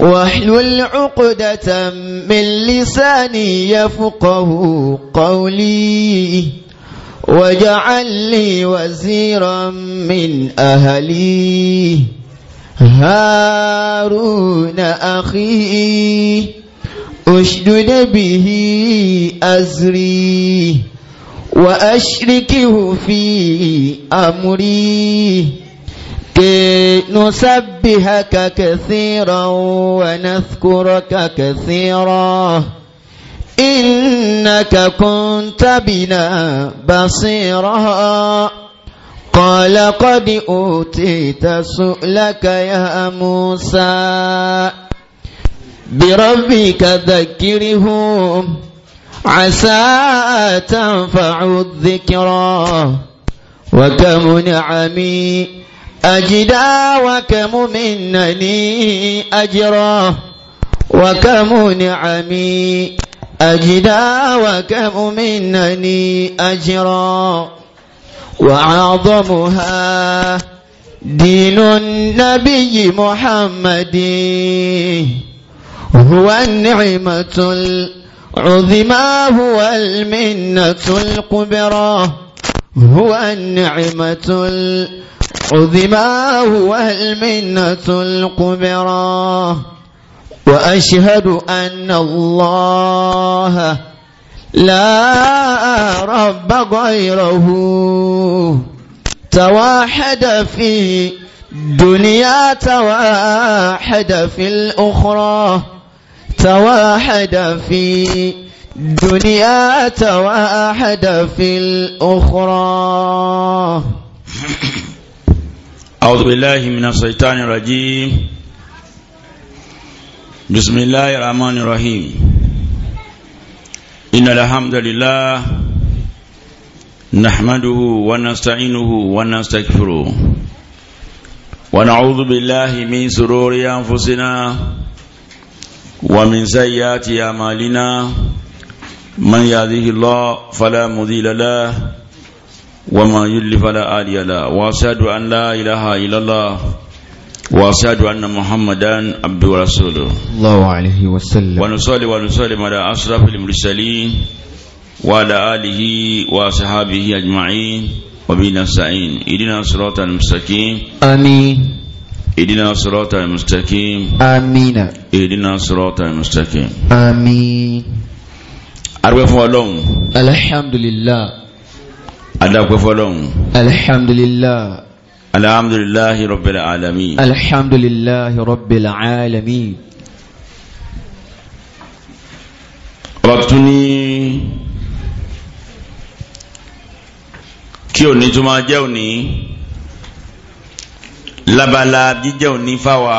واحلل عقدة من لساني يفقه قولي واجعل لي وزيرا من أهلي هارون أخي أشدد به أزري وأشركه في أمري كي نسبهك كثيرا ونذكرك كثيرا إنك كنت بنا بصيرا قال قد أوتيت سؤلك يا موسى بربك ذكرهم عسى تنفع الذكرى وكم نعمي أجدا وكم منني أجرا وكم نعمي أجدا وكم منني أجرا وعظمها دين النبي محمد هو النعمة العظمى هو المنة الكبرى هو النعمة العظمى عظما هو المنة الكبرى وأشهد أن الله لا رب غيره توحد في الدنيا توحد في الأخرى توحد في الدنيا توحد في الأخرى أعوذ بالله من الشيطان الرجيم بسم الله الرحمن الرحيم إن الحمد لله نحمده ونستعينه ونستغفره ونعوذ بالله من سرور أنفسنا ومن سيئات أعمالنا من يهده الله فلا مضل له وما يضلل فلا هادي له واشهد أن لا إله إلا الله واشهد أن محمدا عبد ورسوله الله عليه وسلم ونصلي ونسلم على أشرف المرسلين وعلى اله وصحابه أجمعين وبين نستعين اهدنا الصراط المستقيم امين اهدنا الصراط المستقيم امين اهدنا الصراط المستقيم امين ارجو الله الحمد لله adápẹ́ fọ́lọ́hun alhamdulillah alhamdulillahi rabbil alamin alhamdulillahi rabbil alamin ọba tuntun ní kí òní tó máa jẹ́ òní labala jíjẹ́ òní fáwa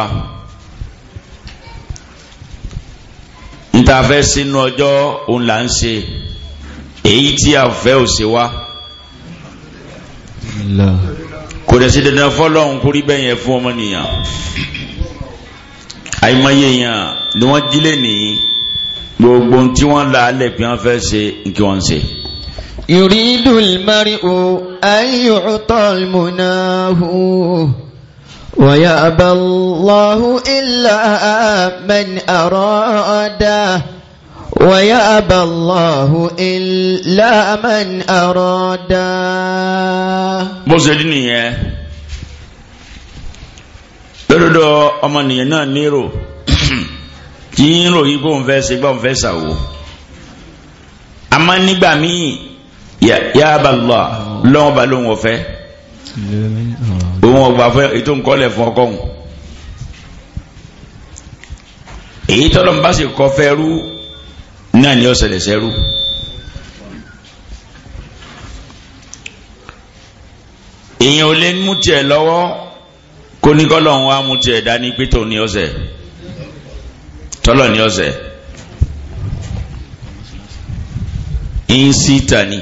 nta fẹ́ sínú ọjọ́ òun là ń ṣe èyí tí a fẹ́ ò kò dẹ̀ sí dandan fọlọ́hún kórí bẹ́ẹ̀ yẹn fún ọmọ nìyàn àìmọye yẹn ni wọ́n jílé ní gbogbo tí wọ́n là á lẹ̀ pé wọ́n fẹ́ ṣe kí wọ́n ṣe. يريد المرء أن يعطى المناه ويأبى الله إلا من أراده ويأبى الله إلا من أرادا bó ṣe rí nìyẹn lódodo ọmọnìyàn náà nírò kí n ròyìn bóun fẹ́ ṣe bóun fẹ́ ṣàwò àmọ́ nígbà míì yàbá lọ lọ́wọ́ bá lóun ọ̀fẹ́ òun ọgbà fẹ́ ètò ńkọ́lẹ̀ fún ọkọ̀ èyí tọ́lọ́ ń bá ṣe kọ́ fẹ́ rú náà ni ó ṣẹlẹ̀ sẹ́rú. èèyàn ò lè mú tiẹ̀ lọ́wọ́ kó ní kọ́ lọ́hún wá mú tiẹ̀ dání pé tó ní ọ̀sẹ̀ tọ́lọ̀ ní ọ̀sẹ̀ ìnsíta ni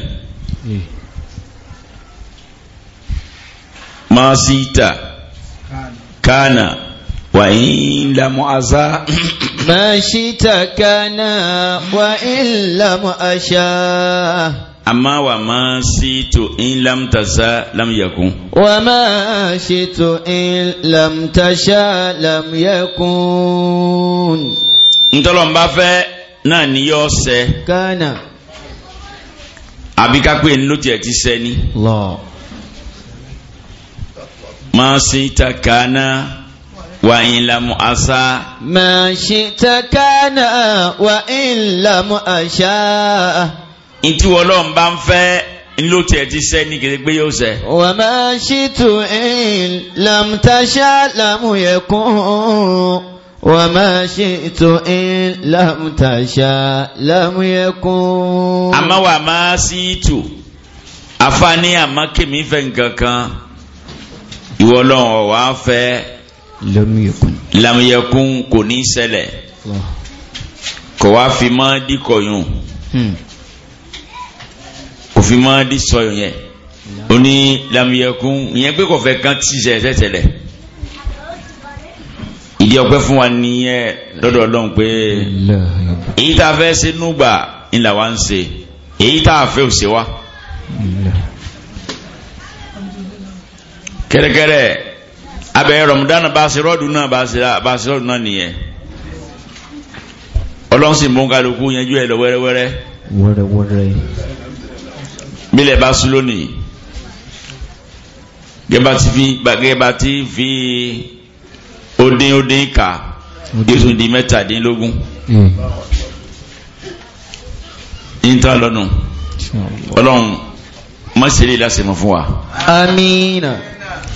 máa síta kánà وإن لم أزا ما شئت كان وإن لم أشاء أما وما شئت إن لم تزا لم يكن وما شئت إن لم تشاء لم يكن ntọ́lọ́n bá fẹ́ náà ni yọ ṣẹ. kánà. àbí ká pé ní ló tiẹ̀ ti ṣẹ ni. lọ. máa ṣe ìta kánà. وإن لم أسا ما شئت كان وإن لم أشاء Ntí Ọlọ́run bá ń fẹ́ ló tiẹ̀ ti ṣẹ ní kété pé yóò ṣẹ. وما شئت إن لم تشاء لم يكن وما شئت إن لم تشاء لم يكن. Àmọ́ وما شئت àfààní àmọ́ kèmí fẹ́ nǹkan kan lamuyekun lamuyekun kò ní ṣẹlẹ̀ kò wá fi má di kọyún hmm. kò fi má di sọyún yẹn ó ní lamuyekun ìyẹn pé kò fẹ́ kán tí ṣẹlẹ̀ ṣẹlẹ̀ ìdí ọpẹ́ fún wa nìyẹn lọ́dọ̀ Ọlọ́run pé èyí tá a fẹ́ ṣe núgbà ńlá wa ń ṣe èyí tá a fẹ́ ò ṣe wa kẹ́rẹ́kẹ́rẹ́ abẹ rọmùdánà baasirọdù náà baasirọdù náà nìyẹn ọlọ́run sì mú kálukú yanjú ẹ lọ wẹ́rẹ́wẹ́rẹ́ wẹ́rẹ́wẹ́rẹ́ bílẹ̀ bá sùn lónìí gẹ́gẹ́ ti fi gẹ́gẹ́ bá ti fi odin odin kà yóò di mẹ́tàdínlógún mm. yíntà lọ́nù ọlọ́run mọ́sẹ̀lẹ̀ lásìmọ̀ fún wa. amiina.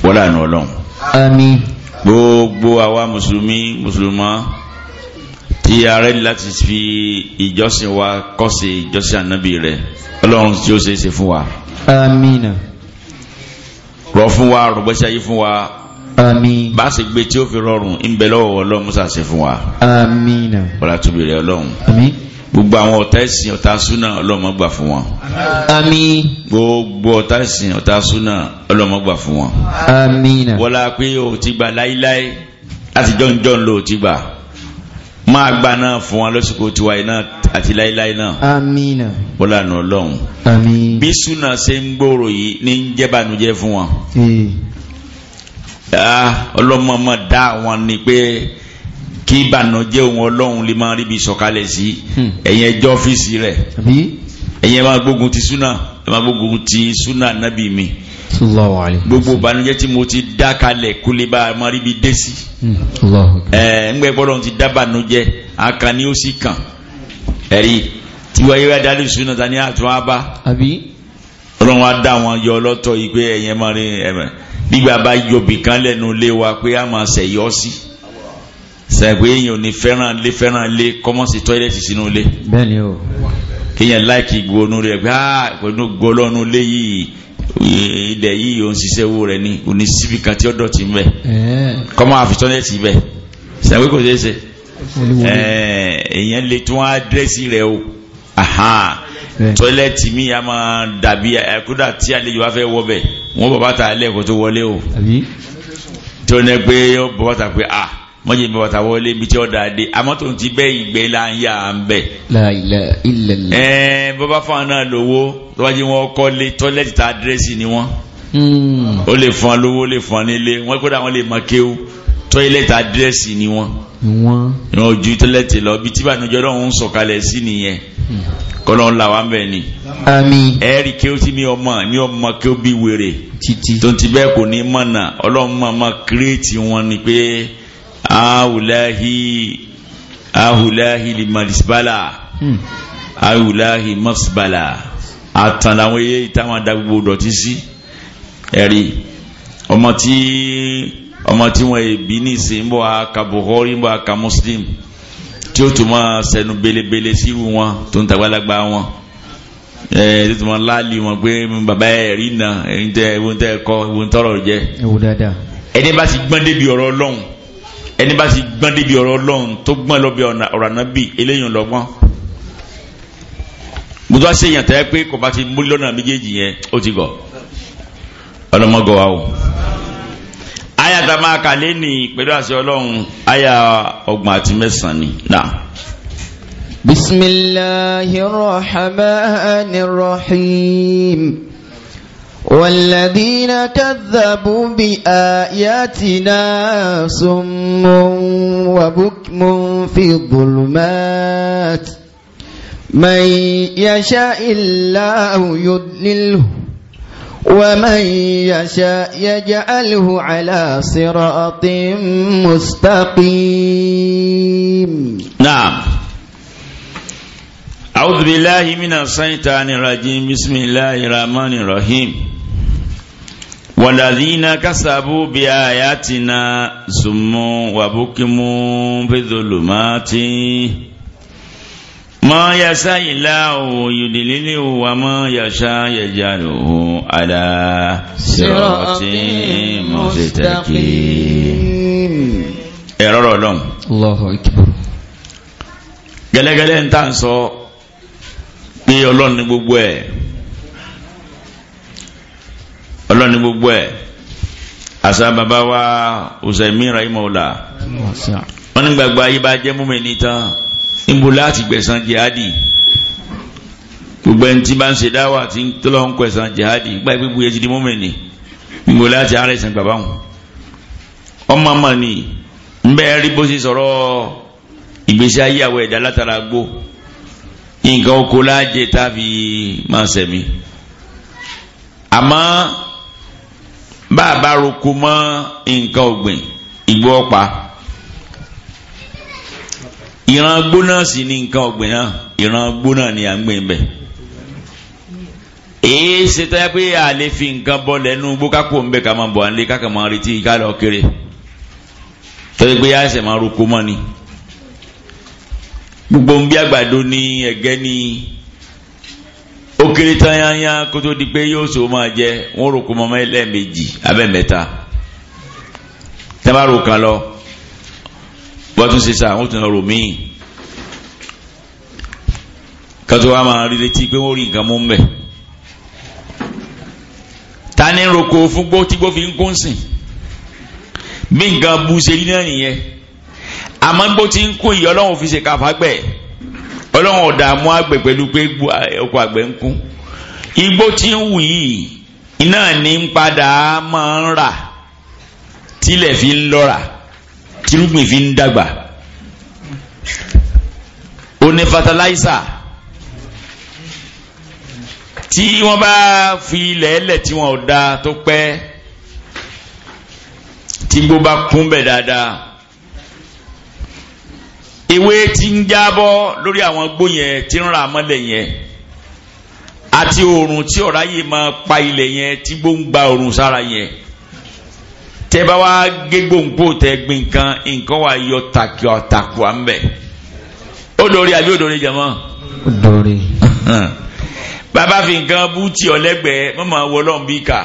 wọ́n lànà ọlọ́run àmín gbogbo àwa mùsùlùmí mùsùlùmá tí ààrẹ láti fi ìjọsìn wa kọ́sẹ̀ ìjọsìn ànábì rẹ̀ ọlọ́run tí ó ṣeéṣe fún wa. àmín. rọ̀ fún wa rọ̀gbẹ́sí ayé fún wa. àmín. bá a ṣe gbé tí ó fi rọrùn ń bẹ lọ́wọ́ ọlọ́run musa ṣe fún wa. àmín. bọ́lá tóbi rẹ̀ ọlọ́run. àmín gbogbo àwọn ọ̀tá ẹ̀sìn ọ̀tá súnà ọlọ́mọ gbà fún wọn. àmín. gbogbo ọ̀tá ẹ̀sìn ọ̀tá súnà ọlọ́mọ gbà fún wọn. àmín. wọlá pé o ti gbà láíláí láti jọ́njọ́n ló ti gbà máa gbà náà fún wọn lọ́sìkò tiwa iná àti láíláí náà. àmín. wọlá nù ọlọ́run. àmín. bí súnà ṣe ń gbòòrò yìí ní ń jẹ́bànújẹ́ fún wọn. Ah, ọlọ́mọ mọ̀ dá wọn ni pé kí ìbànújẹ́ òun ọlọ́run lè máa ríbi sọ̀kalẹ̀ sí hmm. ẹ̀yin ẹjọ́ ọ́fíìsì rẹ̀ ẹ̀yin máa gbógun ti súnà máa gbógun ti súnà nábì mi gbogbo ìbànújẹ́ tí mo ti dá kalẹ̀ kó lè bá máa ríbi dé sí hmm. ẹ̀ ń gbẹ́ gbọ́dọ̀ ti dá ìbànújẹ́ akan ni ó sì kàn ẹ̀rí tiwa yìí wá dálé súnà ta ni àtún á bá ọlọ́run á dá wọn yọ ọlọ́tọ̀ yìí pé ẹ̀yin máa rí ẹ̀mẹ̀ bí sẹ́gbẹ́ èèyàn ò ní fẹ́ràn lé fẹ́ràn lé kọ́mọ́sí tọ́ílẹ̀tì sínú ilé. bẹ́ẹ̀ni o. kéèyàn láìkì gbónú rẹ̀ gbá ah, pẹ̀lú gbólọ́nu lé yìí ilẹ̀ yìí ò ń ṣiṣẹ́ owó rẹ̀ ní òní síbi kan tí ó dọ̀tí ń bẹ̀. kọ́mọ́ àfi tọ́ílẹ̀tì bẹ̀ sẹ́gbẹ́ kò ṣeé ṣe. èèyàn lè tún àdírẹ́sì rẹ̀ o tọ́ílẹ̀tì mi a máa dàbí kódà tí àlejò bá fẹ́ wọ bẹ̀ wọ́n bàbá ta alẹ́ ah mọ̀jẹ̀ mi bàtà wọlé ibi tí ó da dé àmọ́ tó ń ti bẹ́ ìgbẹ́ la ń yà á ń bẹ̀. la ilaha illallah. ẹẹ bọ́bá fún wọn náà lówó tọ́jú wọn kọ́lé tọ́lẹ́tì tá àdírẹ́sì ni wọ́n. Hmm. ó lè fún wọn lówó ó lè fún wọn nílé wọn kódà wọn lè mọ kéwú tọ́lẹ́tì àdírẹ́sì ni wọ́n. wọ́n ojú tọ́lẹ́tì lọ ibi tí bàtúnjọ́ náà ń sọ̀kalẹ̀ sí nìyẹn kọlọ́n la wa bẹ̀ ni. àmín. ẹ̀rí kí o ti mi ọmọ mi ọmọ kí o bí wèrè. títí. tó bẹ́ẹ̀ kò ní mọ̀nà ọlọ́run máa ma kírètì wọn ni pé ahulahi ahulahi limarisibala hmm. ahulahi masibala àtàn làwọn eléyìí táwọn adá gbogbo dọ̀tí sí ẹ̀rí ọmọ tí ọmọ tí wọn èbí ní ìsìn ń bọ̀ aka buhari ń bọ̀ aka muslim tí ó tún máa sẹnu belebele sírú wọn tó ń tàgbàlagbà wọn ẹ̀ẹ́dẹ́ tó máa láàlì wọn pé bàbá ẹ̀ rí na ẹ̀yin tẹ́ ẹ̀wọ̀n tẹ́ ẹ̀kọ́ ẹ̀wọ̀n tọrọ jẹ́ ẹ̀dẹ́ bá ti gbọ́n débi ọ̀rọ̀ ọlọ́run ẹni bá ti gbọ́n débi ọ̀rọ̀ ọlọ́run tó gbọ́n lọ́bi ọ̀rọ̀ ànábì eléyìí lọ́gbọ́n mo tó ṣe yàtọ̀ pé kò bá ti múlí lọ́nà méjèèjì yẹn ó ti gọ̀ ọlọ́mọgọ̀ wa o. aya tá a máa kà lẹ́nì pẹ̀lú àṣẹ ọlọ́run aya ọgbọ̀n àti mẹ́sàn-án ni nà. bismillahir rahmanir rahim. والذين كذبوا بآياتنا سم وبكم في الظلمات من يشاء الله يدلله ومن يشاء يجعله على صراط مستقيم نعم أعوذ بالله من الشيطان الرجيم بسم الله الرحمن الرحيم wàlàdínà kásábù bí àyà tìǹà sùnmù wàbúkímù bẹ́dọ̀lùmátì. ما يشاء الله يدلله وما يشاء يجعله على صراط مستقيم ẹ̀rọ rọ̀ lọ́n. Allahu Akbar. gẹ́lẹ́gẹ́lẹ́ ń tà ń sọ pé ọlọ́run ní gbogbo ẹ̀ ọlọ́run ní gbogbo ẹ̀ àṣà bàbá wa ọ̀sẹ̀mí rahimola wọ́n ní gbàgbọ́ ayé bá jẹ́ múmi ní tán níbo láti gbẹ̀sán jihadi gbogbo ẹni tí bá ń ṣe dáwà tí ń tọ́lọ́ ń kwẹ̀sán jihadi gbà gbogbo yẹn ti di múmi ní níbo láti ara ìsìn bàbá wọn ọmọ ọmọ ni ń bẹ́ẹ̀ rí bó ṣe sọ̀rọ̀ ìgbésí ayé àwọ̀ ẹ̀dá látara gbó nǹkan oko láàjẹ tàbí máa sẹ̀mí àmọ́ bá a bá roko mọ́ nǹkan ọ̀gbìn ìgbó ọ̀pá ìran gbóná sì ní nǹkan náà ìran gbóná ni à ń gbìn bẹ́ẹ̀ èyí ṣe a fi nǹkan bọ́ lẹ́nu bókákò ń bẹ ká máa bọ̀ à lé káka máa retí ká lọ kéré tọ́jú pé máa roko mọ́ ni gbogbo ń bí àgbàdo ní ẹ̀gẹ́ ó kéré tán yányá kó tó di pé yóò so máa jẹ wọn rò kó mọ lẹ́ẹ̀mejì abẹ́mẹ́ta tẹ́bárò kan lọ wọ́n tún ṣe sá wọ́n tún rò míì kátó wa máa rí létí pé wọ́n rí nǹkan mú mbẹ́ ta ni roko fún gbó tí gbó fi ń kún sìn bí nǹkan bu ṣe rí náà nìyẹn àmọ́ gbó tí ń kún ìyọ́ ọlọ́run fi ṣe káfá gbẹ̀ẹ́ ọlọ́run ọ̀dààmú àgbẹ̀ pẹ̀lú pé ọkọ̀ àgbẹ̀ ń kún igbó tí ń wù yìí iná ní ń padà máa ń rà tílẹ̀ fi ń lọ́ra tírúgbìn fi ń dàgbà ó ní fataláísà tí wọ́n bá fi ilẹ̀ ẹlẹ̀ tí wọ́n ò tó pẹ́ tí gbó bá kún bẹ̀ dáadáa ìwé tí ń jábọ́ lórí àwọn gbó yẹn tí ń ra mọ́lẹ̀ yẹn àti oòrùn tí ọ̀rá yìí máa pa ilẹ̀ yẹn tí gbóǹgbà oòrùn sára yẹn tẹ bá wá gé gbòǹgbò tẹ gbin nǹkan nǹkan wà yọ takíọ takùá ń bẹ ó dòrí àbí ó dòrí jẹmọ. ó dòrí. bàbá fi nǹkan bú tí ọ lẹ́gbẹ̀ẹ́ wọlọ́n bí kà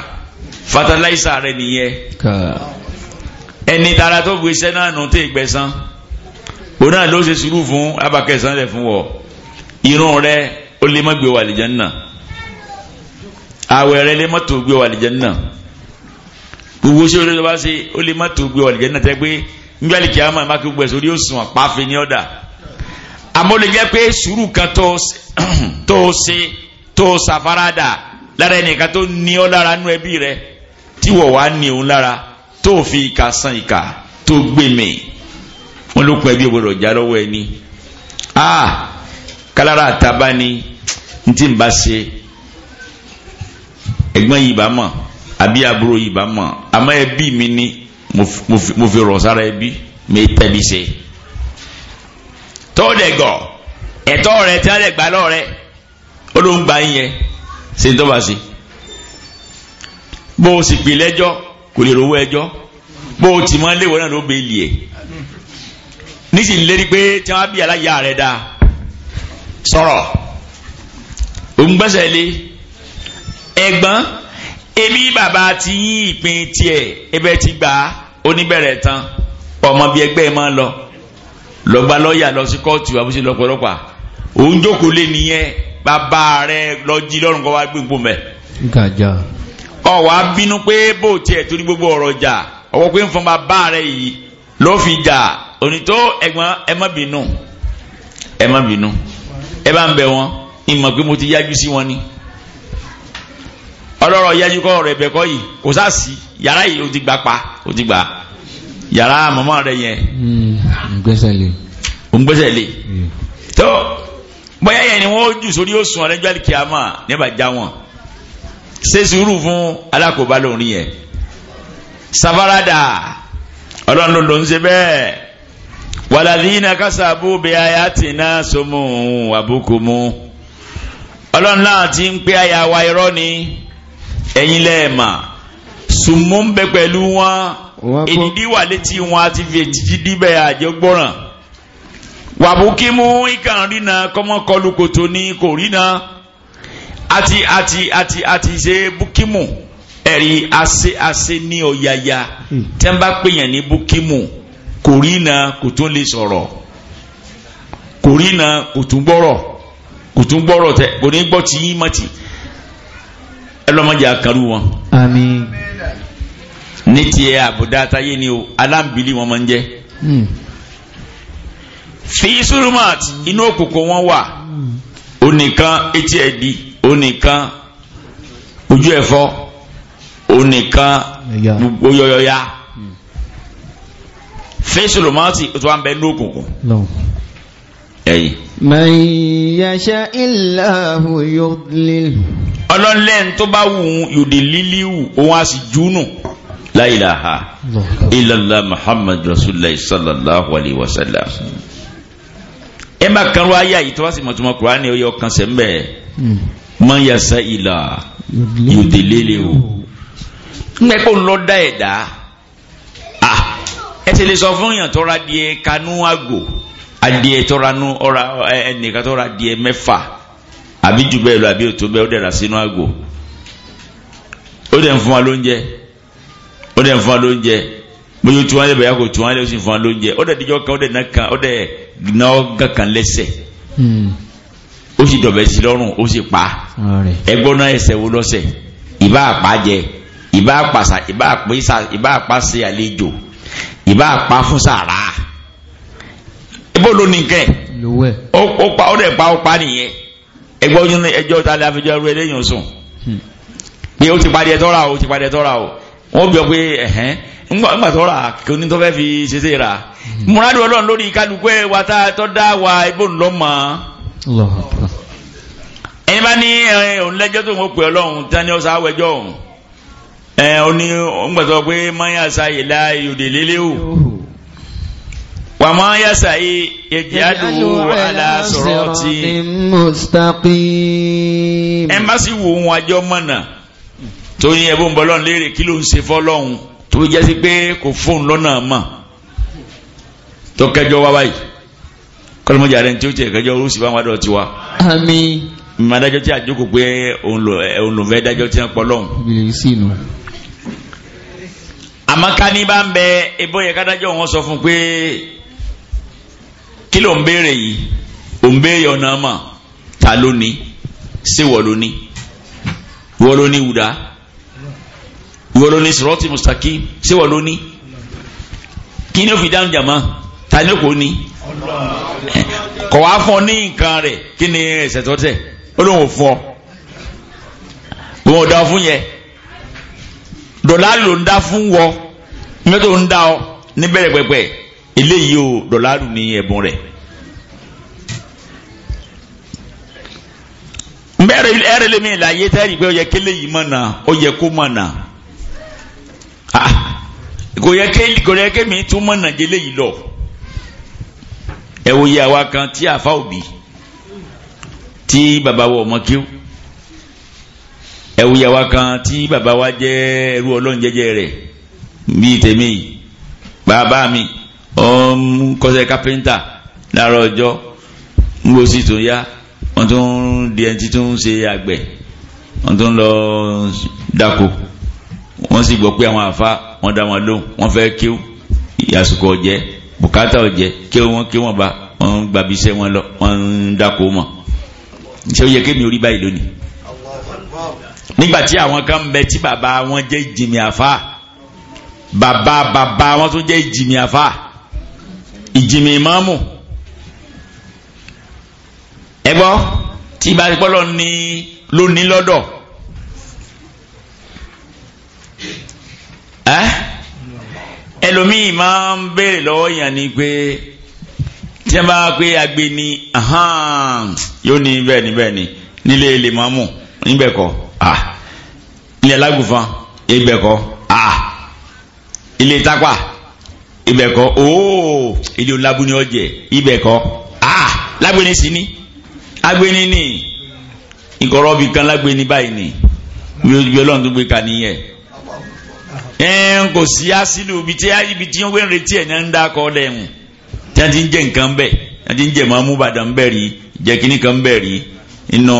fatalaisa rẹ nìyẹn ẹni tara tó bu náà nù tẹ́ ìgbẹ́sán. òun ló ṣe sùúrù fún abakẹ́sán rẹ̀ fún ọ irun rẹ ó lè má gbé wà àlìjánnà àwẹ̀ rẹ lè má tó gbé wà gbogbo ṣé olóòtú bá ṣe ó lè má tó gbé wà àlìjánnà tẹ́ pé nígbà lè kí a máa má kí gbẹ̀sọ̀ orí òsùn àpáfẹ́ ní lè pé sùúrù kan tó ṣe tó ṣàfaradà lára ẹnìkan tó ní ọ lára nú ẹbí rẹ tí wọ́n wá ní òun lára tó fi ìka san ìka tó gbé wọn ló kún ẹbí ògbọ́dọ̀ lọ́wọ́ ẹni ah kálára àtàbá ni n tí n bá ṣe ẹ̀gbọ́n yìí bá mọ̀ àbí àbúrò yìí bá mọ̀ àmọ́ ẹbí mi ni mo fi rọ̀ sára ẹbí mi tẹ̀lé ṣe tó dẹ̀ gọ̀ ẹ̀tọ́ rẹ̀ tí wọ́n dẹ̀ gbà ó ló ń gba yẹn ṣe ń tọ́ba o sì pè lẹ́jọ́ kò lè rówó ẹjọ́ bó o ti mọ́ léwọ́ náà ló bẹ́ẹ̀ nísì ń lérí pé tí wọ́n bí aláya rẹ̀ dá sọ̀rọ̀ òun gbẹ́sẹ̀ lé ẹ̀gbọ́n èmi bàbá ti yín ìpín tiẹ̀ ẹbẹ̀ ti gbà á oníbẹ̀rẹ̀ tán ọmọ bíi ẹgbẹ́ ẹ máa ń lọ lọ́gbà lọ́ọ̀yà lọ sí kóòtù àbúṣe lọ́pọ̀lọpọ̀ òun jókòó lé nìyẹn bàbá rẹ̀ lọ jí lọ́rùn kọ́ wá gbìngbò mẹ́. gàjà. ọ̀wá bínú pé bó tiẹ̀ torí gbogbo ọ̀rọ̀ jà ọwọ́ pé ń fọn bàbá rẹ̀ yìí ló fi jà onítọ́ ẹ̀gbọ́n ẹ má bínú ẹ má bínú ẹ bá ń bẹ wọn ìmọ̀ pé mo ti yájú sí wọn ni ọlọ́rọ̀ yájú kọ́ ọ̀rọ̀ ẹ̀bẹ̀ kọ́ yìí kò sá sí yàrá yìí ó ti gbà pa ó ti gbà yàrá màmá rẹ̀ yẹn. Hmm, ń gbẹ́sẹ̀ hmm. tó bóyá yẹn ni wọ́n jù sórí òsùn ọ̀rẹ́jọ́ àlìkíyàmà nígbà já wọn ṣe sùúrù fún alákòóbá lórí yẹn safarada ọlọ́run ló ló ń ṣe bẹ́ẹ̀ wàlàdínà kásáàbù bí aya ti ná sómù àbúkù ọlọ́run náà ti ń pé aya wa irọ́ ni ẹ̀yin lẹ́ẹ̀mà sùnmù ń bẹ pẹ̀lú wọn èdìdí wà létí àti fèjì díbẹ̀ àjọgbọ́ràn rínà kòtò ní kò rínà àti àti àti àti ṣe ẹ̀rí ase ase ní ọ̀yàyà hmm. tí wọ́n bá pèèyàn ní bukimu kò rí na kò tún lè sọ̀rọ̀ kò rí na kò tún gbọ́rọ̀ kò tún gbọ́rọ̀ tẹ kò ní gbọ́ tí yín mọ̀ tì ẹ lọ́mọdé àkàrú wọn. Ami. ní tiẹ̀ àbùdá táyé ni o aláǹbìlì wọn máa ń jẹ́. Hmm. fi surumat inú òkùnkùn wọn wà onìkan hmm. etí ẹ̀ di onìkan ojú ẹ̀ fọ́. onìkan gbogbo yọyọya fẹsùlù mọ́tì tó wà ń bẹ ní ẹ̀yìn. man yasha illahu yudlil. ọlọ́nlẹ́ni tó bá wù ú yòdì lílí òun á sì júnù la ilaha illallah muhammad rasulillah sallallahu alaihi wa sallam. ẹ máa kan wá yá yìí tó bá sì mọ̀ tó mọ̀ kúránì ó kan sẹ́ńbẹ̀ hmm. man yasha illahu yudlil wù ńgbẹ́ kó lọ dá ẹ̀dá ẹ ti lè sọ fún yàn tọ́ra díẹ̀ kanú àgò adìẹ tọ́ra nú ọ̀ra ẹnìkan tọ́ra díẹ̀ mẹ́fà àbí jù bẹ́ẹ̀ lọ àbí òtún bẹ́ẹ̀ ó dẹ̀ rà sínú àgò ó dẹ̀ ń fún wa lóúnjẹ ó dẹ̀ ń fún wa lóúnjẹ bóyá o tún wa lé bẹ̀yà tún wa lé o sì fún wa lóúnjẹ ó dẹ̀ díjọ́ kan ó dẹ̀ ná kan ó dẹ̀ ná ọ̀gá kan lẹ́sẹ̀ hmm. ó sì dọ̀bẹ̀ sí lọ́rùn ó sì pa ẹgbọ́n náà ẹsẹ̀ wo lọ́sẹ̀ ìbá àpá jẹ ìbá pàṣà ìbá pèsà ìbá pàṣẹ àlejò ìbá pa fún sàrà ebó ló ní kẹ ó pa ó dẹ̀ pa ó pa nìyẹn ẹgbẹ́ ojú ẹjọ́ ta lè afẹjọ́ ru eléyìí sùn hmm. pé ó ti parí ẹ tọ́ra o ó ti parí ẹ tọ́ra o wọ́n bí ọ pé ẹ̀hẹ́n ńgbà tọ́ra kò ní tó fẹ́ fi ṣeṣe rà múradù hmm. ọlọ́run lórí kálukú ẹ wa tá a tọ́ dá wa ebó ńlọ mọ́ ẹni bá ní òun lẹ́jọ́ tó ń pè ọlọ́run tani ọ̀sán àwẹ̀jọ́ ẹ ọ ní ọgbàtọ pé mayasa yìí la yòdè lélẹ o wà mayasa yìí èdè àdó ala sirati mustaqim. ẹ má sì wò ohun àjọ mọ̀nà torí ẹ bó ń léèrè kí ló ń ṣe fọ́lọ́hún tó jẹ́ sí pé kò fóun lọ́nà mọ̀ tó kẹjọ wá báyìí kọ́lọ́mọjà rẹ̀ tí ó tiẹ̀ kẹjọ orúsì bá wà tiwa. àmín. màdájọ́ tí a pé òun lò fẹ́ dájọ́ tí wọ́n pọ̀ lọ́hùn àmọ́ ká ní bá ń bẹ ebó yẹ kádájọ́ wọn sọ fún pé kí ló ń béèrè yìí ò ń béèrè ọ̀nà mọ̀ ta ló ní ṣé wọ́n ló ní wọ́n ló ní wọ́n ló ní mùsàkì ṣé wọ́n ló kí ni ó fi dáhùn jàmọ́ ta ni ó kò ní kọ̀ wá fún ọ ní nǹkan rẹ̀ kí ni ẹ̀sẹ̀ tó ó lóun ò fún ọ òun ò dá fún yẹn dọ̀làrì ló ń dá fún wọ mẹ́tò ń dá ọ níbẹ̀rẹ̀ pẹ̀pẹ̀ eléyìí o dọ̀làrì ní ẹ̀bùn rẹ̀. mẹ́rin ẹ̀rẹ́ lèmi ìlàyé tẹ́rì pé ó yẹ kélé yìí mọ̀nà ó yẹ kó mọ̀nà kò yẹ kémi tún mọ̀nà délé yìí lọ ẹ yẹ àwa kan tí àfa òbí tí bàbá ọmọ kíw ẹ̀wùyàwá kan tí bàbá wa jẹ́ ẹrú ọlọ́run jẹ́jẹ́ rẹ̀ bíi tèmi bàbá mi kọ́sẹ̀ kápẹ́ńtà láàárọ̀ ọjọ́ ń bó sì tó yá wọ́n tún di ẹni tí tún ń ṣe àgbẹ̀ wọ́n tún lọ dáko wọ́n sì gbọ́ pé àwọn àfa wọ́n dá wọn lóhùn wọ́n fẹ́ kíw àsìkò ọ̀jẹ́ bùkátà ọ̀jẹ́ kí wọ́n kí wọ́n bá wọ́n gbàbí iṣẹ́ wọn lọ wọ́n ń dáko mọ̀ ṣé ó yẹ kémi orí báyìí lónìí nígbàtí àwọn kan ń bẹ tí bàbá wọn jẹ́ ìjìmì àfà bàbá bàbá wọn tún jẹ́ ìjìmì àfà ìjìmì ìmáàmù ẹ gbọ́ tí ìbá ti pọ́lọ́ ní lónìí lọ́dọ̀ ẹ ẹlòmíì máa ń béèrè lọ́wọ́ yàn ni pé tí wọ́n bá pé agbe ni yóò ní bẹ́ẹ̀ ni bẹ́ẹ̀ ni nílé lè níbẹ̀ kọ́. Ah. Ah. ilé alágùnfan ìgbẹ̀kọ́ ilé takwa. ìgbẹ̀kọ́ ooo ilé olábùní ọ̀jẹ̀ ìgbẹ̀kọ́ lágbéni sí kan lágbéni báyìí ni bí tó gbé ka nìyẹn ẹn kò sí asínú ibi tí ibi tí ń retí ẹ̀ ń dákọ́ lẹ́hùn tí ti ń jẹ nǹkan bẹ́ẹ̀ ti ń jẹ mọ́ amúbàdàn bẹ́ẹ̀ rí kan bẹ́ẹ̀ rí inú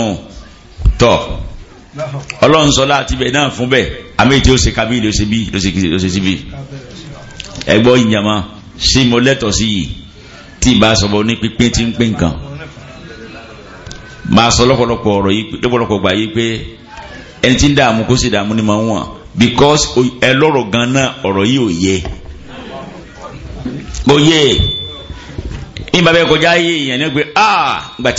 ọlọ́run sọlá àti ibẹ̀ náà fún bẹ́ẹ̀ àmì tí ó ṣe kábí ló ṣe bí ló ṣe kíṣe ló ṣe síbi ẹgbọ́ ìyàmá sí mo lẹ́tọ̀ sí yìí tí ìbá sọ̀bọ̀ ní pípín tí ń pín nǹkan máa sọ lọ́pọ̀lọpọ̀ ọ̀rọ̀ yìí lọ́pọ̀lọpọ̀ gbà yìí pé ẹni tí ń dààmú kó sì dààmú ni máa wọ̀n because ẹ lọ́rọ̀ gan náà ọ̀rọ̀ yìí ò yẹ kò yẹ ìgbà bẹ́ẹ̀ kọjá yé èèyàn ní pé ah ìgbà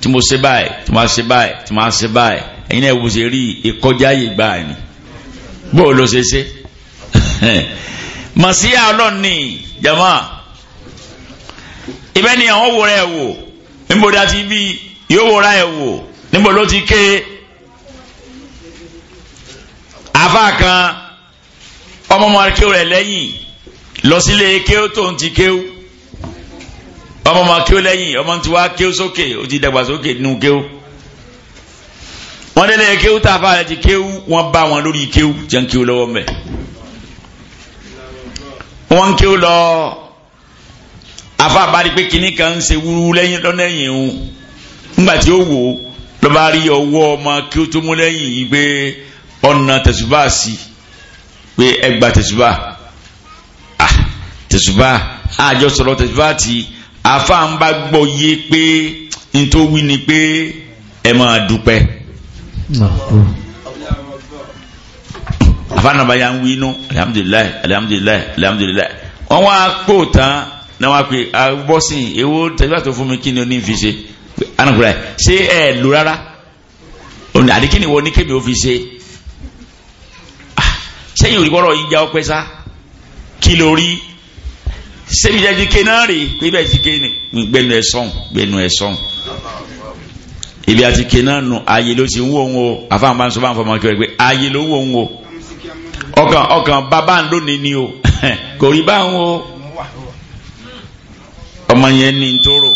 tí mo ṣe báyìí tí mo ṣe báyìí tí mo ṣe báyìí ẹ̀yin náà wò ṣe rí ìkọjá yìí gbà bó ló ṣe ṣe màsíyà ọlọ́run jama ibẹ̀ ni àwọn wò rẹ̀ wò níbo dá ti bí yóò wò rẹ̀ wò níbo ló ti ké àfa kan ọmọ ọmọ akéwò rẹ̀ lẹ́yìn lọ sílé kéwò tó ń ti kéwò ọmọ ọmọ akéwò lẹ́yìn ọmọ tí wàá sókè ó ti dàgbà sókè nínú kéwò wọ́n délé kéwú tá a fa àlẹ́ ti kéwú wọ́n bá wọn lórí kéwú jẹ́ ń kéwú lọ́wọ́ mẹ́. wọ́n ń lọ afa abali pé kinní kan ń ṣe wúrú lẹ́yìn lọ́nà yìí ń ńgbà tí ó wò ó lọ́ba rí ọwọ́ ọmọ kéwú tó mú lẹ́yìn yìí pé ọ̀nà tẹ̀sùbá sí pé ẹgbà tẹ̀sùbá tẹ̀sùbá àjọ sọ̀rọ̀ tẹ̀sùbá ti afa ń bá gbọ́ yé pé ntòwí ni pé ẹ máa dúpẹ́ afanaba ya ń wí inú alihamudulilayi alihamudulilayi alihamudulilayi wọn wá kó tán náà wá pé abọ́sìn ewo tẹ̀síwá tó fún mi kí ni o ní fi ṣe anagura ẹ̀ ṣé ẹ lò rárá òní àdékìní wo ní kébì ó fi ṣe sẹ́yìn ah, òrìkọ́rọ̀ yìí já ọpẹ́ sá kí ló rí sẹ́mi jẹ́ ti ké náà rè pé bẹ́ẹ̀ ti ké ni gbẹnu ẹ̀ sọ̀hún gbẹnu ẹ̀ sọ̀hún ibi àti ké náà nù ayé ló sì ń wò ń o àfáàn bá ń sọ bá ń fọmọ kí wọ́n pé ayé ló ń wò ń o ọkàn ọkàn bàbá ń lónìí ni o kò rí bá ń o ọmọ yẹn ní ntòrò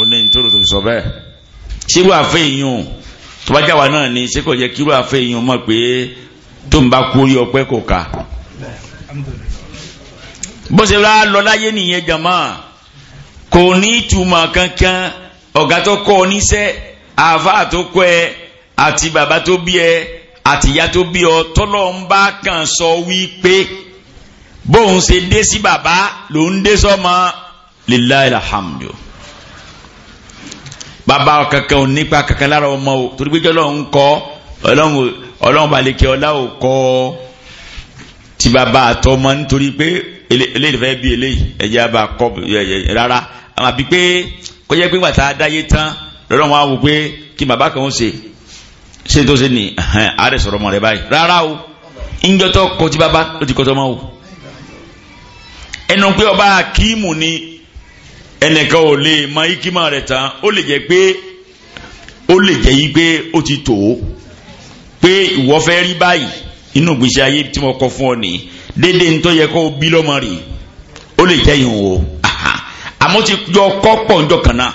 ó ní ntòrò tó sọ bẹ́ẹ̀ ṣírú àfẹ́ yìí tó bá jáwa náà ni ṣé kò yẹ kírú àfẹ́ yìí pé tó ń bá kú orí ọpẹ́ kò ká bó ṣe rà lọ láyé nìyẹn jàmá kò ní ìtumọ̀ kankan ọ̀gá tó kọ́ ọ níṣẹ́ àáfàá tó kọ́ ẹ àti bàbá tó bí ẹ àti ìyá tó bí ọ tọ́lọ́ ń bá kàn sọ wípé bóun ṣe dé sí bàbá ló ń dé sọ́mọ lillahi alhamdu bàbá kankan ò nípa kankan lára ọmọ o torí pé kí ọlọ́run kọ́ ọlọ́run balẹ̀ kí ọlá ò kọ́ ti bàbá àtọmọ nítorí pé eléyìí fẹ́ bí eléyìí ẹ̀jẹ̀ bá kọ́ rárá àmàbí pé kó jẹ́ pé gbàtà adáyé tán lọ́dọ̀ wọn á wò pé kí bàbá kan ó ṣe ṣe tó ṣe ní àárẹ̀ sọ̀rọ̀ mọ̀ rẹ̀ báyìí rárá o ìjọtọ̀ kọtí bàbá ló ti kọtọ́ mọ́ o ẹnu pé ọba akíìmù ni ẹnìkan ò lè mọ ikímọ̀ rẹ̀ tán ó lè jẹ́ pé ó lè jẹ́ yí pé ó ti tò ó pé ìwọ fẹ́ rí báyìí inú ìgbésí ayé tí mo kọ fún ọ nìyí dédé ntọ́ yẹ kó bí lọ́mọ rè ó lè jẹ́ ìhùn o àmọ́ ti jọ kọ́pọ̀ ńjọ kan náà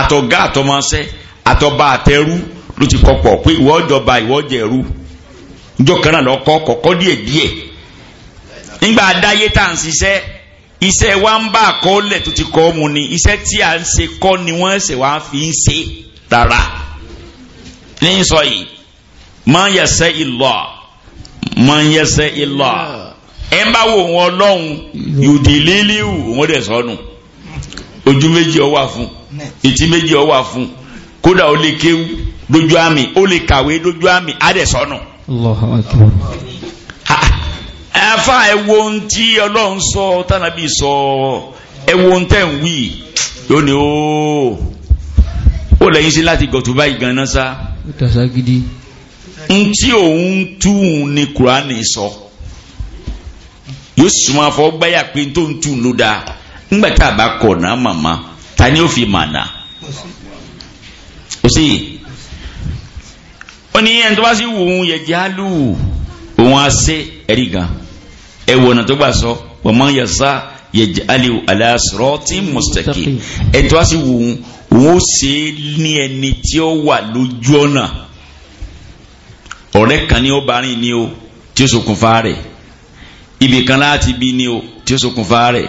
àtọ̀gá àtọmọṣẹ́ àtọba àtẹrú ló ti kọ́pọ̀ pé ìwọ jọba ìwọ jẹrú ńjọ kan náà lọ́kọ́ kọ̀kọ́ díẹ̀ díẹ̀ nígbà adáyé tá à ń ṣiṣẹ́ iṣẹ́ wa ń bá àkọọ́lẹ̀ tó ti kọ́ mu ni iṣẹ́ tí à ń ṣe kọ́ ni wọ́n ṣe wá fi ń ṣe rárá ní sọ yìí máa ń yẹsẹ́ ìlọ máa ń yẹsẹ́ ìlọ ẹ ń bá wo òun ọlọ́run yòdì òun ó dẹ̀ sọnù ojú méjì ó fún etí méjì ó fún kódà ó lè kéwú lójú àmì ó lè kàwé lójú àmì àdẹ̀sọ́nù. afa ẹwo ń tí ọlọ́run sọ tánàbí sọ ẹwo ń tẹ̀ ń wí yóò ní ooo ó lẹ́yìn sí láti gọ̀tù báyìí gan-an sá. ń tí òun tún ní kúránì sọ yóò sì máa fọ gbáyà pé tó ń tún ló dáa ńgbà tá a bá kọ̀ náà màmá ta ni ó fi mànà kò sí ó ní ẹni tó bá sì wù ú yẹ jẹ́ àlù òun á sé ẹ̀rí gan ẹ wò ọ̀nà tó gbà sọ wọ́n máa ń yẹ sá yẹ jẹ́ tí mùsítẹ́kì ẹni tó bá sì wù ú òun ó ṣe ní ẹni tí ó wà lójú ọ̀nà ọ̀rẹ́ kan ní ó bá o tí ó ṣokùnfà rẹ̀ ibì láti bí ní o tí ó ṣokùnfà rẹ̀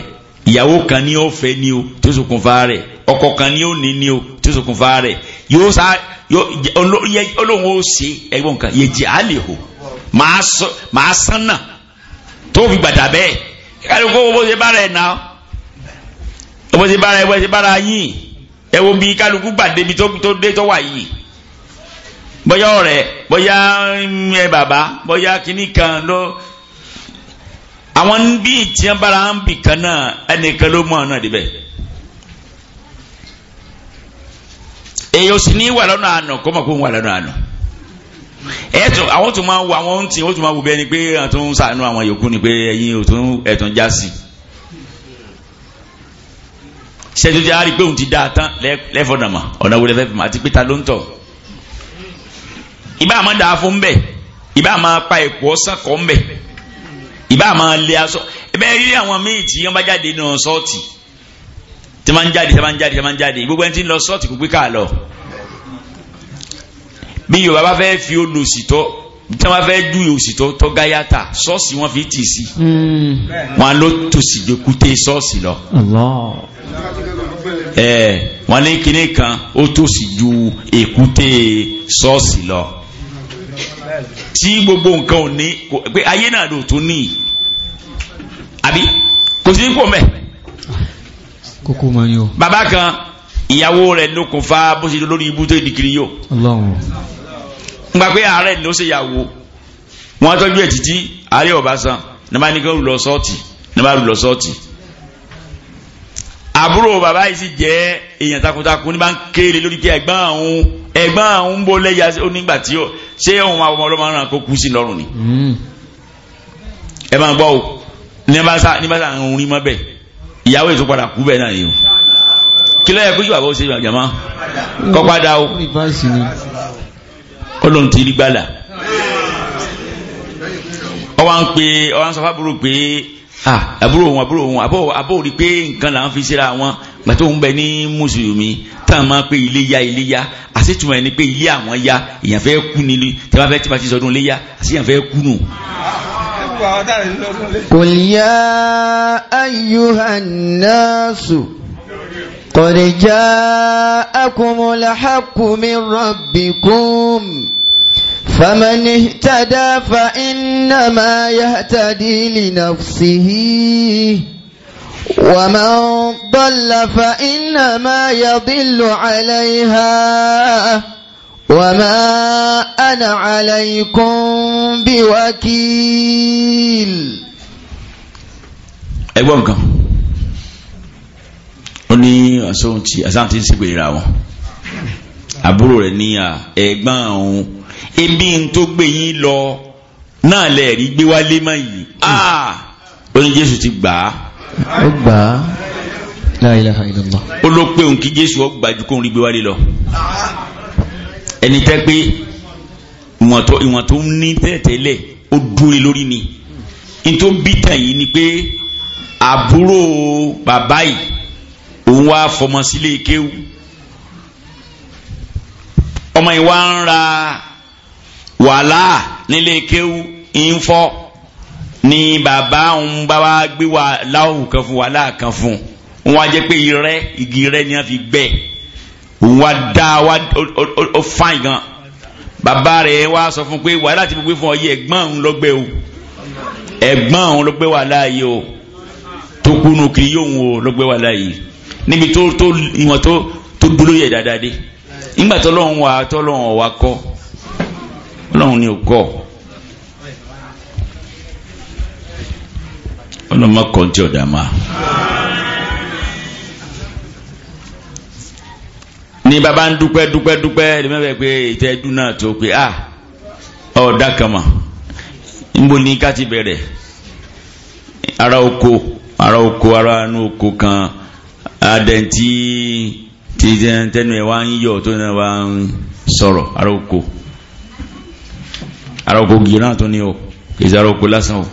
ìyàwó kan ní ó fẹ́ ni o tó ṣokùnfà rẹ̀ ọkọ kan ní ó ní ni o tó ṣokùnfà rẹ̀ yóò sá olóhùn ó ṣe ẹ̀gbọ́n kan yèjì àlèhò màá sánà tó fi gbàdà bẹ́ẹ̀ kálukó owó ṣe bára ẹ̀ náà owó ṣe bára ẹ̀ owó ṣe bára yín ẹ wo bí kálukú gbàdé bi tó dé tó wà yìí bóyá ọ̀rẹ́ bóyá mm, ẹ bàbá bóyá kinní kan àwọn bí ìtìyàn bára ń bì kan náà ẹnìkan ló mú àwọn náà débẹ̀. èyí ò sì ní wà lọ́nà àná kó mọ̀ kó ń wà lọ́nà àná. ẹ̀tọ́ àwọn tó máa wo àwọn tí ó tó máa wo bẹ́ẹ̀ ni pé àwọn tó ń sànú àwọn yòókù ni pé ẹ̀yin ò tó ẹ̀tàn já sí. ṣẹ́jú ti rárí pé òun ti dáa tán lẹ́fọ̀dàmà ọ̀nà wo lẹ́fẹ̀ẹ́ fìmọ̀ àti pé ló ń tọ̀. ìbá àmọ́ dáa fún bẹ́ẹ̀ ìbá àmọ́ pa èkó ọ̀sán bẹ́ẹ̀ ìbá máa lé aṣọ ẹbẹ rí àwọn míì tí wọn bá jáde nínú sọọtì tí wọn jáde tí wọn jáde tí wọn jáde gbogbo ẹni tí ń lọ sọọtì kò gbé ká lọ bí yorùbá bá fẹ́ fi olùsìtọ́ tí wọn fẹ́ ju òsìtọ́ tó gáyàtà sọ́ọ̀sì wọn fi tì sí hmm. wọn ló tòsí jòkúté sọ́ọ̀sì lọ. ẹ wọn ní kinní kan ó tòsí ju èkúté sọ́ọ̀sì lọ tí gbogbo nǹkan ò ní pé ayé náà ló tún ní àbí kò sí kò mẹ́. kókó ma ni o. bàbá kan ìyàwó rẹ̀ ló kún fa bó ṣe lórí ibú tó ìdíkiri yó. ngbà pé ààrẹ ló ṣe yàwó wọn tọ́jú ẹ̀ títí ààrẹ ọ̀bá san ní bá ní lù lọ sọ́ọ̀tì ní lù lọ sọ́ọ̀tì àbúrò bàbá yìí sì jẹ́ èèyàn takuntakun ní bá ń kéèlè lórí pé ẹ̀gbọ́n àwọn ẹ̀gbọ́n àwọn ń bó lẹ́yà onígbà tí ó ṣé òun àwọn ọmọ ọlọ́mọ náà kó kú sí lọ́rùn ni. Hmm. ẹ máa gbọ́ o ní bá sá ń rin mọ́ bẹ́ẹ̀ ìyàwó ètò padà kú bẹ́ẹ̀ náà ni o kí ló yẹ kó yíwàbọ̀ ṣe jàmá kọ́ padà o ó lóun ti rí gbàlà ọwọ́ à ń pe ọwọ́ à ń sọ fábùrù pé Ah, àbúrò wọn àbúrò wọn àbọ̀ rí pé nǹkan là ń fi síra wọn gbàtó ń bẹ ní mùsùlùmí tá a máa pé iléyá iléyá àṣetùmọ̀ ẹni pé ilé àwọn ya èèyàn fẹ́ kú ni tẹ́lá fẹ́ tí ma ti sọdún iléyá àṣeyàn fẹ́ kú nù. قل يا أيها الناس قد جاءكم الحق من ربكم فمن اهتدى فإنما يهتدي لنفسه ومن ضل فإنما يضل عليها وما أنا عليكم بوكيل ẹgbọ́n nǹkan ó ní àsóhun tí àsáhùn tí ń ṣègbè ra wọn àbúrò rẹ̀ ní ẹ̀gbọ́n òun ebi ń tó gbé yín lọ náà lẹ rí gbé wálé mọ́ yìí hmm. ah oní jésù ti gbà á. ó gbà á la ilaha illallah. ó ló pé òun kí jésù ó gbàjú kó ń rí gbé wálé lọ ẹni tẹ́ pé ìwọ̀n tó ń ní tẹ́tẹ́lẹ̀ ó dúró lórí ni n tó bí tàn ni pé àbúrò bàbá yìí òun wá fọmọ sílé kéwù ọmọ yìí wá ń ra wàhálà nílé kéwú ìfọ ni bàbá ń bá wa gbé wa láwù kan fún wàhálà kan fún un wọn jẹ pé irẹ igi rẹ ni wọn fi gbẹ wọn dá wa ó fáìn gan bàbá rẹ wá sọ fún pé wàhálà ti gbé fún ọ yìí ẹ̀gbọ́n òun ló gbé o ẹ̀gbọ́n òun ló gbé wàhálà yìí o tó kúnnú kiri yóò wò wàhálà yìí níbi tó tó ìwọ̀n tó tó dúró yẹ dáadáa dé nígbà tó lọ́wọ́ wa tó lọ́wọ́ wa kọ́ ọlọ́run ni ò gọ̀ ọlọ́mọ tí ọ̀dà máa. ní baba ń dúpẹ́ dúpẹ́ dúpẹ́ ẹni mẹ́fẹ́ pé ìtẹ́jú náà tó pé à ah, ọ̀dà kama. mà ni bẹ̀rẹ̀ ara oko ara oko ara inú oko kan adẹ̀ntì tí tẹnu ẹ̀ wá ń yọ̀ tó ara oko. ara oko gíràn tó ní o kìí sára oko lásán o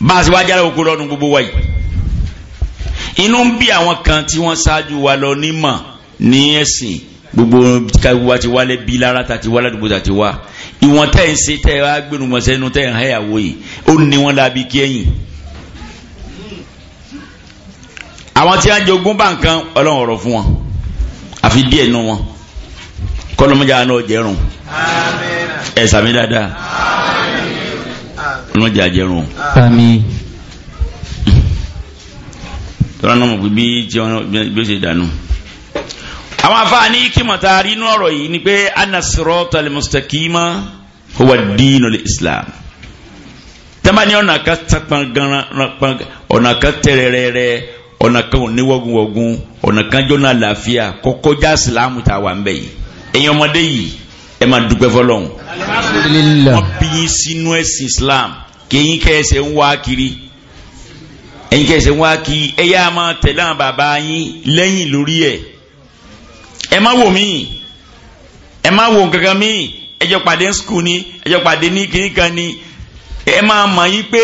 bá a sì wá jára oko lọ́nu gbogbo wa yìí inú ń bí àwọn kan tí wọ́n ṣáájú wa lọ nímọ̀ ní ẹ̀sìn gbogbo wa ti wálé bí lára ta ti wá ládùúgbò ta ti wá ìwọ̀n tẹ́ ń ṣe tẹ́ ẹ wá gbẹ̀rùmọ̀ sẹ́nu tẹ́ ń háyàwó yìí ó ní wọn dàbí kí ẹ̀yìn. àwọn tí a jogún bá nǹkan ọlọ́run ọ̀rọ̀ fún wọn àfi díẹ̀ nù wọn kọlọmọjà náà jẹrun ẹ sàmì dáadáa ọlọmọjà jẹrun. tọ́lá náà mọ̀ pé bí tí wọ́n bí ó ṣe dànù. àwọn afáàní kímọ̀tà rí inú ọ̀rọ̀ yìí ni pé anasirọ́tà lè mọ̀sítàkìmá huwa dínú lè islam. tẹ́mbà ní ọ̀nà kan sápọn gan ọ̀nà kan tẹ̀rẹ̀rẹ̀rẹ̀ ọ̀nà kan oníwọ̀gùnwọ̀gùn ọ̀nà kan jọ́nà àlàáfíà kọ́kọ́ já sílámù tá wà ń bẹ̀ yìí ẹ̀yin ọmọdé yìí ẹ máa dúpẹ́ fọlọ́hún wọ́n bí yín sínú ẹ̀sìn Islam kẹ́yìn kẹ́sẹ̀ ń wá kiri ẹ̀yin kẹ́sẹ̀ ń wá kiri ẹ yá máa tẹ̀lé àwọn bàbá yín lẹ́yìn lórí ẹ̀ ẹ má wò mí ẹ má wò kankan mí ẹ jọ pàdé ní skul ni ẹ jọ pàdé ní kìnìkan ni ẹ máa mọ̀ yí pé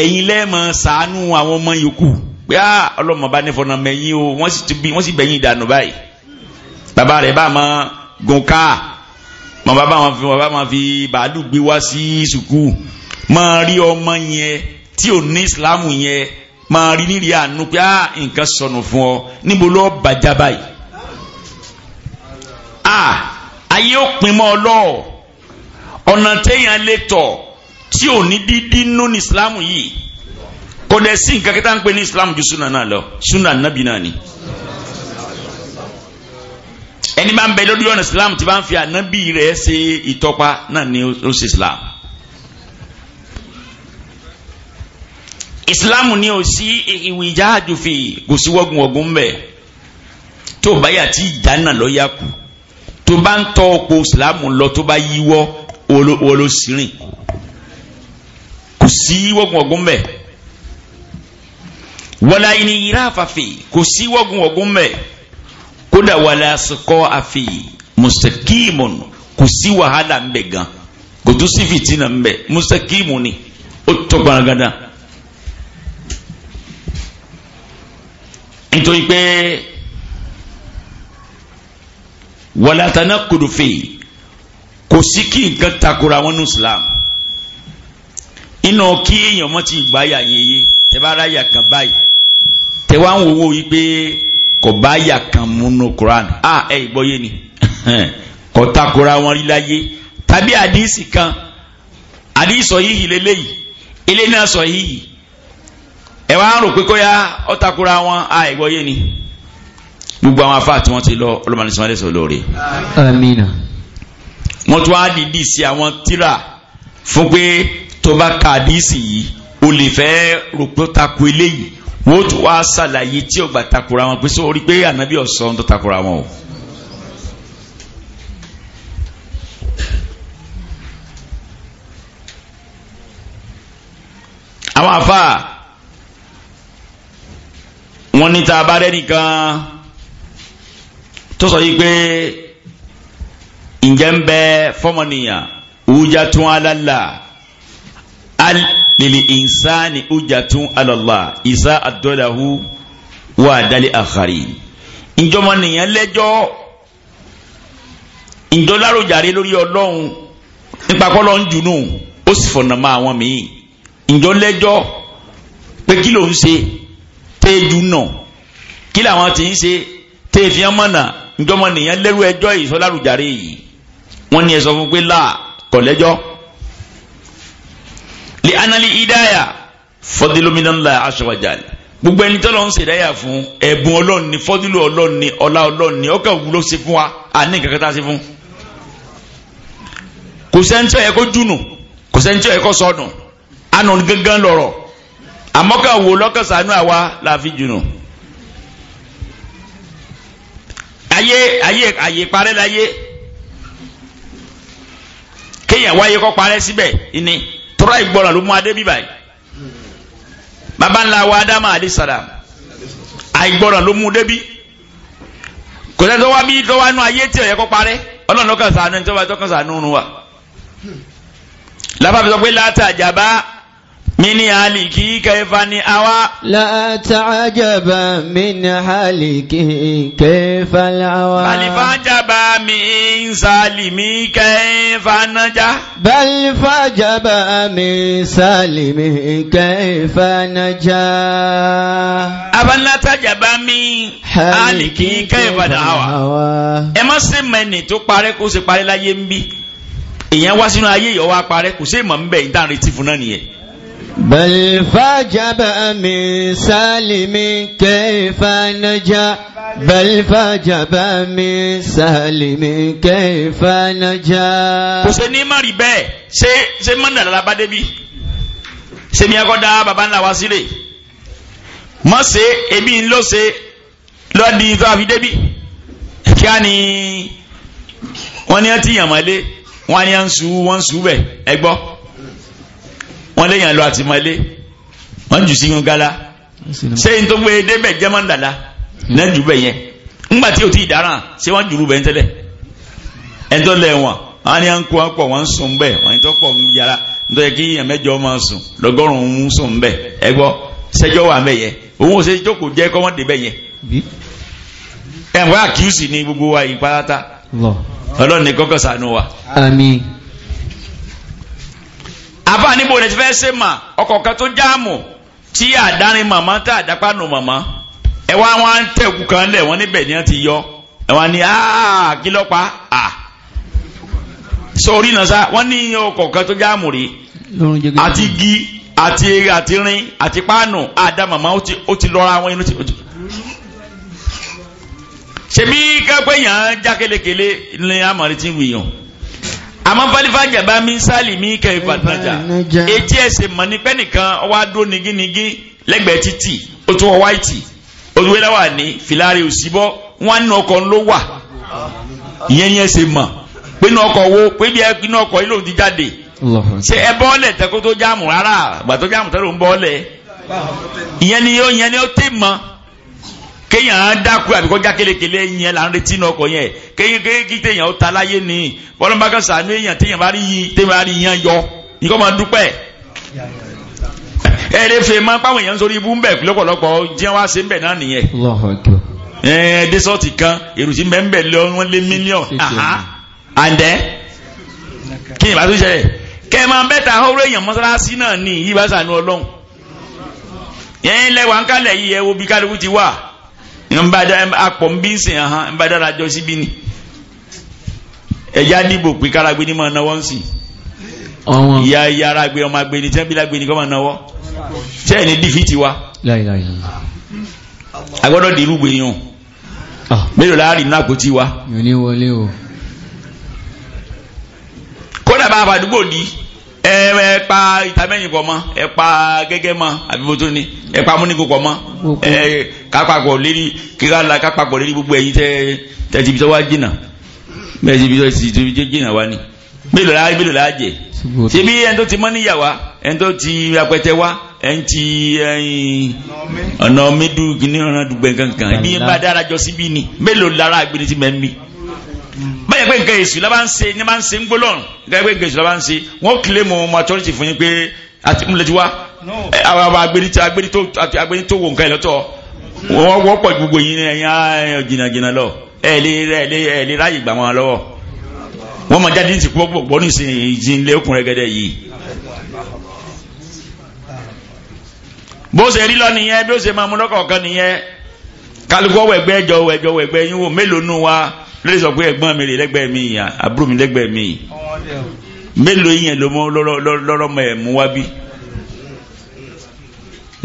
ẹ̀yin lẹ́ẹ̀mọ̀ sàánú àwọn ọmọ yòókù pé á ọlọ́mọba nífọ̀nà mẹ́yìn o wọ́n sì bẹ̀yìn ìdànù báyìí bàbá rẹ̀ bá máa gùn ká mọ bàbá wọn fi bàbá wọn fi bàálù gbé wá sí sùkú máa rí ọmọ yẹn tí ò ní ìsìlámù yẹn máa rí nírí àánú pé á ah, nǹkan sọnù fún ọ níbo lọ bàjá báyìí. a ah, ayé ó pin mọ́ ọ lọ ọ̀nà téèyàn lè tọ̀ tí ò ní dídí nú ní ìsìlámù yìí kò dẹ̀ sí nǹkan kí tá pè ní ìsìlámù ju súnà náà lọ súnà nábì náà ni ẹni bá ń bẹ lórí ọ̀nà islam tí bá ń fi ànábì rẹ̀ ṣe ìtọ́pa náà ni ó ṣe islam. islam ni ò sí ìwì ìjà àjòfè kò sí wọ́gunwọ́gun mbẹ̀ tó bá yà tí ìjà náà lọ yà kù tó bá ń tọ́ ọ̀pọ̀ islam lọ tó bá yíwọ́ olóṣìírìn kò sí wọ́gunwọ́gun mbẹ̀ wọ́lá ìní yìí ráfàfè kò sí wọ́gunwọ́gun mbẹ̀ kódà wàlẹ́ asukọ́ àfi mùsàkíìmù kò sí wàhálà ń bẹ̀ gan kò tún sí fìtínà ń bẹ̀ mùsàkíìmù ni ó tọ́ gbaragada. nítorí pé wàlẹ́ àtàná kòdòfè kò sí kí nǹkan takora wọn ní Islam iná kí èèyàn mọ́ ti gbáyà yẹn tẹ bá ráyà kan báyìí tẹ wá ń wò wò yí pé kò bá yà kan múnú Quran a ẹ ìgbọ́yé ni kò takora wọn rí láyé tàbí àdíìsì kan àdíìsọ yìí lélẹ́yìí ilé náà sọ yìí ẹ wá rò pé kóyá ọ takora wọn a ìgbọ́yé ni gbogbo àwọn afá tí wọ́n ti lọ ọlọ́mọdésí wọn lẹ́sọ̀ lóore. amina. tún wá dìídì sí àwọn tíra fún pé tó bá ka àdíìsì yìí o lè fẹ́ rò pé ó takò eléyìí wọ́n tún wá ṣàlàyé tí ọgbà takora wọn pé sórí pé ànábì ọ̀sán tó takora wọn o. àwọn àfáà wọ́n ní tá a bá tó sọ yìí pé ǹjẹ́ ń bẹ fọ́mọnìyàn wújà tún alálà lili insani ujatun alallah isa adolahu wa dali akhari ìjọmọ nìyẹn lẹ́jọ́ ìjọlárojàre lórí Ọlọ́run nípa kọlọ ń dùnú ó sì fọ̀nà máa wọn míì ìjọ lẹ́jọ́ pé kí ló ń ṣe tẹ dùnà kí làwọn ti ń ṣe tẹ fi hàn mọ̀nà ìjọmọ nìyẹn lẹ́rú ẹjọ́ ìsọlárojàre yìí wọ́n ní ẹ sọ fún pé là kọ̀lẹ́jọ́. Li anali idaya fọdílù minallah aṣọwájàlè gbogbo ẹni tọ́lọ́ ń ṣèdáyà fún ẹ̀bùn ọlọ́run ni fọdílù ọlọ́run ni ọlá ọlọ́run ni ọkà wúlò sí fún wa àní nǹkan kẹta sí fún. kò sẹ́ńtì ọ̀yẹ́ kó jùnù kò sẹ́ńtì ọ̀yẹ́ kó sọnù àná gángan lọ̀rọ̀ àmọ́kà wò lọ́kàsánú àwa láàfin jùnù. ayé ayé ayé parẹ́ láyé kéèyàn wáyé kọ́ parẹ́ síbẹ̀ ìní tọ́lá ìgbọ́ràn ló mú adé bíbá yìí baba ńlá wa adama alayisalaam àìgbọ́ràn ló mú débi kò sẹ́ni tó wá bí tó wá nú ayé tí ó kó parẹ́ ọlọ́run ló kàn sànú ní tó tó kàn sànú nù wa lábàbí sọ pé látàjàbá. من حالك كيف أوى؟ لا تعجب من حالك كيف العوى بل فعجبا من سالم كيف نجا بل فعجبا من سالم كيف نجا أفلا تعجبا من هلك كيف نأوى ẹ má ṣe mẹ́ni tó parẹ́ kó ṣe parẹ́ láyé ń bí èèyàn wá sínú ayé بل فجب من سالم كيف نجا بل فجب من سالم كيف نجا kò ṣe ní má rí bẹ́ẹ̀ ṣé ṣé mọ́nà lára bá débi ṣé ní ẹkọ́ dá bàbá ńlá wa sílẹ̀ mọ́ ṣe èmi ń lọ ṣe lọ́ọ̀dì tó a fi débi kí á ní wọ́n ní ẹ ti wọ́n léyìn àlọ́ àti mọ́lé wọ́n jù sí yún gálá sẹ́yìn tó gbé e débẹ̀ jẹ́ máa ń dàda náà jù bẹ̀ yẹn ńgbà tí o ti dáràn ṣé wọ́n jùrù bẹ̀ ń tẹ́lẹ̀ ẹ̀ńtọ́ lẹ̀ wọ̀n wọ́n á ní à ń kó wọn pọ̀ wọ́n ń sùn bẹ́ẹ̀ wọ́n ń tọ́ pọ̀ ń yàrá nítorí kí èèyàn mẹ́jọ máa sùn lọ́gọ́rùn-ún ń sùn bẹ́ẹ̀ ẹ gbọ́ sẹ́jọ́ wà mẹ́yẹ òun ò ṣe jókòó jẹ́ kọ́mọ́ débẹ̀ yẹn ẹ̀ wọ́n àkíyèsí ní gbogbo wa ìpárátá ọlọ́run ní kọ́kọ́ ṣàánú wa àbá níbo lè ti fẹ́ ṣe mà ọkọ̀ kan tó jáàmù tí àdáni màmá tá àdápánu màmá ẹ wá wọn á ń tẹ̀kù kan lẹ̀ wọ́n níbẹ̀ ni wọ́n ti yọ ẹ wọ́n ní kí lọ́pàá à sórí náà sá wọ́n ní ọkọ̀ kan tó jáàmù rí àti igi àti àti rin àti páànù àdá màmá ó ti lọ́ra wọn inú ti ṣe bí kápẹ́yàn jákèlékèlé ní amọ̀rẹ́tì wìyàn àmọ́ fálífàjà bá mi sálì mí kẹ́ ìfàtàjà etí ẹsẹ̀ mọ̀ ní pẹ́nìkan ọwọ́ adó nigínigín lẹ́gbẹ̀ẹ́ títì ó tún wọ wáìtì ó tún wẹ́lá wà ní fìlàrí òsínbọ́ wọn nínú ọkọ̀ ló wà ìyẹn ní ẹsẹ̀ mọ̀ pé inú ọkọ̀ wo pé bí inú ọkọ̀ ilé òdi jáde ṣe ẹ bọ́ọ̀lẹ̀ tẹ́kó jáàmù rárá àgbà tẹ́lẹ̀ ń bọ́ọ̀lẹ̀ ìyẹn ni ó ìyẹn ni ó tè mọ́ kéèyàn á dákú àbíkọ́ já kélékèlé yẹn là ń retí inú ọkọ̀ yẹn kéèké kí téèyàn ó ta láyé ni bọ́lọ́mbà kan sàánú èèyàn téèyàn bá rí téèyàn bá rí yẹn yọ ikọ́ máa dúpẹ́ ẹ lè fè máa pàwọn èèyàn sórí ibú ń bẹ̀ lọ́pọ̀lọpọ̀ jẹ́ wá sí ń bẹ̀ náà nìyẹn ẹ dẹ́sọ̀tì kan èrò sí ń bẹ̀ lọ wọ́n lé mílíọ̀n àǹdẹ́ kí ni ìbátú ṣẹlẹ̀ kẹ́ ẹ máa bẹ́ta ọ̀rọ̀ èèyàn mọ́sálásí náà ní ìyíbáṣà ní ọlọ́run yẹn lẹ́wàá ń kálẹ̀ yìí ẹ wo bí kálukú ti wà nbada akpọ̀ nbí sìn hàn nbada lajọ síbí ni ẹ̀yà dìbò pé káragbe ni mà náwó ń sìn ìyá ìyá aragbe ọmọ agbe ni tẹ́ńbí lagbe ni kọ́ mà náwó sẹ́yìn ní dífìtì wa agbọ́dọ̀ dèrú gbèyàn ah. mélòó láàrin náà kò wa kódà bá a fàdúgbò ẹ ẹ pa ìtàmẹ́yìn pọ̀ mọ́ ẹ pa gẹ́gẹ́ mọ́ àbíbótó ni ẹ pa múnigun pọ̀ mọ́ ẹ kápapọ̀ lérí kíkà la kápapọ̀ lérí gbogbo ẹ̀yin tẹ tẹ̀sí bitọ́ wa jìnnà bẹ́ẹ̀ ti bitọ́ sì wa ni mélòó la mélòó la jẹ ṣe bí ẹni tó ti mọ́ níyà wa ẹni tó ti apẹtẹ wa ẹni ti ọ̀nà mẹ́dù kìnìún ọ̀nà dùgbẹ̀ kankan ẹbí bá dára jọ síbí ni mélòó lára àgbẹ̀ni ti mẹ́ mi báyẹ̀ pé nǹkan èsù lọ́ba ń ṣe ní bá ń ṣe ń gbólọ́rùn báyẹ̀ pé nǹkan èsù lọ́ba ń ṣe wọ́n kílé mu maturity fún yín pé àti múlẹ̀ ti wá àwọn àwọn agbẹ́ni tó wò nǹkan ẹ̀ lọ́tọ̀ wọ́n wọ́pọ̀ gbogbo yín ẹ̀yìn jìnnàjìnnà lọ ẹ̀ lè ráyè gbà wọn lọ́wọ́ wọ́n máa jáde ní ìsìnkú pọ̀ ní ìsìnlẹ̀ ọkùnrin gẹ́gẹ́ lórí sọ pé ẹ̀gbọ́n mi rè lẹ́gbẹ̀ẹ́ mi yà àbúrò mi lẹ́gbẹ̀ẹ́ mi mélòó yẹn ló mọ lọ́rọ́mọ ẹ̀ mú wá bí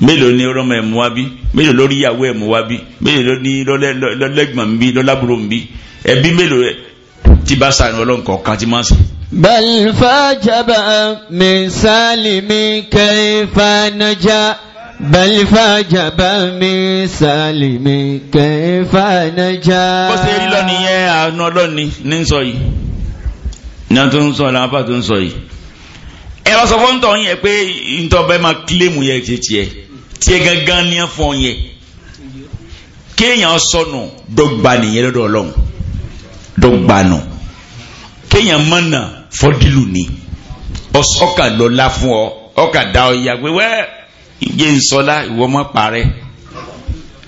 mélòó ni ọlọ́mọ ẹ̀ mú wá bí mélòó lórí ìyàwó ẹ̀ mú wá bí mélòó ni lọ́lẹ́gbọ̀n mi lọ́lábúrò mi ẹbí mélòó ti bá sàánú ọlọ́nkọ̀ kan ti máa sùn. bal fajaba min salimi kayfa naja bal fajaba min salimi kayfa naja. bó ṣe rí lọ́nìí yẹn àánú ọlọ́ni ní sọ yìí ní tó ń sọ làwọn apá tó ń sọ yìí. ẹ wá sọ fún tọ̀hún yẹn pé ntọ́ bẹ́ẹ̀ máa kílèmù yẹn ti tiẹ̀ tiẹ̀ gangan ní fún ọ yẹn. kéèyàn sọnù dọ́gba nìyẹn lọ́dọ̀ ọlọ́run dọ́gba nù kéèyàn mọ̀nà fọ́dílù ni ọ̀sọ́kà lọ́la fún ọ ọ̀kà dá ọ yà wẹ́ẹ́ ìjẹ́ nsọ́lá ìwọ mọ́ parẹ́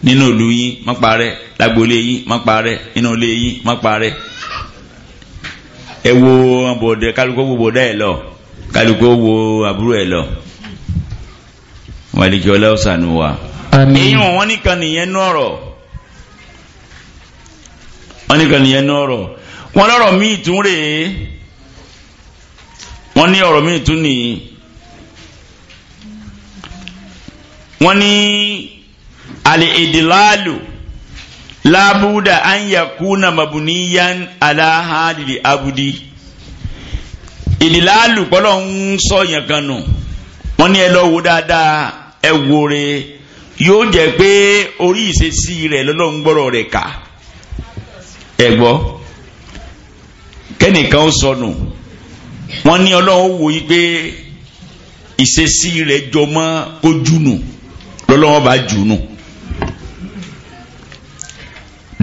nínú ìlú yín mọ́ parẹ́ lágboolé yín mọ́ parẹ́ nínú ilé yín mọ́ parẹ́ ẹ wo bọ̀dẹ kálukó wo bọ̀dẹ ẹ lọ kálukó wo àbúrò ẹ lọ wàlíkì ọlọ́sàn wa. àmín èyí wọn nìkan nìyẹn nọ̀rọ̀ wọ́n ní nìyẹn ní ọ̀rọ̀ wọ́n lọ́rọ̀ míì tún ní ọ̀rọ̀ míì tún wọ́n ní àlè ìdìláàlù lábúdà ányàkúnà mabuniyan aláhàdìlì abudi ìdìláàlù pọ́lọ́ ń sọ yẹn wọ́n ní ẹ lọ dáadáa ẹ wo re yóò jẹ́ pé orí ìṣesí rẹ̀ lọ́lọ́run rẹ̀ kà ẹ kẹ́nìkan ó sọnù wọ́n ní ọlọ́run wò yí pé ìṣesí rẹ̀ jọmọ́ kójú nù. lọ́lọ́wọ́ bá jù nù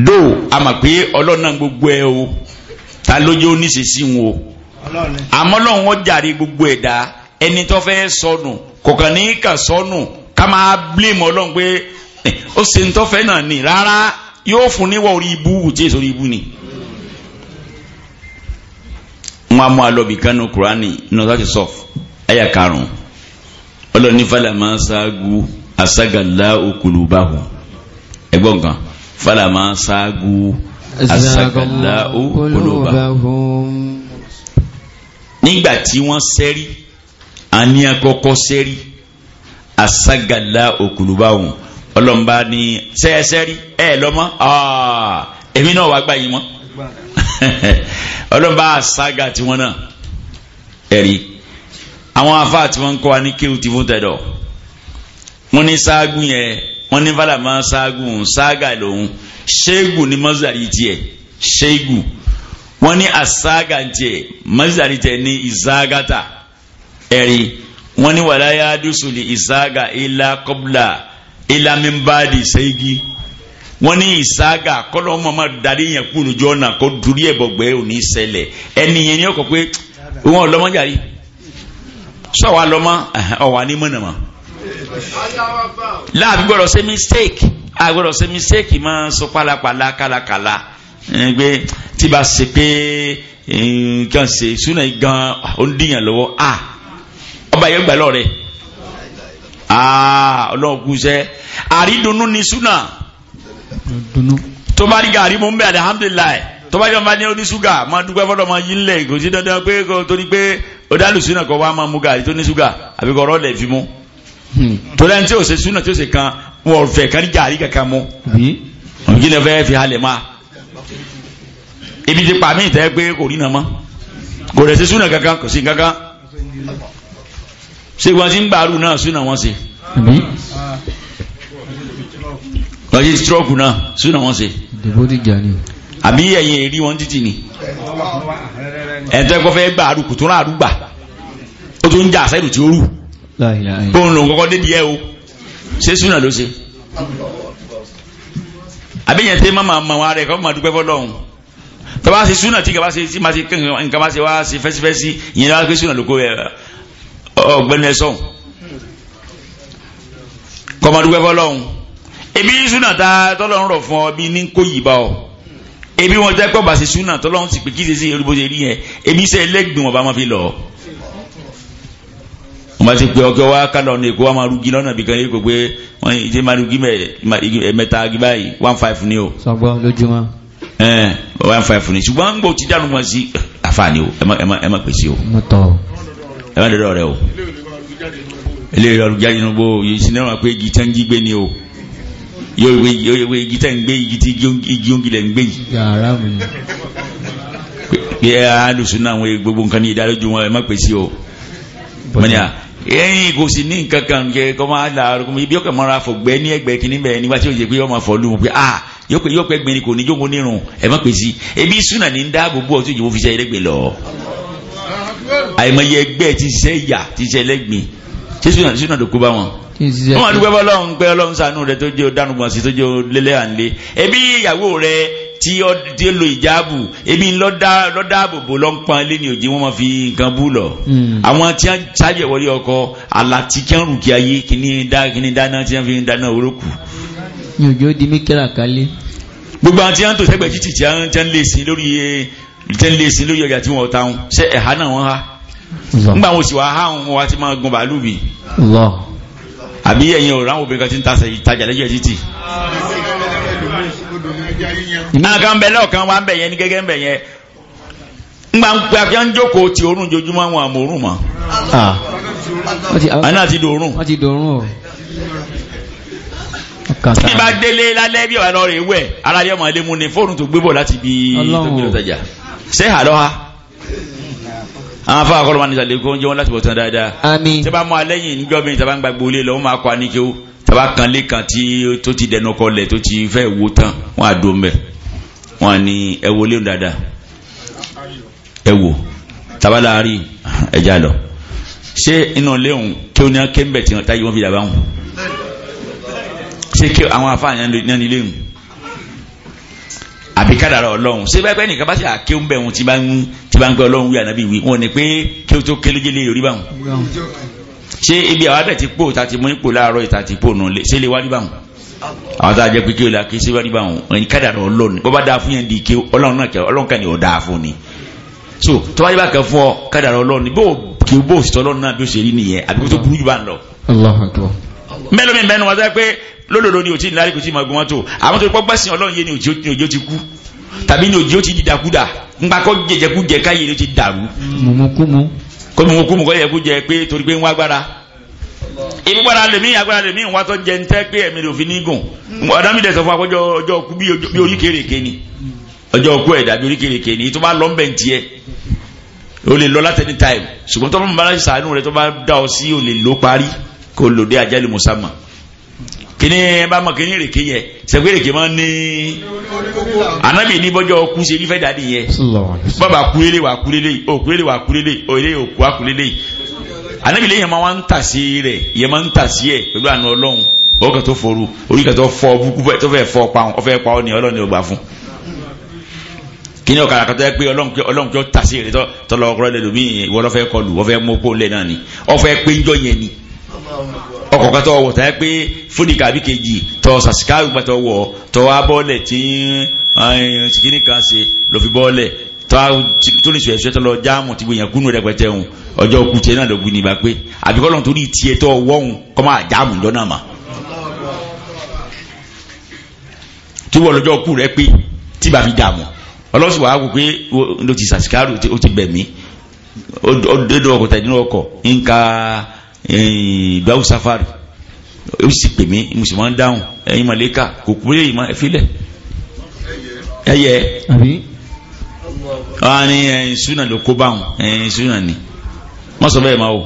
do a mọ̀ pé ọlọ́nà gbogbo ẹ o ta lójó oníṣẹ́sí wọn o àmọ́ lọ́wọ́ wọn jàre gbogbo ẹ̀dá ẹni tó fẹ́ sọnù kọ̀ọ̀kan ní kà sọnù ká máa blame ọlọ́run pé eh, ó ṣe ń tọ́fẹ́ náà ni rárá yóò fún níwọ̀ orí ibú tí èso ibú ni wọn mú alọ́bì kánú kúránì nọ́sàtì sọ́f ẹ̀yà karùn-ún ọlọ́ọ̀nífàlẹ̀ máa ń asagala okulubahu ẹgbọ́n kan falama sáágu asagala okulubahu nígbà tí wọ́n sẹ́rí àní àkọ́kọ́ sẹ́rí asagala okulubahu ọlọ́mba ni sẹ́ẹ̀sẹ́rí ẹ lọ́mọ èmi náà wàá gbà yín mọ́ ọlọ́mba asaga tiwọn náà ẹ̀rí àwọn afáà tí wọ́n wa ní kéwù tí fún tẹ̀dọ̀ wọ́n ní ṣáágù yẹn wọ́n ní fàlàmà ṣáágù ṣáágà lòun ṣéégù ní mọ́sálì tiẹ̀ ṣéégù wọ́n ní àṣáágà tiẹ̀ mọ́sálì tiẹ̀ ní ìṣáágàtà ẹ̀rí wọ́n ní wàláyà dùsùlì ìṣáágà ilà kọ́bùlà ilà mímbàdì ṣéégì wọ́n ní ìṣáágà kọ́lọ́ mọ́mọ́ darí yẹn kúrò jọ́nà kó dúrí ẹ̀bọ̀gbẹ́ òní ṣẹlẹ̀ ẹni yẹn ni ọkọ̀ pé wọn ò lọ́mọ jàrí sọ wa lọ́mọ ọ̀wà ní mọ̀nàmọ́ láàbí gbọ́dọ̀ ṣe mistake a gbọ́dọ̀ ṣe mistake máa sọ pálapàla kálakàla gbé tí bá ṣe pé nǹkan ṣe súnà gan ó ń dìyàn lọ́wọ́ a ọba yẹn gbà lọ́rẹ̀ ọlọ́run kú iṣẹ́ àrídùnnú ni súnà tó bá rí gàrí mo ń bẹ alihamudulilayi tó bá yọ ọba ní oníṣúgà máa dúpẹ́ fọ́dọ̀ máa yí ńlẹ̀ kò sí dandan pé kò tó ní pé ó dálùsí náà kọ́ wá máa mú gàrí tó ní ṣúgà àbíkọ́ ọ̀rọ̀ lẹ̀ fi mú. Hmm. torí ẹni tí ó ṣe súnà tí ó ṣe kan wọn ò fẹ́ kan jàrí kankan mú òjì náà fẹ́ fi halẹ̀ máa ibi ti pa mí ìtẹ́ pé kò rí náà mọ́ kò rẹ̀ ṣe súnà kankan kò sí kankan ṣé wọn ti ń gbàrú náà súnà wọn ṣe lọ́jọ́ stroke náà súnà wọn ṣe. dèbò ti jà ni. àbí ẹ̀yìn èrí wọn títì ni ẹ̀ńtẹ́ kọ́ fẹ́ gbàrú kò tó rà àrùgbà ó tó ń jà sẹ́dù tí ó rù bóun lòun kọ́kọ́ dé díẹ̀ o ṣé súnà ló ṣe àbíyẹn tẹ́ máa ma wọn rẹ̀ kọ́ máa dúpẹ́ fọ́lọ́hún tọ́ba ṣe súnà tí kaba ṣe tí ma ṣe nǹkan ma ṣe wá ṣe fẹ́sífẹ́sí ìyẹn wá pé súnà ló kó ọgbẹ́ni ẹ̀ sọ̀hún kọ́ máa dúpẹ́ fọ́lọ́hún ebi súnà tá tọ́lọ́run rọ̀ fún ọ bí ní kó yìí bá ọ ebi wọn jẹ́ pé ọba ṣe súnà tọ́lọ́run ti pè kí ṣe sí olúboṣe rí yẹn ebi iṣẹ́ ẹlẹ́gbìn wọn bá wọn fi lọ wọ́n bá ti pé ọkẹ́ wa kálọ̀ ní èkó wa máa rugi lọ́nà bìkan yìí kò pé wọ́n yìí ti máa rugi mẹ́ta agi báyìí one five ni o. sọgbọ́n lójúmọ́. ẹ one five ni ṣùgbọ́n gbòò ti dànù mọ́ sí àfààní o ẹ má pèsè o. mo o. ẹ má dọ̀dọ̀ rẹ o. ilé ìlú olùjáde nínú bó yìí sinimá máa pé igi tán jí gbé ni o yóò wé igi tán gbé igi tí igi òǹgilẹ̀ ń gbé yìí. yàrá mi bí náà wọn gbogbo ẹyin kò sì ní nǹkan kan jẹ kọ́ máa la ibi ọkọ̀ mọ́ra fògbẹ́ ní ẹgbẹ́ kìíní bẹ́ẹ̀ nígbà tí ó yẹ pé ọmọ fọ́ọ́lù wọn pé ah yóò pé yóò pẹ́ gbẹ́ni kò ní jókòó nírun ẹ̀ má pè sí ebi súnà ní ń dáàbò bò ọtí òyìnbó fi ṣe ẹlẹ́gbẹ́ lọ. àìmọye ẹgbẹ́ ti ṣe ìyà ti ṣe ẹlẹ́gbìn ṣé súnà súnà tó kó bá wọn. wọ́n dúpẹ́ bọ́lọ́run pé ọlọ́run ṣàánú rẹ tó jẹ́ dánùgbọ̀nsì tí ó dé lo ìjáàbù ebi lọ́dà àbòbò lọ́npọ̀n ilé ni òjì wọ́n máa fi nǹkan bú lọ. Hmm. àwọn tí wọ́n ṣáàjẹ̀ wọlé ọkọ àlàtí kí wọ́n rù kí ayé kí ni dáná tí wọ́n fi ń dáná orókù. mi ò jẹ́ ó di mí kẹ́rà kálé. gbogbo àwọn tí wọ́n tò sẹ́gbẹ̀ẹ́ títì tí wọ́n lè sin lórí tí wọ́n lè sin lórí ọjà tí wọ́n ta wọn ṣé ẹ̀há náà wọ́n há. nígbà wọn sì wá há wọn wá ti máa gun bàálù mi. àbí ẹ̀yin ọ̀rọ̀ náà kan bẹ lọ́ọ̀kan wa ń bẹ̀ yẹn ní gẹ́gẹ́ ń bẹ̀ yẹn an joko ti orun jojuma wọn àmọ́ orun mọ́ àná o bí bá délé lálẹ́ bí ọ̀rọ̀ rẹ̀ wẹ̀ ara rẹ̀ ọmọ ilé mu ni fóònù tó gbé bọ̀ láti bí ha. àwọn afọ àkọlọmọ ní ìsàlẹ̀ kó ń jẹ́ wọn láti bọ̀ tán dáadáa. àmín. tí a bá mọ alẹ́yìn níjọ́ mi tí a bá ń gbàgbó lé lọ wọ́n máa kọ́ àníkẹ́ o tí a bá kan lé kan tí tó ti dẹnu kọlẹ̀ tó ti fẹ́ wo tán wọ́n á dùn mẹ́ wọ́n á ní ẹ wo léwu dáadáa ẹ wo tabala ẹja lọ ṣé inú léwu kí o ní akéńbẹ̀ tí wọ́n táyé wọ́n fi dàbà ṣé kí àwọn afáàyàn àbí kádàrà ọlọ́run ṣé bẹ́ẹ̀ bẹ́ẹ̀ nìkan bá ṣe àkéwù bẹ́ẹ̀ wọn ti bá ń ti bá ń pẹ́ ọlọ́run wí ànábì wí wọn ni pé kí o tó kélejele orí bá wọn. ṣé ibi àwọn abẹ́ ti pò ta ti mú ipò láàárọ̀ ìta ti pò nù ṣé lè wá rí bá wọn. àwọn tá a pé kí o la kí ṣé wá rí bá wọn ẹni kádàrà ọlọ́run bó bá dáa fún yẹn di ike ọlọ́run náà kẹ ọlọ́run kan ni ọ̀ dáa fún ni. so tó bá yẹ bá kẹ fún ọ kádàrà ọlọ́run bó kí o bó òsì lódodo ni o ti lárí kò tí ma gun wọn tó àwọn tó gbọ́gbà sí ọlọ́run yé ni òjò ti kú tàbí ni òjò ti di dàkúdà ńgbà kọ́ jẹjẹkújẹ káyé ló ti dàrú. mumukumu. kó mumukumu kọ́ jẹjẹkújẹ pé torí pé ń wá agbára. ìmúgbára lèmi agbára lèmi ń wá tó jẹ ń tẹ́ pé ẹ̀mí rẹ̀ òfin ní gùn. ọ̀dà mi dẹ̀ sọ fún akọ́jọ́ ọjọ́ ọkú bí oríkèrèké time ṣùgbọ́n tó bá ń bá ṣàánú rẹ̀ tó bá dá ọ sí kíní bá mọ kíní rèké yẹ sẹgbẹ rèké mọ ní anabi ní bọjọ kú ṣe nífẹẹ dàdí yẹ bàbá kulele wà kulele o kulele wà kulele o òkú wà kulele anabi lè yẹn máa ń tà sí rẹ yẹn máa ń tà sí ẹ pẹ̀lú àna Ọlọ́run ọkọ tó foru oríkà tó fọ búkú tó fẹ fọ pa ọfẹ pa ọ ní Ọlọ́run ní ọgbà fún kíni ọ̀kadà kan tó pé ọlọ́run tó tà sí rẹ tọ́lọ́ ọkọ̀ kan tọ́ wọ̀ tẹ́ pé fúnni kàbí kejì tọ́ sàṣìkárù gbà tọ́ tọ́ wá bọ́ọ̀lẹ̀ tí ṣìkíní kan ṣe ló fi bọ́ọ̀lẹ̀ tó ní ṣùgbọ́n ṣẹ́tọ́ jáàmù ti gbìyànjú kúnnú rẹpẹtẹ òun ọjọ́ òkú tiẹ̀ náà lọ́gbìn nígbà pé àbíkọ́lọ́ torí tiẹ̀ tọ́ wọ́hùn kọ́ máa jáàmù lọ́nà mà. tí wọ́n lọ́jọ́ òkú rẹ pé tí bàbí dààmú ọlọ́sùn wàá wò pé ó ti ṣàṣìkárù ó ti bẹ̀ mí ó dédé ọkọ̀ tẹ̀ nínú ọkọ̀ nǹkan Eh, ìgbàwù safari ó sì pè mí mo sì máa ń dáhùn ẹ̀yin màlẹ́kà kò kúrò èyí máa filẹ̀ ẹyẹ wọ́n á ní ẹ̀yin súnà ló kó báwọn ẹ̀yin súnà ni wọ́n sọ bẹ́ẹ̀ máa o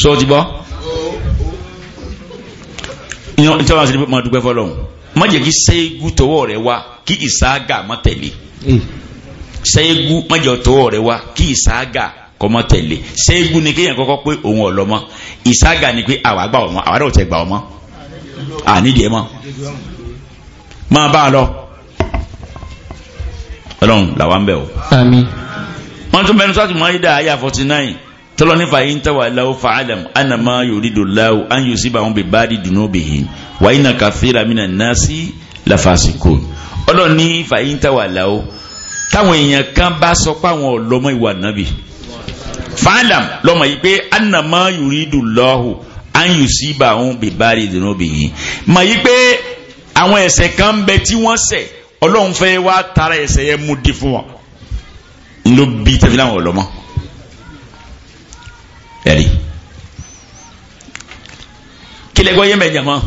sọ ti bọ́ ìyọ́n tí wọ́n á sọ ní pé máa dúpẹ́ fọlọ́hún má jẹ́ kí sẹ́yìgú tọwọ́ rẹ wá kí ìsáàgà má tẹ̀lé sẹ́yìgú eh. má jẹ́ tọwọ́ rẹ wá kí ìsáàgà kọmọ tẹ̀lé ṣéégún ni kéèyàn kọ́kọ́ pé òun ọ̀lọ́mọ ìsága ni pé àwa gbà ọmọ àwa náà tẹ gbà ọmọ ànídìí ẹ mọ máa bá a lọ ọlọ́run làwọn ń o. àmín. wọ́n tún mẹ́nu sátìmọ́ ayé àyà forty nine tọ́lọ́ nífa yìí ń tẹ́wà láwọ́ fàálàm ànàmá yòrídò láwọ́ ányò síbà wọn bè báàdì dùnú bìhìn wàyí nà kàfíìrà mìíràn náà sí láfàásìkò ọlọ́run ní fàyí ń tẹ́wà láwọ́ táwọn èèyàn kan bá sọ pé àwọn ọlọ́mọ ìwà nàbì fàlàm lọ́mọ yìí pé anamọ yuridu lọ́hù anyusiba òun bìbárì ìdùnnú bìyìn mọ̀ yìí pé àwọn ẹ̀ṣẹ̀ kan ń bẹ tí wọ́n ṣẹ̀ ọlọ́run fẹ́ wá tara ẹ̀ṣẹ̀ yẹn mú di fún wọn ló bí tẹ́fí láwọn ọlọ́mọ ẹ̀rí kílẹ̀ gbọ́ yé mẹ́jàmọ́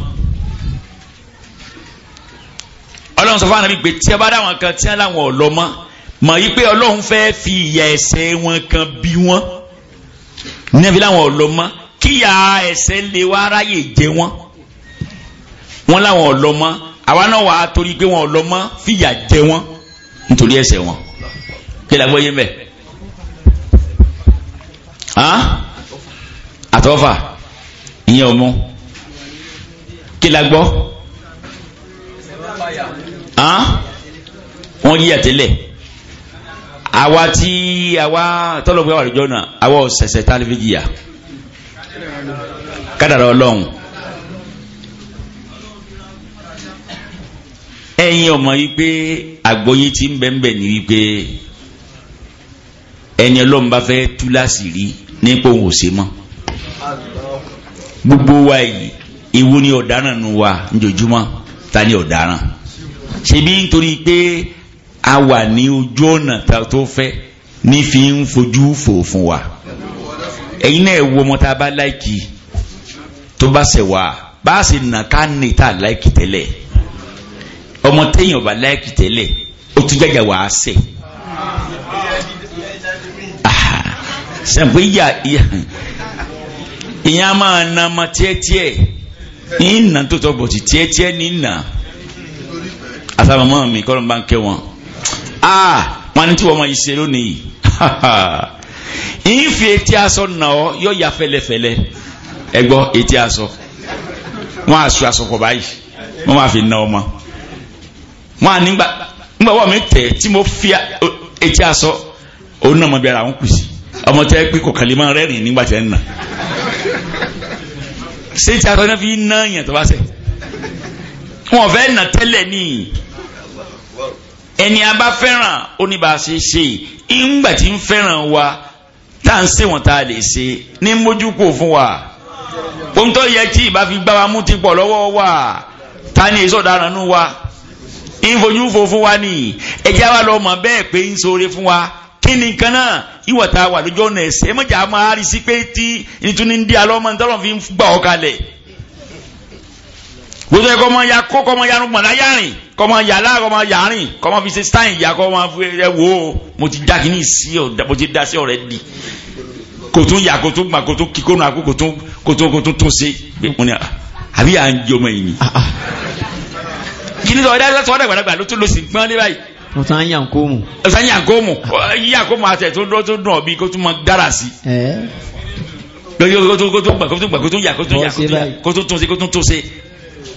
ọlọ́run sọ fún àwọn pé tí a bá dáwọn kan tí a láwọn ọlọ́mọ mọ̀ yí pé ọlọ́run fẹ́ fi ìyà ẹ̀ṣẹ̀ wọn kan bí wọn níbi láwọn ọlọ́mọ kíyà ẹ̀ṣẹ̀ lè wá ráyè jẹ wọn wọn láwọn ọlọ́mọ àwa náà wà á torí pé wọn ọlọ́mọ fìyà jẹ wọn nítorí ẹ̀ṣẹ̀ wọn kí làgbọ́ yé mbẹ́ àtọ́fà ìyẹn ọmọ kí la gbọ́ wọ́n yí àtẹ́lẹ̀ àwa tí àwa tọ́lọ̀gbé wà lójọ́ náà àwa ọ̀sẹ̀sẹ̀ tá a lè fi jìyà kádàrá ọlọ́run ẹ̀yin ọmọ yìí pé àgbọ́yé ti ń bẹ́ẹ̀ ní wípé ẹni ọlọ́run bá fẹ́ tú láṣìírí nípò òun ò ṣe mọ́ gbogbo wa yìí ewu ni ọ̀daràn nu wa njojúmọ́ ta ni ọ̀daràn ṣebí nítorí pé a wà ní ojú ọ̀nà tó fẹ́ ní fi ń fojú fò fún wa ẹ̀yin náà wo ọmọ tá a bá láìkì tó bá ṣẹ̀ wá bá a sì nà ká ní tá láìkì tẹ́lẹ̀ ọmọ téèyàn bá láìkì tẹ́lẹ̀ ó tún jàjà wà á ṣẹ̀ ìyá ìyá máa na ọmọ tiẹ́tiẹ́ ní ìnà tó tọ́ bọ̀ sí tiẹ́tiẹ́ ní ìnà àtàwọn ọmọ mi kọ́ ló ń bá ń kẹ́ wọn ah wọn ni tí wọn máa ṣe lónìí yìí fi etí aṣọ nà ọ yọ ya fẹlẹfẹlẹ ẹ gbọ́ etí aṣọ wọn aṣọ aṣọ kọ báyìí wọn máa fi nà ọmọ wọn à nígbà nígbà wọn mi tẹ tí mo fi etí aṣọ òun náà mọ bí ara wọn kù sí ọmọ tẹ pé kọkànlẹ máa rẹ́rìn nígbà tẹ ń nà ṣé tí aṣọ náà fi ń yẹn tó bá ṣe wọn fẹ́ nà tẹ́lẹ̀ níyì ẹni a bá fẹ́ràn ó ní bá ṣe ìgbà tí ń fẹ́ràn wa tá à ń ṣe wọn tá a lè ṣe ní mójú kò fún wa ohun tó yẹ tí ìbá fi gbá wa mú ti pọ̀ lọ́wọ́ wa ta ni èso ọ̀daràn nù wa ìfojú fo fún wa ni ẹ̀jẹ̀ wa lọ mọ̀ bẹ́ẹ̀ pé ń ṣoore fún wa kí ni kan náà ìwọ̀ta wà lójú ọ̀nà ẹ̀sẹ̀ mọ̀jà máa rí sí pé tí ìtúni ń di alọ́mọ nítorí wọn fi gbà ọ́ kalẹ̀ gbogbo ẹ kọmọ ya kó kọmọ ya nugbọn náà yárin kọmọ ya láà kọmọ ya rìn kọmọ fi ṣe stein ya kọmọ ẹ wo mo ti jákè ní ìsí ọ mo ti da sí ọ̀rẹ́ di kò tún ya kò tún gbà kò tún kíkó náà kò tún kò tún kò tún tún ṣe mo ní ah, àbí à ń jẹ ọmọ yìí ni. Ah, ah. kìnìún ọ̀dà ẹ̀dá sọ̀rọ̀ àgbàlagbà ló tún lọ sí gbọ́n níbàyí. ọ̀sán yàn kó mu. ọ̀sán yàn kó mu yíyà kó mu àtẹ̀ tó dún ọ̀bí kó tún mọ dára sí lórí kó tún gbà kó tún gbà kó tún yà kó tún yà kó tún tún ṣe kó tún tún ṣe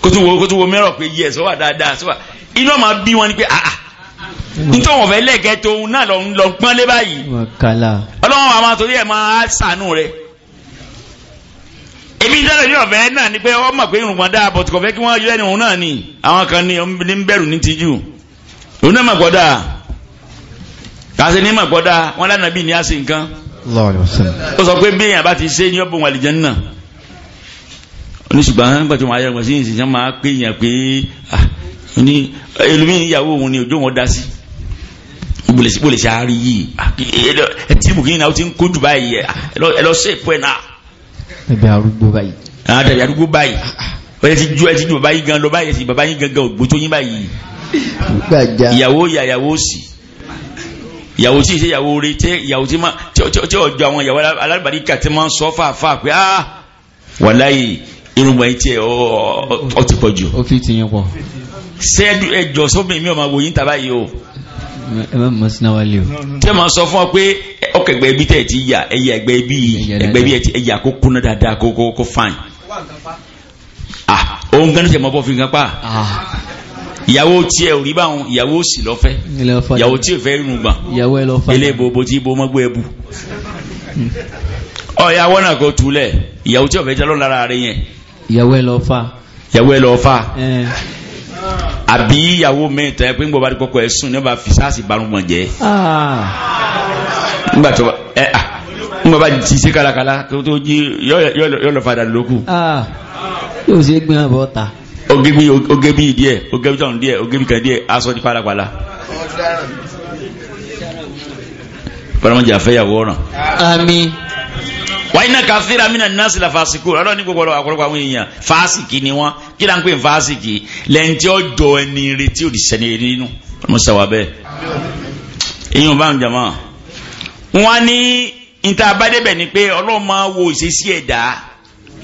kótó wo kótó wo mẹ́rọ̀ pé yẹ sọ́wà dáadáa sọ́wà iná máa bí wọn ni pé àà ah, ah. nítorí wọn fẹ́ lẹ́ẹ̀kẹ́ tó náà lọ lọ pọ́n lé báyìí ọlọ́wọ́n àwọn àtòrí ẹ̀ máa sànú rẹ̀ èmi ìdájọ́ ní ọ̀fẹ́ náà ni pé wọ́n mọ̀ pé irùngbọ̀n dáa bọ̀ tí kò fẹ́ kí wọ́n yọ ẹni náà ni àwọn kan ní ń bẹ̀rù ní tijú òun náà mọ̀ pọ̀ dáa ní mọ̀ pọ̀ wọn lánàá bí ní àṣẹ nǹkan ó sọ pé bí èèyàn bá ti ṣe ní ọ̀bùn àlìjẹ́ náà oníṣùgbọ́n gbàtí wọn ayẹwọ̀n sí ìsìn sàn máa pé yẹn pé ní ẹlòmíì ìyàwó òun ni òjò wọn dá sí bólè sí àárí yìí ẹ tí bùkún náà ó ti ń kójú báyìí ẹ lọ sí èpo ẹ náà. ẹbí arúgbó báyìí. àwọn àdàbí arúgbó báyìí ẹ ti ju ẹ ti ju bàbá yín gan lọ báyìí ẹ ti bàbá yín gangan ògbójó yín báyìí. ìyàwó yà ìyàwó sì ìyàwó tí ì ṣe ìyàwó rẹ tẹ ìyàwó tí ọjọ́ àwọn ìyàwó alábàríkà ti máa ń sọ fàáfàá pé ah wàláyé irungbọ̀n yìí tiẹ̀ ọ ti pọ̀ jù. ó fi ti yín pọ̀. ṣé ẹjọ sómi mi ò máa wò yín tàbá yìí o. ẹ bá mọ sínú wa lé o. tí a máa sọ fún ọ pé ọkọ̀ ẹgbẹ́ ibi tẹ̀ ti yà ẹ̀yà ẹgbẹ́ ibi ẹgbẹ́ ibi ẹ̀ yà kó kúnná dáadáa kó kó kó fáìn. òun gan ló tẹ̀ mọ́ bọ́ fi nǹkan pa. ìyàwó tiẹ̀ ò rí báwọn ìyàwó sì lọ́fẹ́ ìyàwó tiẹ̀ fẹ́ irungbọ̀n ilé ìbòbò tí ibo mọ́gbó ẹbù hmm. ọ̀yàwó náà kò túlẹ̀ ìyàwó tí ọ̀fẹ́ jẹ́ lọ́lára rẹ̀ yẹn ìyàwó ẹ lọ fà ìyàwó ẹ lọ fà àbí ìyàwó mi tẹ pé ń bọ̀ bá rí kọ́kọ́ ẹ sùn ní wọ́n bá fi sáàsì barúgbọ̀n jẹ́ nígbà ah. tó ẹ à ń bọ̀ bá ti ṣe kálákálá tó tó jí yọ lọ fàdà lókù. Ah. yóò ṣe gbin àbọ̀ ta. oge díẹ̀ oge bi díẹ̀ oge kan díẹ̀ aṣọ di pálapàla. bàrọ̀mọ̀jà fẹ́yàwó ọ̀ràn. àmín wàá iná kàfíra mí náà la fàásìkò ọlọ́run ní gbogbo ọ̀pọ̀lọpọ̀ àwọn èèyàn fàásìkì ni wọ́n kí là ń pè fàásìkì lẹ́yìn tí ó jọ ẹni retí òrìṣẹ́ ni nínú musa wa bẹ́ẹ̀. èèyàn bá ń jàmọ́ wọn ní níta abádébẹ̀ ni pé ọlọ́run máa wo ìṣesí ẹ̀dá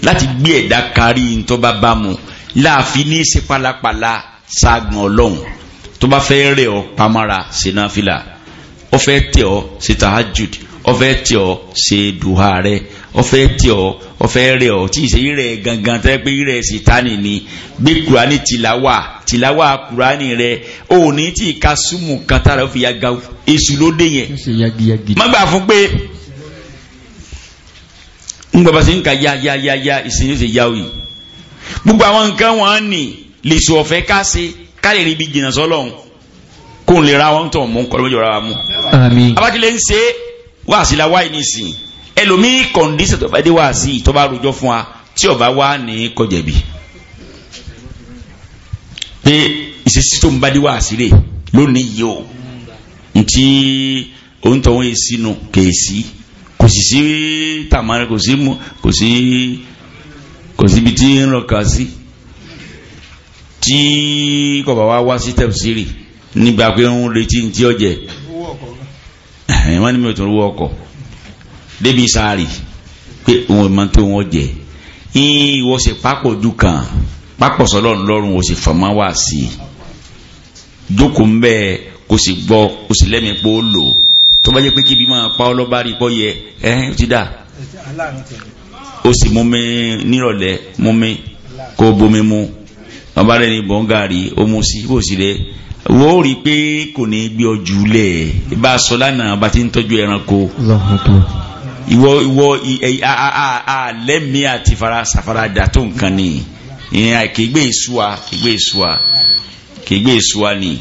láti gbé ẹ̀dá kárí ntọ́ba bá mu láàfin ní ṣe pálapàla sáàgùn ọlọ́run tó bá fẹ́ rẹ̀ ọ pamọ́ra sínú ó fẹ́ tẹ̀ ọ sí ọfẹ́ tí ọ ṣe dùhà rẹ ọfẹ́ tí ọ ọfẹ́ rẹ ọ tí ìṣe rẹ gangan tẹ́ pé rẹ sì tani ni gbé kurani tìláwà tìláwà kurani rẹ ò ní tí ka súnmù kan tára ó fi ya ga èṣù ló dé yẹn má gbà fún pé ń gbàgbà sí ń ka ya ya ya ya ìsìn yóò ṣe yá òyì gbogbo àwọn nǹkan wọn á nì lè sọ ọfẹ ká ṣe ká lè jìnnà sọlọ́run kó n lè ra wọn tó mú kọ́ ra wa mú. àmín abatile ń ṣe é wáàsí la wáyé nísìnyí ẹlòmíì kọ̀ǹdíṣẹ̀ tó bá dé wáàsí tó bá rojọ́ fún wa tí ọba wá ní kọjẹ̀bi pé ìṣesí tó ń bá dé wáàsí rè lónìí yìí o ntí òun tó ń yé sínú kèésì kò sì sí tàmárẹ kò sí tí ń wa wá sí nígbà pé ń retí ntí ọ̀jẹ̀ wọ́n ní mi ò tún rówó ọkọ̀ débi sáárì pé òun máa tó wọn jẹ yín wọ́n ṣe pákó ojú kan pákó sọlọ́run lọ́rùn wọ́n ṣe fọmọ́ wá sí i jókòó ń bẹ́ẹ̀ kò sì gbọ́ kò sì lẹ́mìí pé ó lò tó bá jẹ́ pé kíbi máa pa ọlọ́ba rí pọ́ yẹ ẹ́ ó ti dà ó sì mú nírọ̀lẹ́ mú kó bomi mu ọba rẹ̀ ní bọ́ngàrí ó mú sí bó sì rẹ̀ wọ́n ò rí i pé kò ní gbé ọjù lẹ̀ bá a sọ lánàá bá ti ń tọ́jú ẹranko ìwọ ìwọ àlẹ́mí àti sàfaradà tó nǹkan ni ìyẹn àìkégbé ìṣúwa kégbé ìṣúwa kégbé ìṣúwa ni.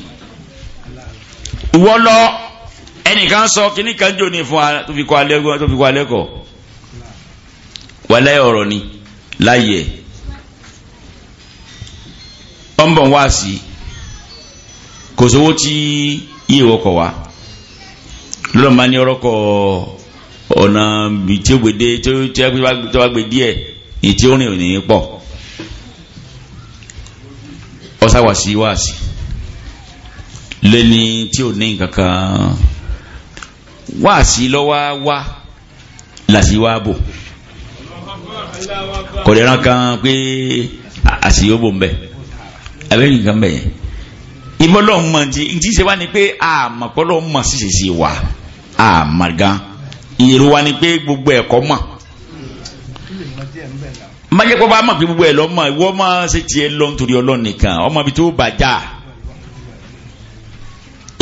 ìwọ lọ ẹnìkan sọ kíní kan jò ní fún wa tó fi kọ́ alẹ́ kọ́ wàlẹ́ ọ̀rọ̀ ni láyẹ̀ ọ̀nbọ̀n wá sí i kò sówó tí iye wọkọ̀ wá lọ́nà máa ní ọ̀rọ̀kọ̀ ọ̀nà tí ó gbèdé tí ó bá gbé díẹ̀ èyí tí ó rìn òní pọ̀ ọ̀sáwàsí wáàsí lẹ́ni tí ò ní nǹkan wáàsí lọ́wọ́ wá làsí wá bò kọ̀dẹ̀rán kan pé àsìyóbò ń bẹ̀ abẹ́rìn kan bẹ̀ yẹn ìmọ̀lọ́hún mọ̀ ti ti ṣe wá ni pé àmọ̀kọ́lọ́ mọ̀ ṣiṣẹ́ sí wa àmọ̀ gan ìrò wa ni pé gbogbo ẹ̀kọ́ mọ̀ májẹ́kọ́ bá mọ̀ pé gbogbo ẹ̀ lọ́mọ ìwọ mọ̀ ṣe tiẹ̀ lọ nítorí ọlọ́run nìkan ọmọ ibi tó bàjá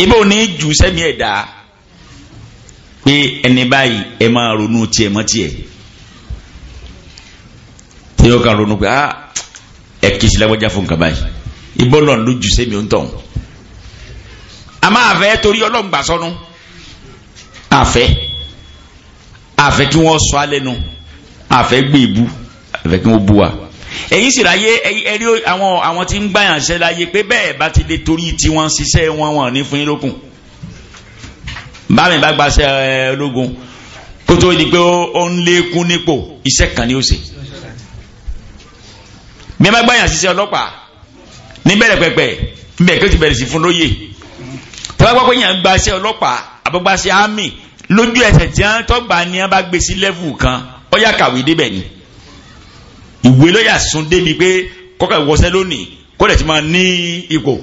ibo ní jù sẹ́mi ẹ̀dá pé ẹni báyìí ẹ máa ronú tiẹ̀ mọ́ tiẹ̀ tí ó kà ronú pé ah, ẹ kì ṣe lágbájá fún nǹkan báyìí ìbọ́lọ̀ lójú sẹ́mi ń tàn a máa fẹ́ torí ọlọ́run gbà sọnù àfẹ́ àfẹ́ kí wọ́n sọ alẹ́ nu àfẹ́ gbé ìbú àfẹ́ kí wọ́n bú wa èyí sì ráyé ẹrí àwọn àwọn tí ń gbàyànṣẹ́ láyé pé bẹ́ẹ̀ bá ti lè torí tí wọ́n ń ṣiṣẹ́ wọn wọn ní fún yín lókun bá mi bá gbaṣẹ́ ológun kó tó di pé ó ń lékún nípò iṣẹ́ kan ni ó ṣe mi má gbàyàn ṣiṣẹ́ ọlọ́pàá níbẹ̀rẹ̀ pẹ̀pẹ̀ níbẹ̀ kí o ti bẹ̀rẹ̀ sí fún lóye tó bá gbọ́ pé yàn ń gbaṣẹ́ ọlọ́pàá àbọ̀gbaṣẹ́ àmì lójú ẹsẹ̀ tí wọ́n tọ́gbà ni wọ́n bá gbé sí lẹ́fù kan ó yà kàwé débẹ̀ ni ìwé ló yà sún débi pé kọ́kọ́ wọṣẹ́ lónìí kó lè ti máa ní ipò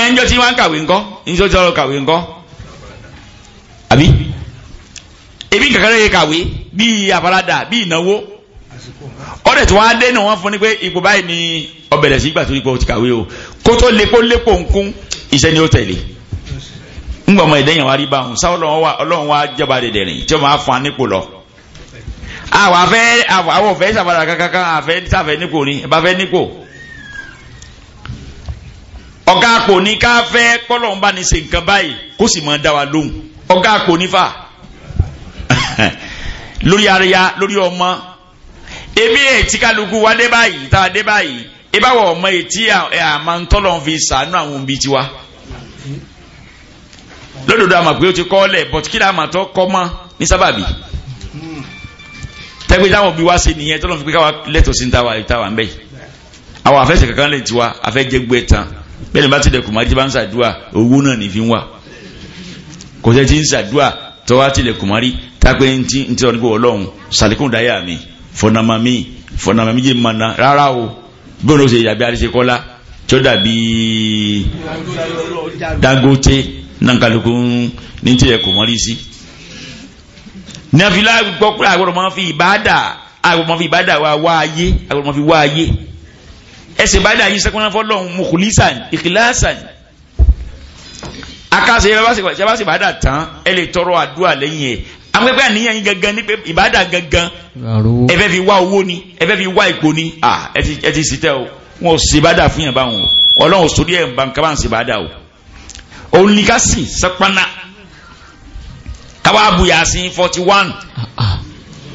ẹnjọ́ tí wọ́n kàwé ńkọ́ ẹnjọ́ tí wọ́n kàwé ńkọ́ àbí ebi kankan lè kàwé bíi àfaradà bíi ìnáwó ọ̀rẹ́ tí wọ́n á dé nù wọ́n fún ni pé ipò báyìí ni ọbẹ̀rẹ̀ sí ìgbà tó ní pé o ti kàwé o kó tó lépo lépo nkún iṣẹ́ ni ó tẹ̀lé ńgbà ọmọ ìdẹ́yìn wa rí bá òun sáwọn ọlọ́run wa jẹba dẹ̀dẹ̀ rìn tí wọ́n máa fún wa nípò lọ. àwọn afẹ́ àwọn òfẹ́ sàfàdà kankan àfẹ́ sàfẹ́ nípò ni ẹ̀bá fẹ́ nípò. ọ̀gá kò ní ká fẹ́ kọ́lọ̀ ń bá ní ṣe nǹkan báyìí kó sì máa dá wa lóhùn ọ̀gá kò ní fà lórí àríyá lórí ọmọ ebi ètí kálukú wa dé báyìí tá a dé báyìí ìbáwọ̀ ọmọ ètí àmà ń tọ́lọ̀ fi sànú àwọn òbí tiwa lódodo àmà pé ó ti kọ́ lẹ̀ bọ̀t kí ni àmà tó kọ́ mọ́ ní sábàbí tẹ́gbẹ́ táwọn òbí wa ṣe nìyẹn tọ́lọ̀ fi pé káwa lẹ́tọ̀ọ́ sí táwa ìtawà ń bẹ̀ àwọn àfẹ́sẹ̀ kankan lè tiwa àfẹ́ jẹ́gbẹ́ tán bẹ́ẹ̀ ni bá ti dẹ̀kùn máa ti bá ń ṣàdúà owó náà ní fi ń wà kò mi fọnàmà mi fọnàmà mi jẹ mana rárá o bí wọn ò ṣe yàgbé àríṣekọ́lá tí ó dàbí Dangote nankaluku ní tí ẹ kò mọ́rí sí. nàfìlà gbọ́kúrò àgbọ̀dọ̀ máa fi ìbáàdà àgbọ̀dọ̀ máa fi ìbáàdà wá wá ayé àgbọ̀dọ̀ máa fi wá ayé ẹsẹ̀ ìbáàdà yìí sẹ́kọ́nà fọlọ́hún mùkùlísàn ìkìláṣàn akásẹ̀ yẹ bá sì bàdà tán ẹ lè tọrọ àdúrà lẹ́yìn ẹ̀ amẹ́fẹ́ àníyàn yín gangan ní pé ìbádà gangan ẹ̀fẹ́ fi wá owó ni ẹ̀fẹ́ fi wá ipò ni ẹ ti sítẹ́ o wọn ò sì ìbádà fún yàn báwọn o ọlọ́run sórí ẹ̀ bá nǹkan bá ń sì ìbádà o òun ní ká sìn sẹ́pánà káwá buyà sí forty one ah, ah.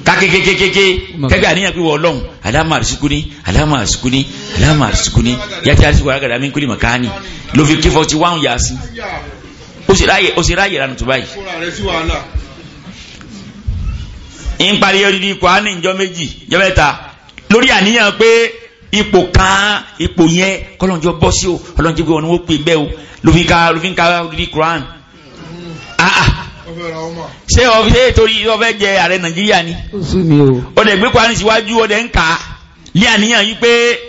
kakekekekeke kẹgbẹ àníyàn pé wọ́n lọ́hùn aláma àrísíkúni aláma àrísíkúni Alama àrísíkúni yàtí àrísíkú alágàdá mi ń kúlì màkáni ló fi kí forty one yà sí ó sì ráyè ìranù tó báyìí ń parí odidi kwani ìjọ méjì ìjọ mẹ́ta lórí àníyàn pé ipò kan ipò yẹn kọlọ́njọ bọ́ sí o kọlọ́njọ gbé wọn ni pè bẹ́ẹ̀ o lófin ka lófin ka odidi Quran ṣé ọfẹ́ torí ọfẹ́ jẹ ààrẹ Nàìjíríà ni ó dẹ̀ gbé Quran síwájú ó dẹ̀ ń kà á lé àníyàn yìí pé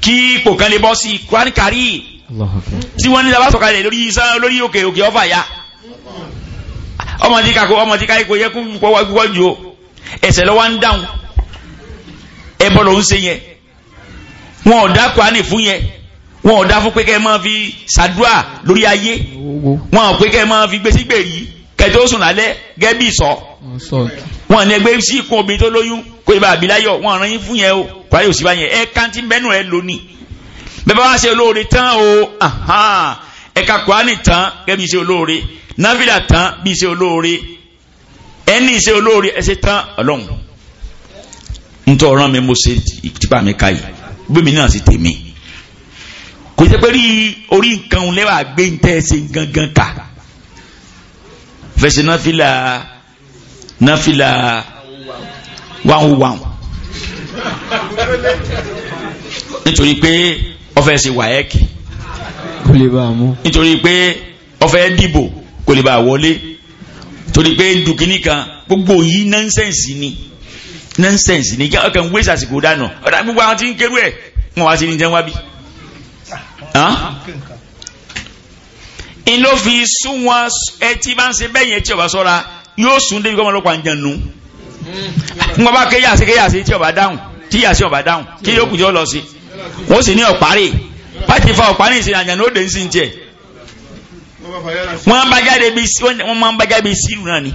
kí ipò kan lè bọ́ sí Quran kárí tí wọ́n ní lọ́wọ́ sọ̀kalẹ̀ lórí iṣẹ́ lórí òkè òkè ọ̀fà ya ọmọdé kakó ọmọdé káyé kó yẹ kó wọ́n ju o ẹ̀ṣẹ̀ lọ́wọ́ ń dáhùn ẹbọ ló ń ṣe yẹn wọn ò dá kwani fún yẹn wọn ò dá fún pé kẹ́ ẹ máa fi ṣàdúrà lórí ayé wọn ò pé kẹ́ ẹ máa fi gbèsè gbèrí kẹtẹ ó sùn lálẹ́ gẹbí sọ wọn ní ẹgbẹ́ sí ikun obìnrin tó lóyún kó ibà àbíláyọ wọn ràn yín fún yẹn o kwari ò sí bá yẹn ẹ kántí mẹnu ẹ lónìí bẹ́ẹ̀ bá wá ṣe olóore tán o ẹ̀ka kwani tán gẹ́gẹ́ ṣe olóore náfìlà tán bí ṣe olóore ẹni ṣe olóore ẹsẹ tán ọlọ́run ntọ́ ọ̀ràn mi mo ṣe tipa mi ka yìí gbé mi náà sì tèmi kò jẹ́ pé rí orí nǹkan òun lẹ́wà gbé ń tẹ́ ṣe gangan kà fẹsẹ̀ náfìlà náfìlà wàhùn wàhùn nítorí pé ọfẹ́ ṣe wàhẹ́kì nítorí pé ọfẹ́ dìbò kò lè bá wọlé torí pé ń dùn kínní kan gbogbo yìí nọ́nsẹ̀nsì ni nọ́nsẹ̀nsì ni ọkàn wé sàsìkò dànù ọ̀dà gbogbo àwọn tí ń kéwú ẹ̀ wọn wá sí ní jẹun wá bí. ìlò fi sún wọn ẹtí bá ń ṣe bẹ́ẹ̀ yẹn tí ọba sọ́ra yóò sún débi kọ́ ọmọ lọ́kọ̀ àjànú. ń bọ́ bá kéyà sí kéyà sí tí ọba dáhùn tí yà ọba dáhùn kí yóò kùjọ́ lọ sí wọ́n sì ní ọ̀pá rè pàtí fa ọ̀pá ní ìsìn àjànú ó dé ní sí ní wọ́n bá jáde bí wọ́n máa ń bá jáde bí sírù náà ni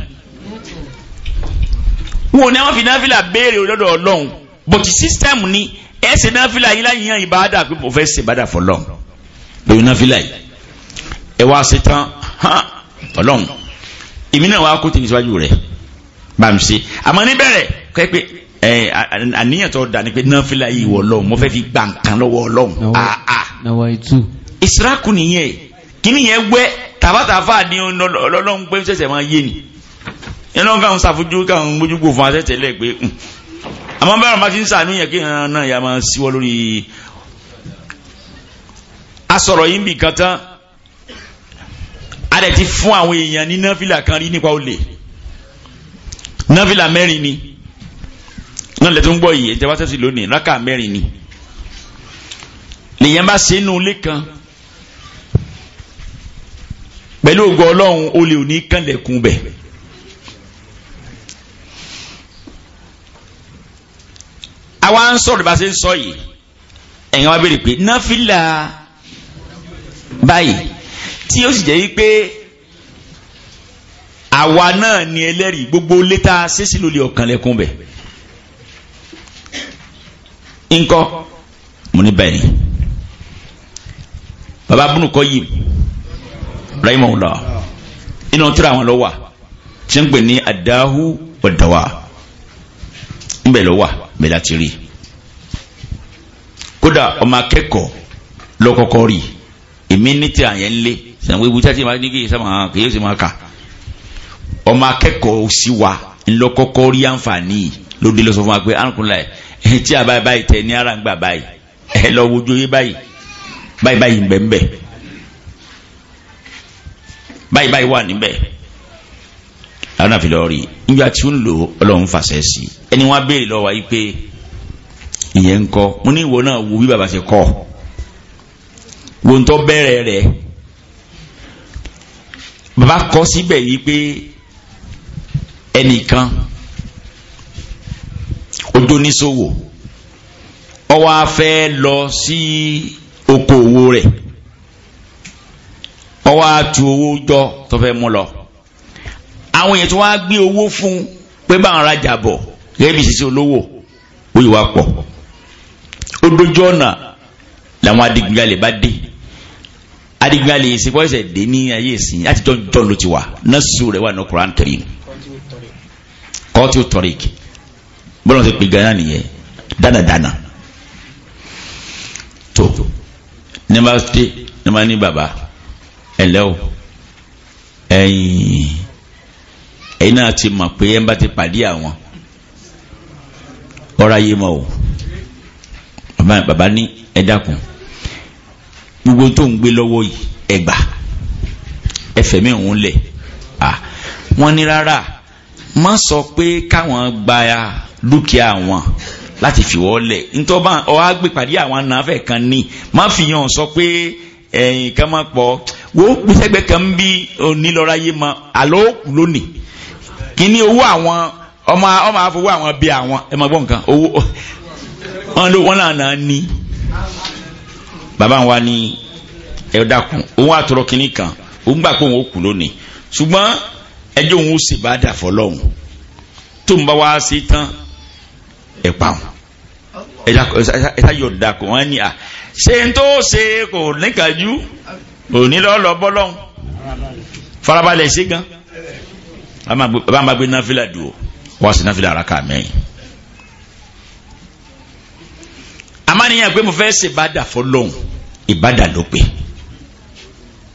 wọn ò ní àwọn fi náfìlà béèrè lọ́dọ̀ ọlọ́run but system ni ẹ ṣe náfìlà yín láyìn yàn ìbáadà pé mo fẹ́ ṣe ìbáadà fọlọ́run lórí náfìlà yìí ẹ wá ṣe tán ọlọ́run èmi náà wá kó tèmi síwájú rẹ̀ bá mi ṣe àmọ́ níbẹ̀rẹ̀ kọ́ pé ẹ àníyàn tó dà ní pé náfìlà yìí wọ ọlọ́run mo fẹ́ fi gba nǹkan lọ́wọ́ ọlọ́run àà ah, ah. ìsirakù nìyẹn kíní yẹn gbẹ tàfàtàfà ni ọlọ́run pé sẹ̀sẹ̀ máa yé ni iná káwọn ṣàfojú káwọn mójúgbò fún asẹ́sẹ̀ lẹ̀ pé hmm. àmọ́ bẹ́ẹ̀ ọ̀rọ̀ máa ti ń sàánú yẹn kí ìran náà yà máa síwọ́ lórí asọ̀rọ̀ yìí ń bì kan tán a ti fún àwọn èèyàn ní náfìlà kan rí nípa olè náfìlà mẹ́rin ni náà lẹ́tọ́ ń gbọ́ yìí ẹ̀jẹ̀ wá sẹ́sì lónìí rákà mẹ́rin ni lèyàn bá ṣe é nù ilé kan pẹ̀lú ògo ọlọ́run olè ò ní kànlẹ̀kùn bẹ̀. àwa ń sọ̀rọ̀ bá ṣe ń sọ yìí ẹ̀yin wa béèrè pé náfìlà báyìí tí ó sì jẹ́ yí pé àwa náà ni ẹlẹ́rìí gbogbo létà ṣéṣì ló lè ọ̀kànlẹ̀kùn bẹ̀. ńkọ́ mo ní bẹ́ẹ̀ ni baba bùnú kọ́ yìí rahimahullah inú tíra wa lọ́wà tí ń pè ní adáhu ọ̀dàwà ń bẹ̀ lọ́wà bẹ̀ láti rí kódà ọmọ akẹ́kọ̀ọ́ lọ́kọ́kọ́ rí èmi ní tíra yẹn lé sànwó ibu tí a ti máa ní kì yéé sì máa kà ọmọ akẹ́kọ̀ọ́ sí wa ńlọ́kọ́kọ́ rí àǹfààní lóde lọ́sọ̀ fún wa pé àrùnkùnlá ẹ̀ tí a báyìí báyìí tẹ ní ara ń gbà báyìí ẹ lọ wojú yé báyìí báyìí báyìí ń bẹ̀ ń bẹ̀ báyìí báyìí wà níbẹ̀ àwọn àfi lọ rí nígbà tí ó ń lò ọlọ́run fàṣẹ sí ẹni wọn béèrè lọ́wọ́ yìí pé ìyẹn ń kọ́ mo ní ìwọ náà wo bí bàbá ṣe kọ́ wo ń tọ́ bẹ̀rẹ̀ rẹ̀ bàbá kọ́ síbẹ̀ yìí pé ẹnìkan ojú oníṣòwò ó wá lọ sí okòwò rẹ̀ ọwọ́ atu owó jọ tó fẹ́ mú lọ àwọn èèyàn tó wá gbé owó fún pé báwọn rajà bọ̀ gẹ́gẹ́ bí ṣiṣẹ́ olówó ó yìí wá pọ̀ ó dójú ọ̀nà làwọn adigunjalè bá dé adigunjalè yìí sèpọ̀ ẹsẹ̀ dé ní ayé ìsìn láti jọ́ jọ́ ló ti wà nọ́ọ̀sì rẹ̀ wà ní Quran Karim kọ́ọ̀tù tọ́rík bọ́lá ti pè gánà nìyẹn dánadáná tó ní bá dé ní bàbá ẹ̀lẹ́ o ẹ̀yìn ẹ̀yìn náà ti mọ̀ pé ẹ̀ ń bá ti pàdé àwọn ọ̀rọ̀ ayé mọ̀ o bàbá ní ẹ dákun gbogbo tó ń gbé lọ́wọ́ yìí ẹgbà ẹfẹ̀ mi òun lẹ̀ wọ́n ní rárá má sọ pé káwọn gba dúkìá wọn láti fìwọ́ lẹ̀ nítorí ọba ọ̀há gbé pàdé àwọn anáfẹ́ kan ní má fi hàn sọ pé ẹ̀yìn kan máa pọ̀ wo gbèsègbè kan bí onílọ́ra yé ma àlọ́ òkú lónìí kí ni owó àwọn ọmọ ọmọ àfọwọ́ àwọn bíi àwọn ẹ máa gbọ́ nǹkan owó wọn ló wọn náà náà ní bàbá wa ní ẹ dákun òun àtọrọ kínní kan òun gbà pé òun ó kú lónìí ṣùgbọ́n ẹjọ́ òun ó sì bá dà fọlọ́hún tó ń bá wá sí tán ẹ̀ pa wọn ẹ̀ta yọ̀dà kò wọ́n ní à ṣe ń tó ṣe kò níkàájú òní lọ́lọ́ bọ́lọ́hún farabalẹ̀ ṣe gan bá máa gbé náfìlà dùn wá sí náfìlà ara kà mẹ́yìn. amáníyàn pé mo fẹ́ ṣe ìbádà fọlọ́hún ìbádà ló pé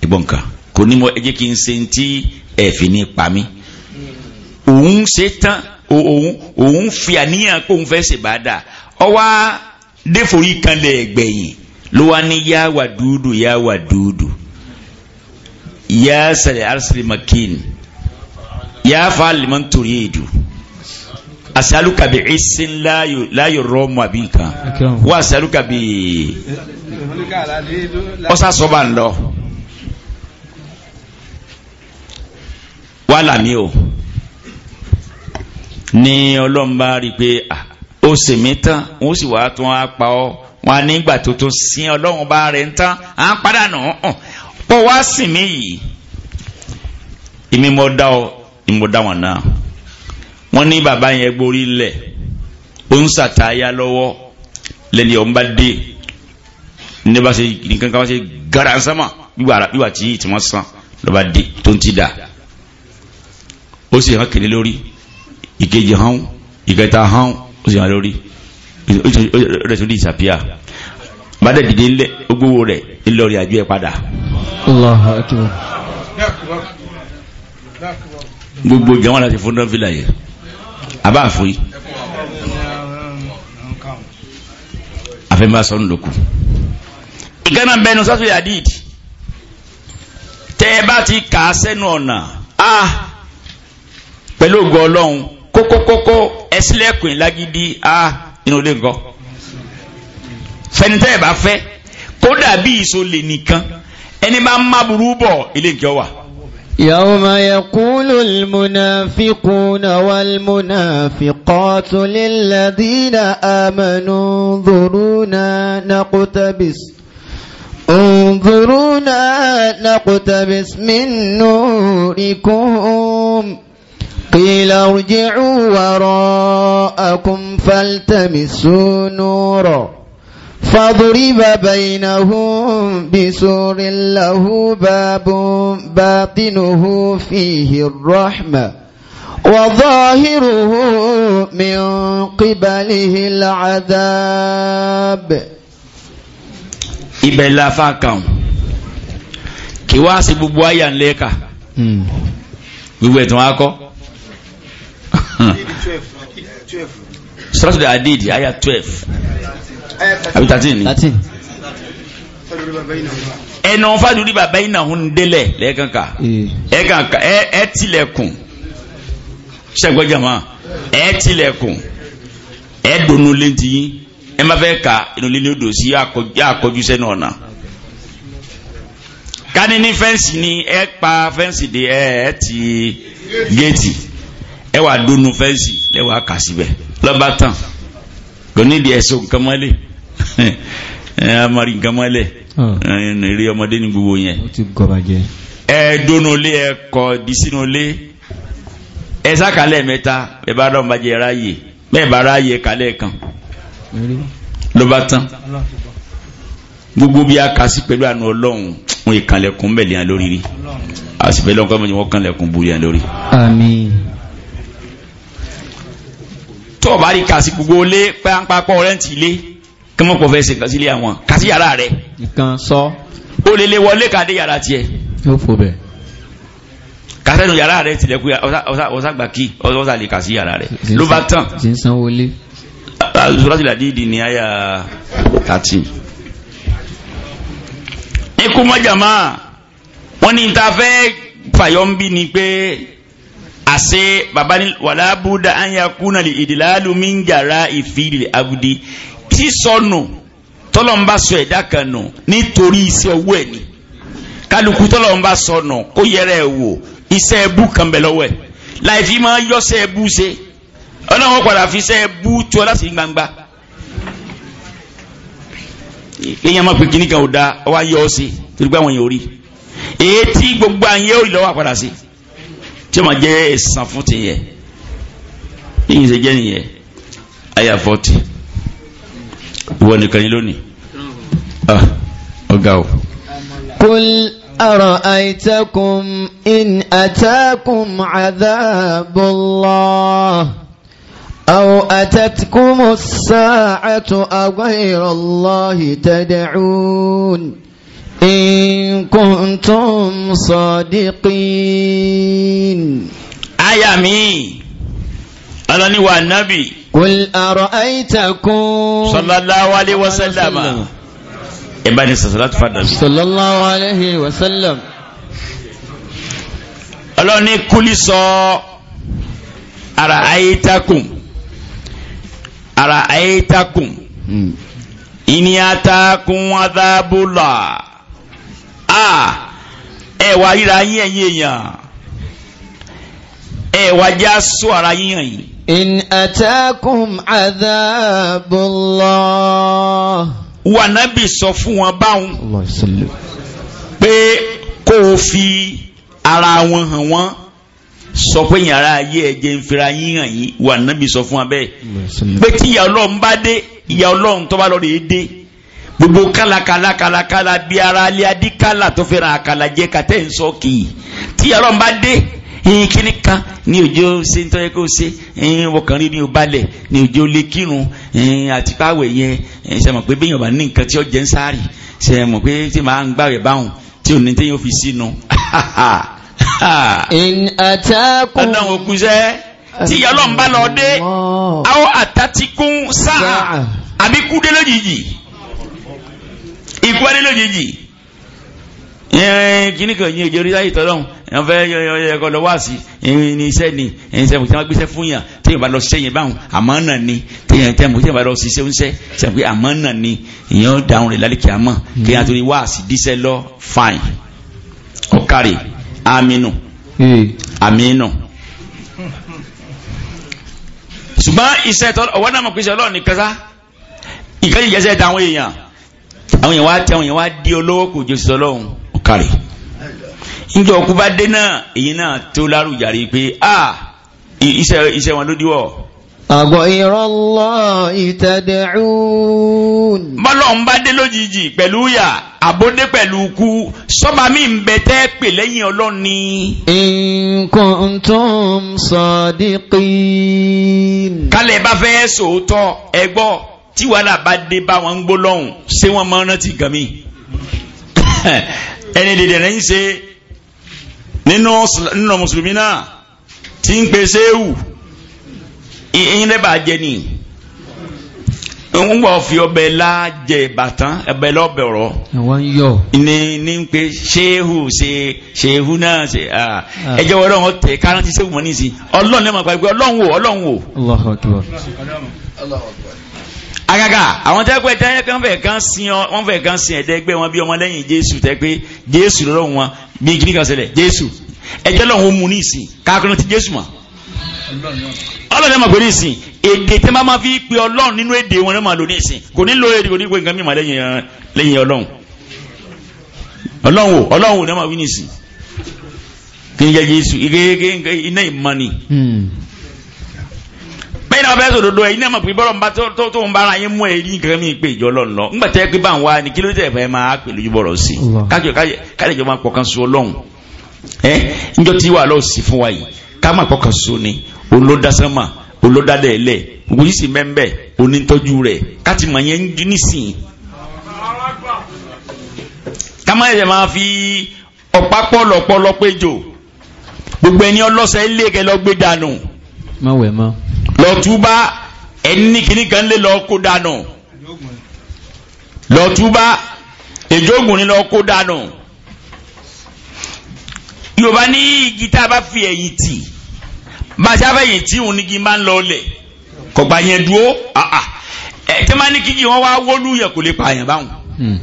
ìbọn nǹkan kò ní mo ẹ jẹ́ kí n ṣe ti ẹ̀fìn ní pa mí òun ṣe tán òun fi àníyàn pé òun fẹ́ ṣe ìbádà ọwá déforí kanlẹ̀ ẹ̀gbẹ̀yìn ló wá ní yá wà dúdú yá wà dúdú yá sẹlẹ̀ arsèlè makin yá fa liman torí èdù asaluka bi isin láyò rọmọ àbí nǹkan wọ́n asaluka bi ọ̀sà sọ́ba ń lọ wàhálà mi o ní ọlọ́mbà rí pé ah, ó sì mí tán wọ́n sì wàá tún á pa ọ́ wọn nígbà tó tún sin ọlọ́run bá rẹ̀ ń tán à ń padà nù ọ́n pọ̀ wá sìn mí yìí èmi mọ̀ dá ọ èmi mọ̀ dá wọn náà wọ́n ní bàbá yẹn gborí lẹ̀ ó ń sàtáyà lọ́wọ́ lẹ́ni ọ̀n bá dé ní bá ṣe nìkan kan bá ṣe gara sánmà wíwà tí tí wọ́n san lọ́ba dé tó ń ti dà ó sì hàn kéde lórí ìkejì hàn ìkẹta hàn ó sì wọn lórí ó rẹ̀ tún disappear bàdẹ̀ dìde ńlẹ̀ ó gbówó rẹ̀ ńlọrin àjọ ẹ̀ padà. gbogbo ìjọba láti fún dọ́fílà yẹn àbáàfo yìí afẹ́másán lókù ìkànnà bẹnu sátúlẹ̀ àdìd tẹ́ bá ti kà á sẹ́nu ọ̀nà a ah, pẹ̀lú ògo ọlọ́run kókókókó ẹsílẹ̀kùn ìlágídí a inú ilé nǹkan fẹnitẹ́ bá fẹ́ kódà bí ìsọlè nìkan ẹni bá má burú bọ̀ ilé nǹkan wà. يوم يقول المنافقون والمنافقات للذين آمنوا انظرونا نقتبس انظرونا نقتبس من نوركم قيل ارجعوا وراءكم فالتمسوا نورا فضرب بينهم بسور له باب باطنه فيه الرحمة وظاهره من قبله العذاب ibẹ̀ la fa kí wá sí gbogbo àyà ńlẹ́ka wíwẹ̀ tí wọ́n kọ́ suratul adid aya twelve àbí thirteen ni ẹnà fàdúrí bàbá yìí náà ń délẹ̀ lẹ́ẹ̀kanka ẹ̀ẹ̀kanka ẹ̀ tilẹ̀kùn ṣẹ́gbẹ́jàmá ẹ̀ tilẹ̀kùn ẹ̀ donu létí yín ẹ̀ má fẹ́ ka inú lílé odò sí àkọjú sẹ́nu ọ̀nà kání ní fẹ́ǹsì ni ẹ̀ pa fẹ́ǹsì de ẹ̀ ẹ̀ ti géètì ẹ wà dónú fẹ́ǹsì lẹ́wà kà síbẹ̀ lọ́ba tán kò ní ìdí ẹ̀sùn nǹkan mọ́lẹ̀ amari nǹkan mọ́lẹ̀ eré hmm. ọmọdé ní gbogbo yẹn ẹ dónú lé ẹ kọ di sínú lé ẹ sákàlẹ̀ mẹ́ta ẹ bá dọ̀n bàjẹ́ ráàyè bẹ́ẹ̀ bá ráàyè kálẹ̀ kan lọ́ba tán gbogbo bí a pẹ̀lú àna ọlọ́run wọn ìkànlẹ̀kùn mẹ́lẹ̀ lórí rí àsìpẹ́lẹ́ ọkọ̀ mọ́ni wọ́n kànlẹ̀kùn burú lórí. àmín tó bá rí kà sí gbogbo ilé pápápọ̀ rẹ́ǹtì ilé kí wọ́n pọ̀ fẹ́ ṣe nǹkan sílé àwọn kà sí yàrá rẹ̀. nǹkan sọ. ó lè lè wọlé ká dé yàrá tiẹ̀. yóò fò bẹ́ẹ̀. kà sẹ́nu yàrá rẹ̀ tilẹ̀kùn ọ̀sà gbà kí ọ̀sà lè kà sí yàrá rẹ̀ ló bá tán. ṣe ń sanwó lé. Suratul Hadid ní àyà kàtì. ikú mọ́jàmá wọ́n ní ta fẹ́ fàyọ́ ń bí ni pé àṣẹ bàbá ní wàlábùdá anyakuna lè ìdìláàlú mínjàrá ìfìdí abudi tí sọnù tọ́lọ́mbà sọ ẹ̀dá kan nù nítorí iṣẹ́ owó ẹ̀ ni kálukú tọ́lọ́mbà sọnù kó yẹrẹ ẹ̀ wò iṣẹ́ ẹbú kan bẹ̀ lọ́wọ́ ẹ̀ láì fi máa yọ́ṣẹ́ ẹbú ṣe ọlọ́run padà fi iṣẹ́ ẹbú tú ọ gbangba èèyàn máa pè kíníkan ò da ọwọ́ ayé ọ sí torí pé àwọn èèyàn ò rí èyí tí gbogbo àyè ò rí lọ́wọ́ tí ó máa jẹ́ ẹ̀sán fún ti yẹ yíyìn ṣe jẹ́ nìyẹn àyà fọ́tì ìwọ nìkan ni lónìí ah, ọ̀gá o. kul ara'aytakum in atakum adhabullah. أو أتتكم الساعة أغير الله تدعون in kuntum sadiqin aya mi alani wa nabi kul ara'aytakum sallallahu alaihi wasallam ibani sallallahu fa nabi sallallahu alaihi wasallam alani kuli sọ ara'aytakum ara'aytakum hmm. in yatakum adhabullah Ah, ẹ̀wà ríra yín ẹ̀yin èèyàn ẹ̀wà já sọ ara yín yìí. in atakum adhabullah. wà nábì sọ fún wọn báwọn pé kó o fi ara wọn hàn wọ́n sọ pé yàrá ayé ẹ̀jẹ̀ ń fira yín hàn yìí wà nábì sọ fún wa bẹ́ẹ̀ pé tí ìyá ọlọ́run bá dé ìyá ọlọ́run tó bá lọ rèé dé gbogbo kálakàlà kálakàlà bí ara alẹ́ adíkàlà tó fẹ́ràn àkàlà jẹ́ kàtẹ́ ń sọ kì í tí ọlọ́run bá dé ìyìn kíní kan ní òjò ṣe ń tọ́jú kó ṣe ìyìn ọkàn ní o balẹ̀ ní òjò lè kírun ìyìn àti pàwẹ̀ yẹn ṣe mọ̀ pé bẹ́yìn ọba ní nǹkan tí ó jẹ́ ń sáré ṣe mọ̀ pé tí màá ń gbàwẹ̀ báwọn tí ò ní tẹ́yìn ó fi sínú. ọ̀nà òkú sẹ́ tí ọlọ́run bá lọ dé àwọn àtàtìkún sáà àbíkú dé lójijì ikú adé lójijì kíní kan yín òjòrí láyé tọ́lọ́hún wọ́n fẹ́ ẹ̀kọ́ lọ wá sí ní iṣẹ́ ni iṣẹ́ mo ti máa gbéṣẹ́ fún yàn téèyàn bá lọ ṣiṣẹ́ yẹn báwọn àmọ́ náà ni téèyàn tẹ́ mo téèyàn bá lọ ṣiṣẹ́ oúnṣẹ́ ṣe pé àmọ́ náà ni èèyàn dáhùn rẹ̀ lálẹ́ kìámọ̀ kéèyàn tó ní wá sí díṣẹ́ lọ fine ọ̀kàrẹ̀ aminu hmm. aminu. ṣùgbọ́n iṣẹ́ tọ́lọ́ ọ̀wọ́n náà mọ̀ pé iṣẹ́ ọlọ́ọ̀ àwọn yẹn wá tí àwọn yẹn wá di olówó kò jésù ọlọ́run ọ̀kàrẹ̀ níjọ ọkú bá dé náà èyí náà tó lárújàre pé a iṣẹ́ iṣẹ́ wọn ló díwọ̀. àgọ́ ìrọ́lọ́ ìtẹ̀dẹ̀rún. bọ́lọ̀ bá dé lójijì pẹ̀lú yà àbódé pẹ̀lú ikú sọ́ba mi ń bẹ tẹ́ pè lẹ́yìn ọlọ́run ni. in kuntum sadiqin. kálẹ̀ bá fẹ́ sòótọ́ ẹ gbọ́ tí wàhálà bá dé bá wọn ń gbó lọ́hùn ṣé wọ́n máa rántí gan mi ẹni dèdè rẹ̀ ń ṣe nínú mùsùlùmí náà tí ń pe séwù ìyìn lẹ́bà jẹ ni ń wọ́n fi ọbẹ̀ láàjẹ ìbátan ẹbẹ̀ lọ́bẹ̀ ọ̀rọ̀ ní ní ń pe séhù ṣe séhù náà ṣe ẹjọ́ wọ́n lọ́wọ́ tẹ̀ kárántí séhù mọ́ nísìn ọlọ́run lẹ́mọ̀ pàgbé ọlọ́run wò ọlọ́run wò. Allahu Akbar. Agaga, àwọn tẹ́gbẹ́ tẹ́yẹ kan fẹ́ kan sin ọ wọ́n fẹ́ kan sin ẹ̀dẹ́gbẹ́ wọn bí ọmọ lẹ́yìn jésù tẹ́gbẹ́ jésù lọ́rọ̀ wọn bí kíní kan ṣẹlẹ̀ jésù ẹjẹ́ lọ́hùn ó mu ní ìsìn káàkiri ti jésù mọ̀ ọlọ́run ẹ̀mọ̀ pé ní ìsìn èdè tẹ́ máa fi pe ọlọ́run nínú èdè wọn náà máa lò ní ìsìn kò ní lo èdè kò ní pe nǹkan mímọ́ lẹ́yìn ọlọ́run ọlọ́run ò ọlọ́run ò ní máa wí ní ìsìn kí bẹ́ẹ̀ ni wọ́n fẹ́ sòdodo ẹ̀yin náà mọ̀ pé bọ́lọ̀ tó tó ń bára yín mú ẹ̀rí nǹkan mi pé ìjọ lọ́n lọ ńgbà tẹ́ pé bá ń wá ni kí ló tẹ̀ fẹ́ máa pè lójú bọ̀rọ̀ sí ìjọba pọkàn so ọlọ́run ẹ tí wàá wa yìí ká má pọkàn ni olódásánmà onítọ́jú rẹ̀ mọ̀ yẹn nísìn ká má gbogbo ẹni ọlọ́sẹ̀ ilé kẹ lọ gbé lọ́túbá ẹni kìíní kan lè lọ kó dànù lọ́túbá èjógùn ni lọ kó dànù yorùbá ní igi tá a bá fi ẹ̀yìn tì bá a ṣe àfẹ̀yìn tí òun ní kí n bá ń lọ lẹ̀ kọ̀gbà yẹn dúró ẹ̀ tí ní kí wọ́n wá wọ́lú yẹ kò lè pààyàn báwọn hmm.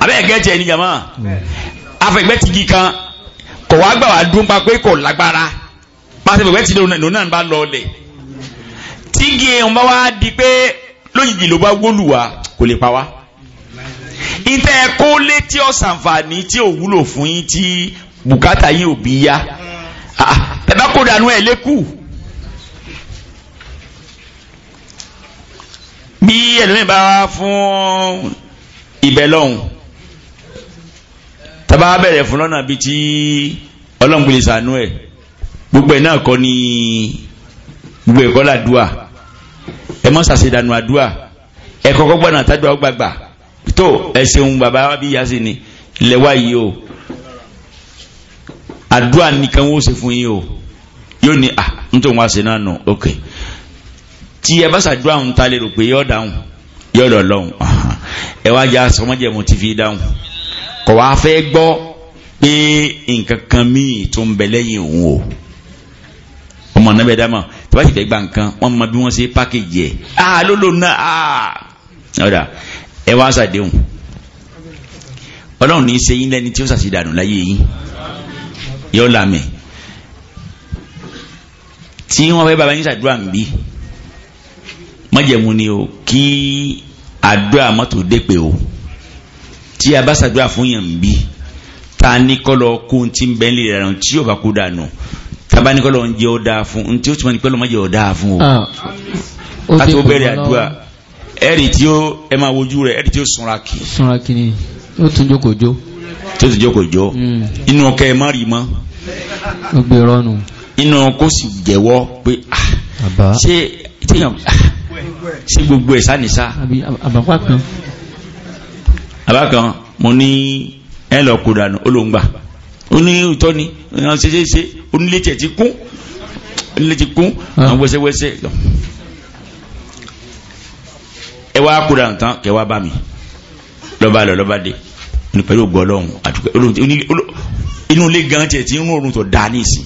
abẹ́ẹ̀ gẹ́jẹ̀ ni jàmọ́ afẹ́gbẹ́ ti gi kan kọ̀ wá gbà wá dún pa pé kò lágbára pàṣẹpẹ̀pẹ̀ tí lòun náà bá lọ ọlẹ̀ tígi ẹ̀hún bá wá di pé lójijì ló bá wólù wá kò lè pa wá ìtẹ́ kó létí ọ̀sànfààní tí ò wúlò fún yín tí bùkátà yín ò bí yá bàbá ah, kó dànù ẹ̀ lékù bí ẹlòmíì bá wá fún ibẹ̀ lọ́hùn tá bẹ̀rẹ̀ fún lọ́nà bíi tí ọlọ́ngbìlì sànú ẹ̀ gbogbo ẹ̀ náà kọ́ ni gbogbo ẹ̀kọ́ làdúà ẹ mọ́ sàṣedànù àdúà ẹ kọ́kọ́ gbọ́nà tàdúà gbàgbà tó ẹ ṣeun bàbá wa bí ya sí ni lẹ́wà yìí o àdúà nìkan ó ṣe fún yín o yóò ní à ah, ń tó wá sí náà nù ok tí ẹ bá ṣàdúà ń ta lè rò pé yóò dáhùn yóò lọ́hùn ẹ wá já sọmọjẹmọ ti fi dáhùn kọ̀ wá fẹ́ gbọ́ pé nǹkan kan míì tó ń bẹ lẹ́yìn òun o ọmọ anábẹ́ dá mọ̀ tí wọ́n sì fẹ́ gba nǹkan wọ́n mọ bí wọ́n ṣe pákéjì ẹ̀ ah ló lò ah ọ̀dà ẹ wá ṣàdéhùn ọlọ́run ní í ṣe yín lẹ́ni tí ó ṣàṣìdànù láyé yín yọ lámẹ̀ tí wọ́n fẹ́ bàbá yín ṣàdúrà ń bí mọ́jẹ̀mú ni o kí àdúrà mọ́tò dépè o tí a bá ṣàdúrà fún yàn ń bí ta ní kọ́ lọ kó ti ń bẹ́ńlẹ̀ rẹ̀ tí yóò bá kó dànù tabanikọlọ ń jẹ́ ọ dáa fún ntí ó túmọ̀ ní pẹ́lú ọmọ jẹ́ ọ dáa fún o àti ó bẹ̀rẹ̀ àdúrà ẹ̀rì tí ó ẹ máa wojú rẹ̀ ẹ̀rì tí ó sunra kì í. sunra kì ni ó tún jókòó jó. tó tún jókòó jó inú ọkẹ ẹ má rí mọ́. ó gbé rọ́ọ̀nù. inú kó sì jẹ́wọ́ pé ṣé tíyàn ṣé gbogbo ẹ̀ sánìsá. àbàpá kan. àbá kan mo ní ẹ lọ kó dànù ó ló ń oní ìtọ́ ni àwọn ṣeṣeṣe onílé tiẹ̀ ti kún onílé ti kún ah. àwọn wẹ́sẹ́wẹ́sẹ́ ẹ wá kúra nǹkan kẹ wá bá mi lọ́ba lọ lọ́ba dé ní pẹ̀lú ògbọ́ ọlọ́run àdúgbò inú ilé gan tiẹ̀ ti ń rún òrùn tó dáa ní ìsìn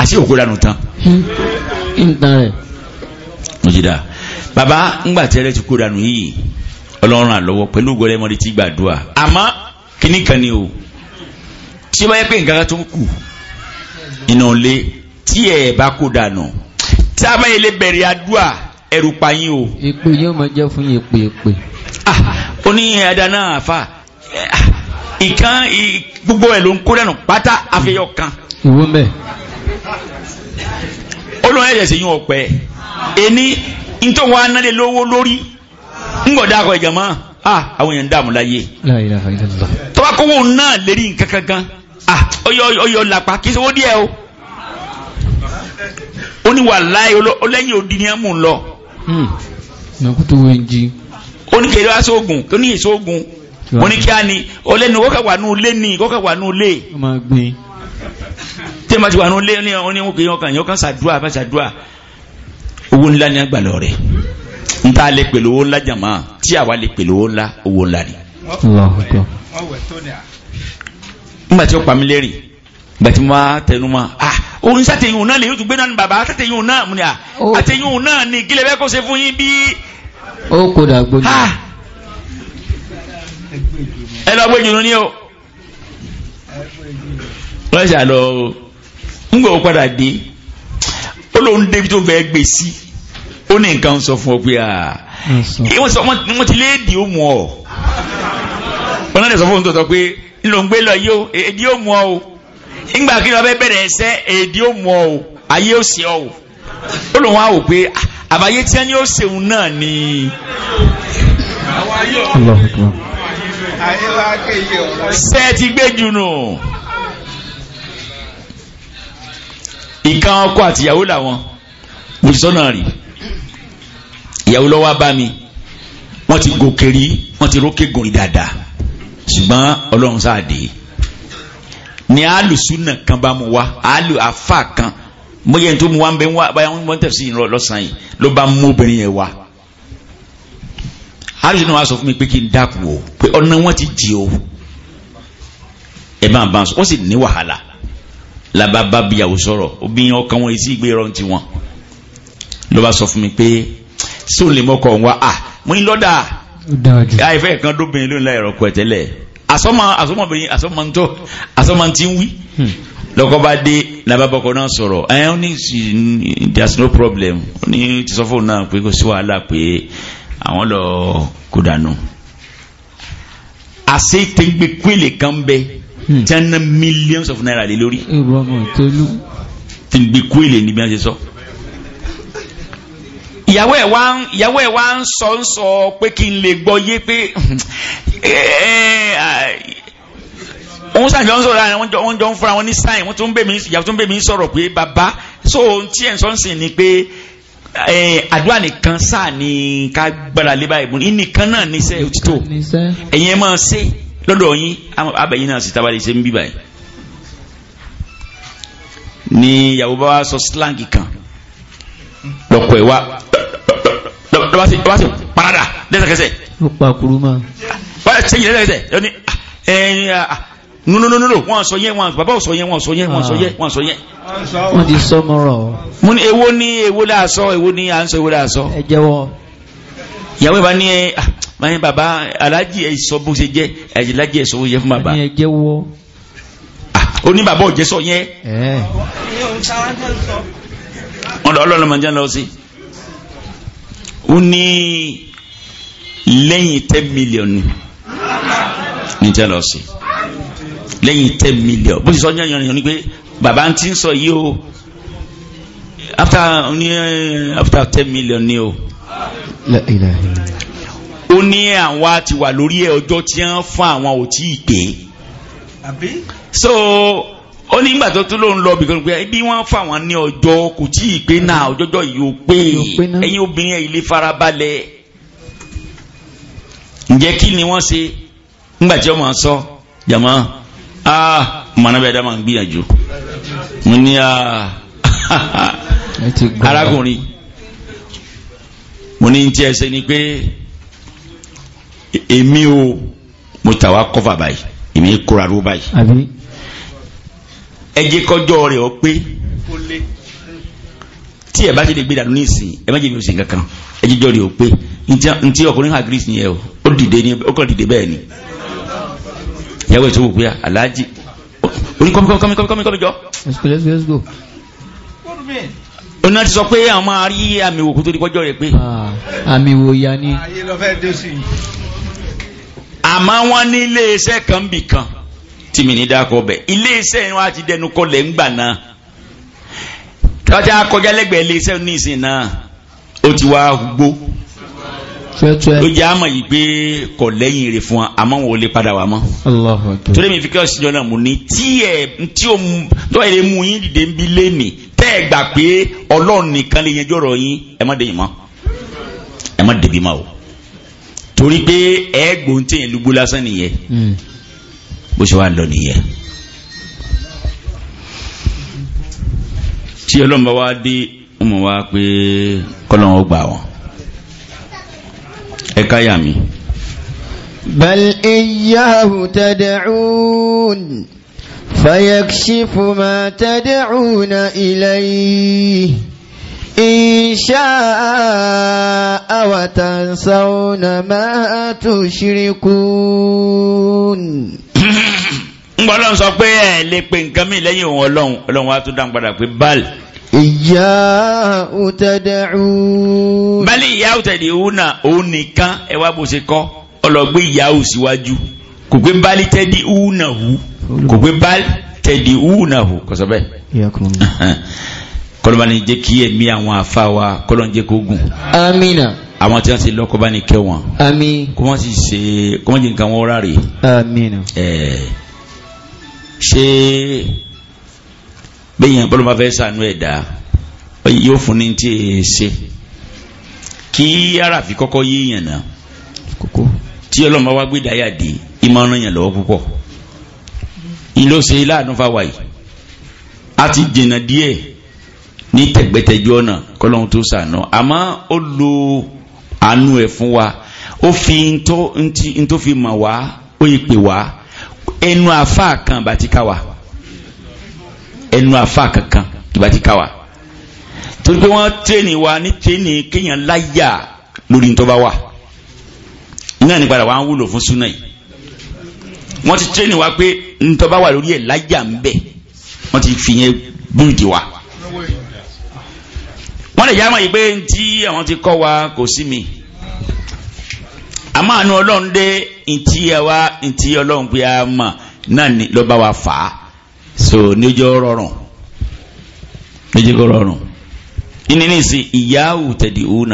àti hmm. òkúra nù tán. Hmm. mo ti dáa bàbá ńgbà tẹ́lẹ̀ ti kúra nù yìí ọlọ́run àlọ́wọ́ pẹ̀lú ògbọ́lẹ́mọ́lẹ́ ti gbàdúrà àmọ́ kìnnìkan ni o tí ó bá yẹ pé nǹkan tó ń kù iná lé tí ẹ bá kó dànù tí a bá yẹ lè bẹ̀rẹ̀ àdúà ẹ̀rù payín o. èpè yóò máa jẹ́ fún èpè èpè. Ah, ó ní ẹ̀dá náà fà nǹkan ah, gbogbo ẹ̀ ló ń kó dànù pátá afẹ́yọ̀ kan. ìwọ mẹ. olóyún ẹ̀jẹ̀ sí yún ọ̀pẹ ẹni nítorí wọn á lówó lórí ń gbọ̀dá akọ ìjàmọ́ ah, àwọn èèyàn ń dààmú láyé. tọ́wá kówó náà lérí nǹkan kan ọyọ ah, làpá kì í sọ owó díẹ̀ o ó ní wà láì ọlẹ́yìn òdi ni ẹ mú un lọ. Hmm. ó ní kèrè wá sóògùn tó ní ìsóògùn mo ní kí á ní ọlẹ́nu kọ́kà wà ní ilé ní kọ́kà wà ní ilé tí ma ti wà ní ilé ní ọ̀ní ọkàn yẹn ọkàn yẹn ọkàn ṣàdúrà bá ṣàdúrà owó ńlá ní agbàlọ rẹ n ta lè pèlè owó ńlá jàmá tí àwa lè pèlè owó ńlá owó ńlá ni. nígbà tí ó pa mí lérìn nígbà tí ma bá a ah, na sàtẹ̀yìn òun náà lè yóò tún gbé náà ní bàbá sàtẹ̀yìn òun náà mo ní à ah, oh. àtẹ̀yìn òun náà ní kílẹ̀ bẹ́ẹ̀ kó ṣe fún yín bí. ó kò dà gbójú. ẹ lọ gbé ní o wọ́n àlọ́ ń gbọ́ padà dé ó lóun débi tó fẹ́ gbé sí ó ní nǹkan sọ fún ọ pé ah. wọ́n ti léèdì ó ọ wọ́n náà lè sọ fún ló ń gbé lọ yìí o èdè ó mú ọ o ńgbà kí ni ọbẹ̀ bẹ̀rẹ̀ ẹsẹ̀ èdè ó mú ọ ayé ó sì ọ ó lòun á pé ah, àbáyé tí wọ́n ní ṣeun náà ni. ṣé ẹ ti gbé jù nù. ìkan ọkọ àtìyàwó làwọn mùsùlùmí rí ìyàwó lọ́wọ́ bá mi wọ́n ti gòkè rí wọ́n ti rókè gòrì dáadáa ṣùgbọ́n ọlọ́run sáàdé ni alùsùnà kan bá mu wá alù afa kan mo yẹn tó mu wá ń bẹ báyà wọn tẹ̀sí yìí lọ́sàn-án yìí ló bá mú obìnrin yẹn wá alùsùnà wa sọ fún mi pé kí n dákú o pé ọ̀nà wọn ti jì o ẹ bá ń bá ń sọ wọ́n sì ní wàhálà làbá bá bíyàwó sọ̀rọ̀ obìnrin ọkàn wọn èsì ìgbé ìrọ̀ ti ló bá sọ fún mi pé sóòlì mọ́kọ̀ wá à ah, mo lọ́dà àìfẹ́ kan dóbìnrin lónìí láì rọ̀kọ̀ tẹ́lẹ̀ asọ́mọbìnrin asọ́mọntọ́ asọ́mọntí ń wí hmm. lọ́kọ́ bá dé làbábọ́kọ náà sọ̀rọ̀ ẹ̀yàn ní there's no problem ó ní ti sọ fóun náà pé kò sí wàhálà pé àwọn lọ kó dànù àṣẹ tẹgbẹ́pẹ́lẹ̀ kan bẹ hmm. tí wọ́n ná millions of naira lé lórí tẹgbẹ́pẹ́lẹ̀ ni bí wọ́n ṣe sọ. So ìyàwó ẹ̀ wá ń ìyàwó ẹ̀ wá ń sọ ń sọ pé kí n lè gbọ́ yé pé wọ́n sàn jọ ń sọ̀rọ̀ àwọn wọ́n jọ ń fúnra wọn ní sáìn wọ́n tún ń bè mí ìyàwó tún ń bè mí sọ̀rọ̀ pé bàbá so tí ẹ̀ ń sọ ń sìn ni pé eh, àdúrà nìkan sáà ni ká gbára lé báyìí bùn nìkan náà ní sẹ́ òtítọ́ ẹ̀yin ẹ̀ máa ṣe lọ́dọ̀ yín abẹ́yìn náà sì tábàlì ṣe ń bí báyìí ni ìyàwó bá wa sọ slang kan lọ́kọ̀ ẹ̀ wá ọba sì ọba parada lẹ́sẹ̀kẹsẹ̀. ó pa kuru mọ́. wọ́n ṣe yìí lẹ́sẹ̀kẹsẹ̀ yọ ní ah, ẹ̀yìn ah, ah, nùnùnùnù wọ́n sọ yẹ wọ́n bàbá sọ yẹ wọ́n sọ yẹ wọ́n sọ yẹ wọ́n sọ yẹ. wọ́n ti sọ mọ́rọ̀. mo ní èwo ni èwo la sọ èwo ni à ń sọ la sọ. ẹ jẹ́wọ́. ìyàwó ìbá ní ẹ máa ní bàbá alájì ẹ sọ bó ṣe jẹ ẹjì lájì ẹ sọ bó ṣe fún bàbá. ẹ jẹ́wọ́. ó ní bàbá òjẹ́ sọ yẹn. lọ sí ó ní lẹ́yìn ten million ni ní tẹ́ lọ sí lẹ́yìn ten million bó ti sọ yẹn yẹn ni pé bàbá ń ti ń sọ yìí o after ní eh, after ten million ni o. ó ní àwọn àti wà lórí ẹ ọjọ́ tí wọ́n fún àwọn ò tí so ó ní ìgbà tó tún lòun lọ bìkan pé bí wọ́n fà ní ọjọ́ kò tí ì pé náà ọjọ́jọ́ yìí pé ẹ̀yin obìnrin yìí lè farabalẹ̀ ǹjẹ́ kí ni wọ́n ṣe ńgbà tí wọ́n sọ jàmọ́ ah mọ̀nà bẹ́ẹ̀ dá máa ń gbìyànjú mo ní arákùnrin mo ní tí ẹ ṣe ni pé èmi o mo tà wá kọ́fà báyìí ẹ jẹ́ kọjọ́ rẹ̀ ọ pé tí ẹ bá ṣe lè gbé dànù nísìn ẹ má jẹ́ mi ò sìn kankan ẹ jẹ́ jọ́ ọ pé ntí ọkùnrin hàn gírísì ni ẹ o ó dìde ni ó kọ́ dìde bẹ́ẹ̀ ni ìyàwó ìṣòwò pé aláàjì oníkọ́míkọ́míkọ́mí jọ. oní láti sọ pé àwọn máa rí àmì òkú tó di kọjọ́ rẹ̀ pé. Ah, àmì wo ya ni. àmọ́ wọ́n ní ilé kan bì kan tí mi ní dákọ̀ bẹ̀ iléeṣẹ́ wa ti dẹnu kọlẹ̀ ńgbà náà tọ́jà kọjá lẹ́gbẹ̀ẹ́ iléeṣẹ́ nísìn náà ó ti wá gbó ló jẹ́ àmọ̀ yìí pé kọ̀ lẹ́yìn rẹ̀ fún wa àmọ́ wọn ò lè padà wà mọ́ torí mi fi kí ọ̀sìn jọ́nà mú ni tí ẹ̀ tí ó tọ́ ẹ̀ lè mú yín dìde ń bí lẹ́nì tẹ́ ẹ̀ gbà pé ọlọ́run nìkan lè yanjú ọ̀rọ̀ yín ẹ má dẹ̀yìn mọ́ ẹ má dẹ̀bi mọ́ o torí pé ẹ̀ẹ́gbọ̀n tẹ̀yìn lùgbò lásán nìyẹn hmm bó ṣe wá lọ nìyẹn tí ọlọ́mọ wa dé ọmọ wa pé kọ́lọ́wọ́ gbà wọ́n ẹ káyà mi. bal iyyahu tad'un fayakshifu ma tad'una ilayhi in sha'a wa tansawna ma ngbọ́lọ́n sọ pé ẹ̀ lè pe nǹkan mi lẹ́yìn òun ọlọ́run ọlọ́run wa tún dá padà pé báàlì. ìyá òtẹ̀dẹ̀rù. báàlì ìyá òtẹ̀dẹ̀ òun náà òun nìkan ẹ wá bó ṣe kọ́ ọlọ́gbé ìyá ò síwájú kò pé báàlì tẹ́dí òun náà hù kò pé báàlì tẹ́dí òun náà hù kọ́sọ́ bẹ́ẹ̀. kọ́lọ́mọ́ni jẹ́ kí ẹ̀mí àwọn àfa wa kọ́lọ́n jẹ́ kó gùn. amina àwọn tí wọ́n ti lọ́kọ́ bá ní kẹ́ wọn. àmín. kó sì ṣe kó wọ́n jẹ́ nǹkan wọn rárẹ̀. àmín. ẹ̀ẹ́ ṣé bẹ́yìn bọ́lá máa fẹ́ sànú ẹ̀dá yóò fún ní tí e ṣe kí aráàfi kọ́kọ́ yé èèyàn náà kókó tí ọlọ́mọ wa gbé dáyà dé ìmọ̀ràn yẹn lọ́wọ́ púpọ̀ ìlú ṣe láàánú fáwa yìí a ti dènà díẹ̀ ní tẹ̀gbẹ́tẹ̀jú ọ̀nà kọ́lọ́hún tó sànú àmọ́ ó lo àánú ẹ̀ fún wa ó fi ntó fi mọ̀ wá ó yí pè wá ẹnu àfà kan bàtí ká wa ẹnu àfà kankan bàtí ká wa torí pé wọ́n tẹ́ni wa ní tẹ́ni kéèyàn láyà lórí ntọ́ba wa náà ní padà wà á wúlò fún súnà yìí wọ́n ti tẹ́ni wa pé ntọ́ba wa lórí ẹ̀ láyà ń bẹ̀ wọ́n ti fi yẹn bíríìdì wa wọ́n lè yá mọ̀ yìí ntí àwọn ti kọ́ wa kò sí mi a máa nu ọlọ́run dé ntí wa ntí ọlọ́run pé a mọ̀ náà ni ló bá wa fà á so níjọ́ rọrùn níjọ́ rọrùn ìní ní ìsìn ìyá òtẹ̀dì òun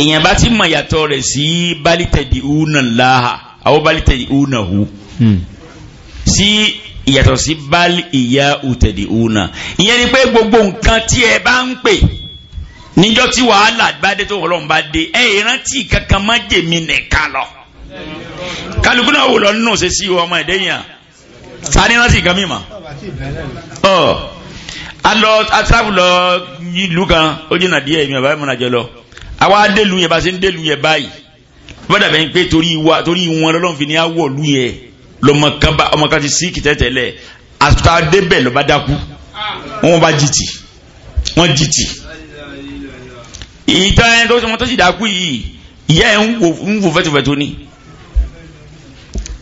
èèyàn bá ti mọ̀ yàtọ̀ rẹ̀ sí balitẹ̀dì òun láha àwọn balitẹ̀dì òun hù hmm. sí ìyàtọ̀ sí bali ìyá òtẹ̀dì òun ìyẹn ni pé gbogbo nǹkan tí ẹ bá ń pè níjọ́ tí wàhálà bá dé tó Ọlọ́run bá dé ẹ ìrántí kankan má jèmi nìkan lọ kálukú náà wò lọ nínú ṣe sí ọmọ ẹ̀dẹ́yìn à sani rántí nǹkan mi mà ọ alọ atirabu lọ ìlú kan ó jìnnà díẹ̀ mi àbáyé múnajọ lọ àwa délu yẹn bá ṣe ń délu yẹn báyìí bọ́dà bẹ́ẹ̀ pé torí wa torí wọn lọ́lọ́run fi ní awọ lu yẹn lọmọkaba ọmọkan ti sí kìtẹ́tẹ́lẹ̀ àtúntà débẹ̀ lọ́ba dákú wọn bá jìtì wọn jìtì ìtọ́ ẹni tó sọmọ tó sì dákú yìí ìyá ẹ̀ ń wò fẹ́tofẹ́to ni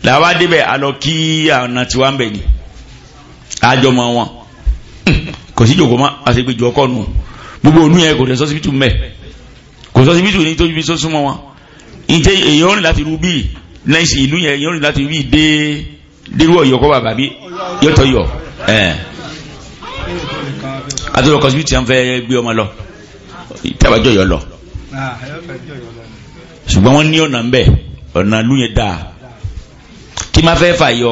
làwa débẹ̀ alọ kí àna tiwa ń bẹ̀ ni àjọmọ wọn kò sí jòkó mọ́ àṣegbèjọ ọkọ nù gbogbo ònú yẹn kò dé sọ́sibítù mbẹ̀ kò sọ́sibítù ní tójú bí sọ́súnmọ́ wọn ìtẹ èyàn rìn láti rú bí lẹ́sìn ìlú yẹn èyàn rìn láti rú bí dé dérú ọ̀yọ́ kọ́ bàbá bí yọ̀tọ̀ yọ̀ ẹ̀ àtọ́lọ́kọ̀ síbi tí fẹ́ gbé ọmọ lọ tábàjọ́ ah, yọ lọ ṣùgbọ́n wọ́n ní ọ̀nà ń bẹ̀ ọ̀nà lú yẹn dáa kí má fẹ́ fàyọ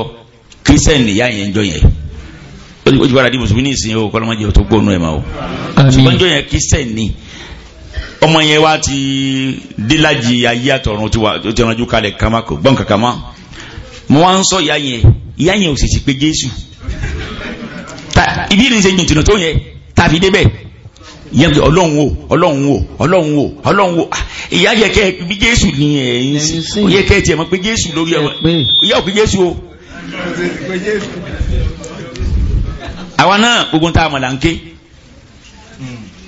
kírísẹ́nì ìyá yẹn jọ yẹn ó ti wára di mùsùlùmí ní ìsìn o kọ́lọ́mọ́ jẹ́ o tó gbóònù ẹ̀ ma o ṣùgbọ́n jọ yẹn kírísẹ́nì ọmọ yẹn wá ti dílájì ayé àtọ̀run tó ti ránjú kalẹ̀ kama kò gbọ́n kankan mọ́ mo wá ń sọ ìyá yẹn ìyá yẹn ò sì ti pé Jésù ibi ní ṣe jìntìnà tó yẹ tàbí débẹ̀ ìyẹn pé ọlọ́run wò ọlọ́run wò ọlọ́run wò ọlọ́run wò ah, ìyá yẹ kẹ́ bí jésù ni ẹ̀yìn sí ó yẹ kẹ́ tiẹ̀ mọ́ pé jésù lórí ẹ̀ ìyá ò pé jésù o. àwa náà gbogbo tá a ń ké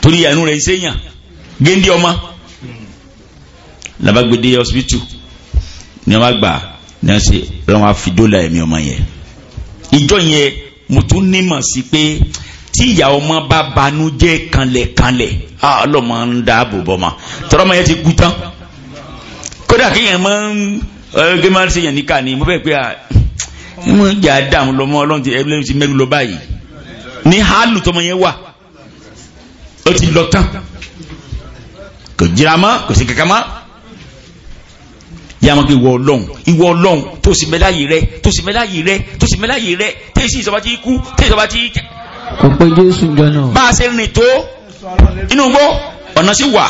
torí àánú rẹ̀ ń séyàn géńdé ọmọ labagbede hospital ni wọn gbà ní wọn ṣe wọn fi dọ́là ọmọ yẹn ìjọ yẹn mo tún nímọ̀ sí pé tí ìyá ọmọ bá banújẹ́ kanlẹ̀kanlẹ̀ ọlọ́mọ ń dáàbò bọ́ ma tọ́lọ́mọ yẹn ti kú tán kódà kéèyàn máa ń ẹgbẹ́ máa ń ṣèyàn níkà ni mo bẹ́ẹ̀ pé à mo ń jà dáhùn lọ́mọ ọlọ́run ti ẹgbẹ́ ti mẹ́rin lọ báyìí ní hálù tọmọ yẹn wà ó ti lọ tán kò jìra mọ́ kò sí kankan mọ́ yàmọ́ pé ìwọ ọlọ́run ìwọ ọlọ́run tó sì mẹ́láyìí rẹ tó sì mẹ́láyìí rẹ tó sì mẹ́láyìí rẹ tẹ́sí ìsọba ti kú tẹ́sí ìsọba ti kú kò pé jésù jọ náà. bá a ṣe rìn tó inú gbó ọ̀nà sí wà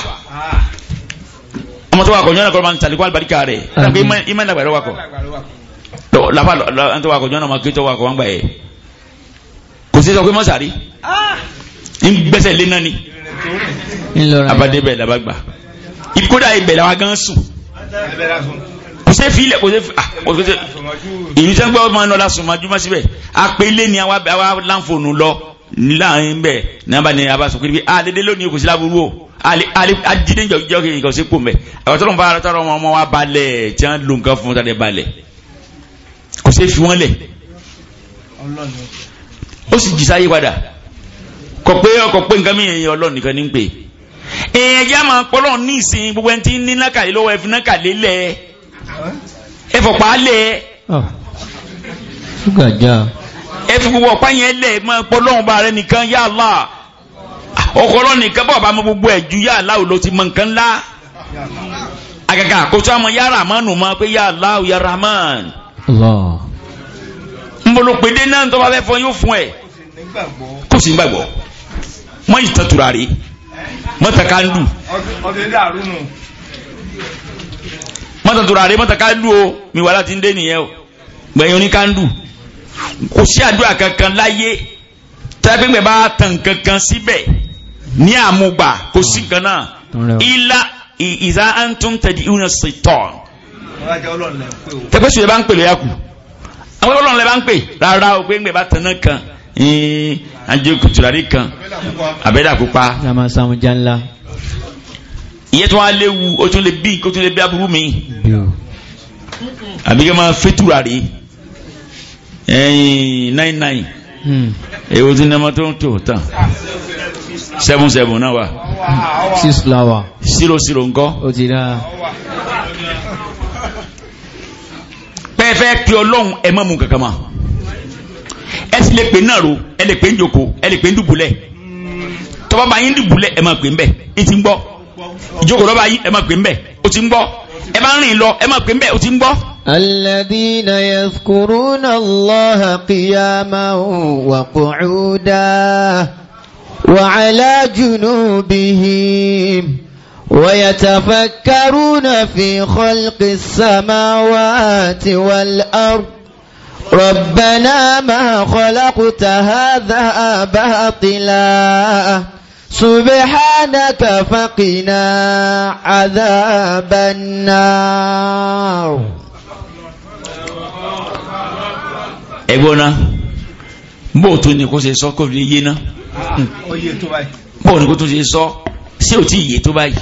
ọmọ tó wà kọ̀ jọ́nà kọ́ máa ń tàlíkọ́ àlùbáríkà rẹ̀ tàbí ìmọ̀ ìdàgbà rẹ̀ wà kọ̀ làbà lọ́wọ́ tó wà kọ̀ jọ́nà máa ké tó wà kọ̀ wọ́n gbà yẹ kò sí sọ pé mọ́sàrí ń gbẹ́sẹ̀ lé náà ni abadé bẹ̀ làbà gbà kódà ibẹ̀ làwọn gan sùn kò sí fi ilẹ̀ kò sí fi ìlú sẹ́ńgbẹ́ ọmọ náà la sùn máa síbẹ̀ àpélé ni àwa láǹfọ̀nù lọ láàrin bẹ́ẹ̀ nàbà ni abaso kiri bi àdédé lónìí kò sí láburú o àdídé jọ kí nǹkan sí kò mẹ́ àwọn tọ́lọ́mù bá tọ́lọ́ wọn ọmọ wa balẹ̀ tí wọ́n lo nǹkan fún tàdé balẹ̀ kò sí fi wọ́n lẹ̀ ó sì jìsá yí padà kọ̀ pé ọkọ̀ pé nǹkan mìíràn ọlọ́ọ̀ nìkan ní pè èèyàn jẹ́ àmọ́ pọ́lọ́ ní ìsìn gbogbo ẹni tí ní nákàlẹ́ lọ́wọ́ ẹ fi nákàlẹ́ lẹ̀ ẹ fọ̀pá ah, já ẹ fi gbogbo ọ̀pá yẹn lẹ̀ mọ́ ọpọlọ́run bá rẹ nìkan yá Allah ọkọlọ́ nìkan bọ̀ bá mọ gbogbo ẹ̀ ju yá Allah ló ti mọ nǹkan ńlá àgàgà àkóso àmọ́ yá Rahman mọ́ pé yá Allah yá Rahman. ń bolo pèdé náà tó bá fẹ́ fọ yóò fún ẹ kò sí gbàgbọ́ mọ́ ìtọ́tura rè mọ́ takandu mọ́ tàtúrà rè mọ́ takandu o mi wà láti ń dé nìyẹn o gbẹ̀yìn oníkandu kò sí àdúrà kankan láyé tẹ́gbẹ́gbẹ́ bá tàn kankan síbẹ̀ ní àmúgbà kò sí nǹkan náà ilá ìzá antum tẹ̀dí ìwúna ṣètọ́ tẹ́gbẹ́sùn yẹn bá ń pè lóyà kù àwọn ọlọ́run lẹ bá ń pè rárá o pé ń gbẹ̀ bá tàn náà kan ajé kùtùràrí kan àbẹ́dà pupa ìyẹ́ tó wá léwu ó tún lè bí kó tún lè bí aburú mi àbíkẹ́ máa fẹ́tùràrí. ẹyin nine nine ewu tí nàmà tó ń tán seven seven náà wà. six flower. zero zero nkọ. o ti pe ọlọ́run ẹ má mú kankan ma ẹ sì lè pè náà ro ẹ lè pè ń joko ẹ lè ti ń gbọ́ ìjókòó lọ́ba yín ẹ má ti ń gbọ́ ẹ bá ń rìn lọ ti ń الذين يذكرون الله قياما وقعودا وعلى جنوبهم ويتفكرون في خلق السماوات والأرض ربنا ما خلقت هذا باطلا سبحانك فقنا عذاب النار ẹgbọ́n náà bó tún kó ṣe sọ kó ní yé náà bó ní kó tún ṣe sọ sí ò tí yé tó báyìí.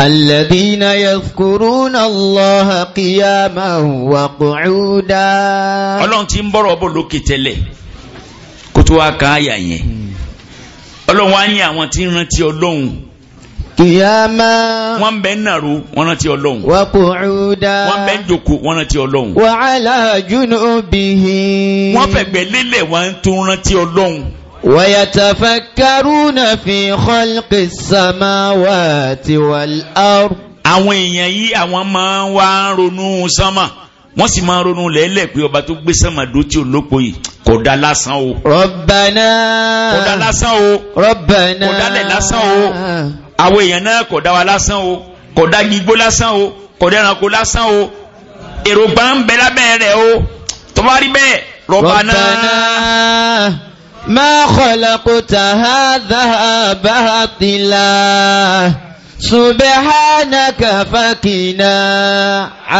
الذين يذكرون الله قياما وقعودا ọlọ́run ti ń bọ̀rọ̀ bọ̀ lókè tẹ́lẹ̀ kó tó wá ká yẹn ọlọ́run wá ní àwọn tí ń rántí ọlọ́run kìyàmá. wọ́n bẹ ń nàró wọ́n rántí ọlọ́run. wà kò rúdà. wọ́n bẹ ń jòkó wọ́n rántí ọlọ́run. wà á là júnú bìhí. wọ́n fẹ̀gbẹ́ lélẹ̀ wọ́n tún rántí ọlọ́run. wàyàtàfàkàrúnà fi khalqi samawati wal ard. àwọn èèyàn yìí àwọn máa ń wá ronú sánmà wọ́n sì máa ronú lẹ́lẹ̀ pé ọba tó gbé sàmàdó tí ò yìí kò dá lásán o. rọ̀bànà. kò dá lásán o. rọ̀bànà. kò dálẹ̀ lásán o àwọn èèyàn náà kò dá wa lásán o kò dá gbígbó lásán o kò dá ẹranko lásán o èròǹgbà ń bẹ lábẹ́ rẹ̀ o tó bá rí bẹ́ẹ̀ Rabbana. ma khalaqta hadha batila subhanaka fakina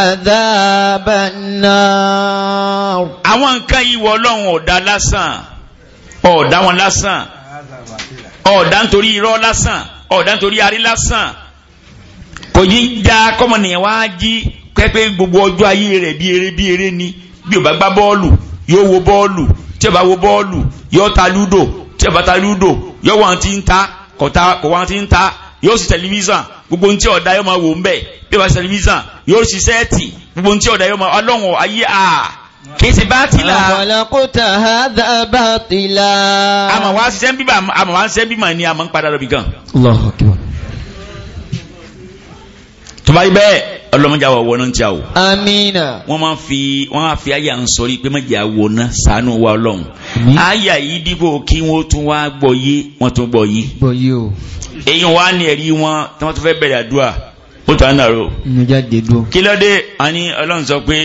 adhabannar. àwọn nǹkan yìí wọ ọlọ́run ọ̀dà lásán ọ̀dà wọn lásán ọ̀dà nítorí irọ́ lásán ọ̀dà nítorí arí lásán kò ní já kọ́mọnìyàn wá jí pẹ́pẹ́ gbogbo ọjọ́ ayé rẹ̀ bí eré bí eré ni bí ó bá gbá bọ́ọ̀lù yóò wo bọ́ọ̀lù tí ó bá wo bọ́ọ̀lù yóò ta lúdò tí ó bá ta lúdò yóò wọ́n ti ń ta kò wọ́n ti ń ta yóò sì tẹlifíṣàn gbogbo ntí ọ̀dà yóò máa wò ń bẹ̀ bí ó bá sì tẹlifíṣàn yóò sì sẹ́ẹ̀tì gbogbo ntí ọ̀dà yóò máa ọlọ́run ayé àá kìí bátìlá ọ̀lọ́kútà hádà bátìlá àmà wá ṣiṣẹ́ bíbà àmà wá ṣiṣẹ́ bíbà ni àmà ń padà lọ bí gan Allahu Akbar tó bá yí bẹ́ẹ̀ ọlọ́mọdé àwọn ọwọ́ náà ti àwọ̀ amina wọ́n máa fi wọ́n máa fi àyà ń sọrí pé mẹ́jẹ̀ àwọ̀ náà sànú wa ọlọ́run àyà yìí dípò kí wọ́n tún wá gbọ́ yé wọ́n tún gbọ́ yé èyí wá ní ẹ̀rí wọn tí wọ́n tún fẹ́ bẹ̀rẹ̀ àdúrà ó tàn án nàró kí lóde àní ọlọ́run sọ pé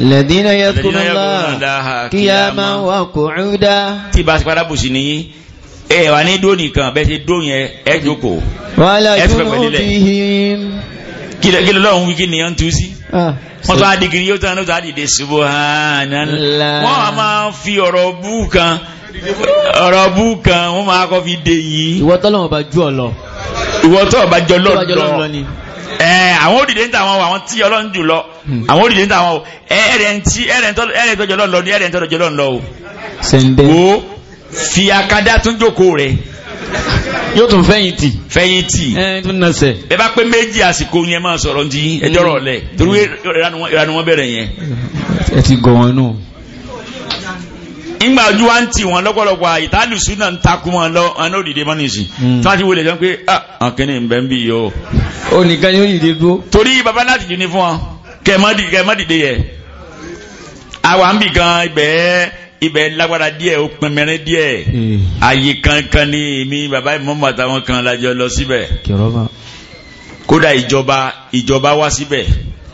الذين يذكرون الله قياما وقعودا tí bá ṣe padà bù sí nìyí ẹ wà ní dó nìkan bẹ́ẹ̀ ṣe dó yẹn ẹ jókòó ẹ ti pẹ̀pẹ̀ lílẹ̀ kí lọ́lọ́run wí kí ni wọ́n mo sí ah. wọ́n tó adìgírí yóò tán lóòótọ́ àdìdè subhanallah wọ́n a fi ọ̀rọ̀ bú kan ọ̀rọ̀ bú kan wọ́n máa kọ́ fi dè yìí ìwọ́tọ́ lọ́wọ́ bá jù ọ lọ ìwọ́tọ́ bá jọ lọ́dọ̀ ẹ àwọn òdìdé ń tàwọn àwọn tí ọlọ́run jù lọ hmm. àwọn òdìdé ń tàwọn ẹ̀rẹ̀ ntí ẹ̀rẹ̀ ntọ́jọ́ lọ́n lọ ní ẹ̀rẹ̀ ntọ́jọ́ lọ́n lọ o. sẹ́ńdẹ́ wo fi akadá tún jókòó rẹ̀. yóò tún fẹ̀yìntì. fẹ̀yìntì. ẹ tún nà sẹ. bẹ́ẹ̀ bá pé méjì àsìkò yẹn máa sọ̀rọ̀ ntí ẹjọ́ rọ̀ lẹ̀ torí hmm. ìranu wọn bẹ̀rẹ̀ yẹn. ẹ ti gọ̀ wọn nù ńgbà ojú wa ń tì wọn lọ́pọ̀lọpọ̀ ìtàlùsù náà ń takú wọn lọ àwọn náà dìde mọ́nì sí hmm. tí wọ́n ti wọlé jọ pé ah, àwọn kìíní ń bẹ́ ń bí yìí o. ó nìkan yóò yìí dé dúró. torí baba láti jù ni fún wọn kẹ má dìde yẹ. àwa ń bì gan ibẹ̀ ibẹ̀ lágbára díẹ̀ ó pin mẹ́rin ayi hmm. àyè kankan ní mi baba ìmọ̀mọ́ àtàwọn kan lajọ lọ síbẹ̀ kódà ìjọba ìjọba wá síbẹ̀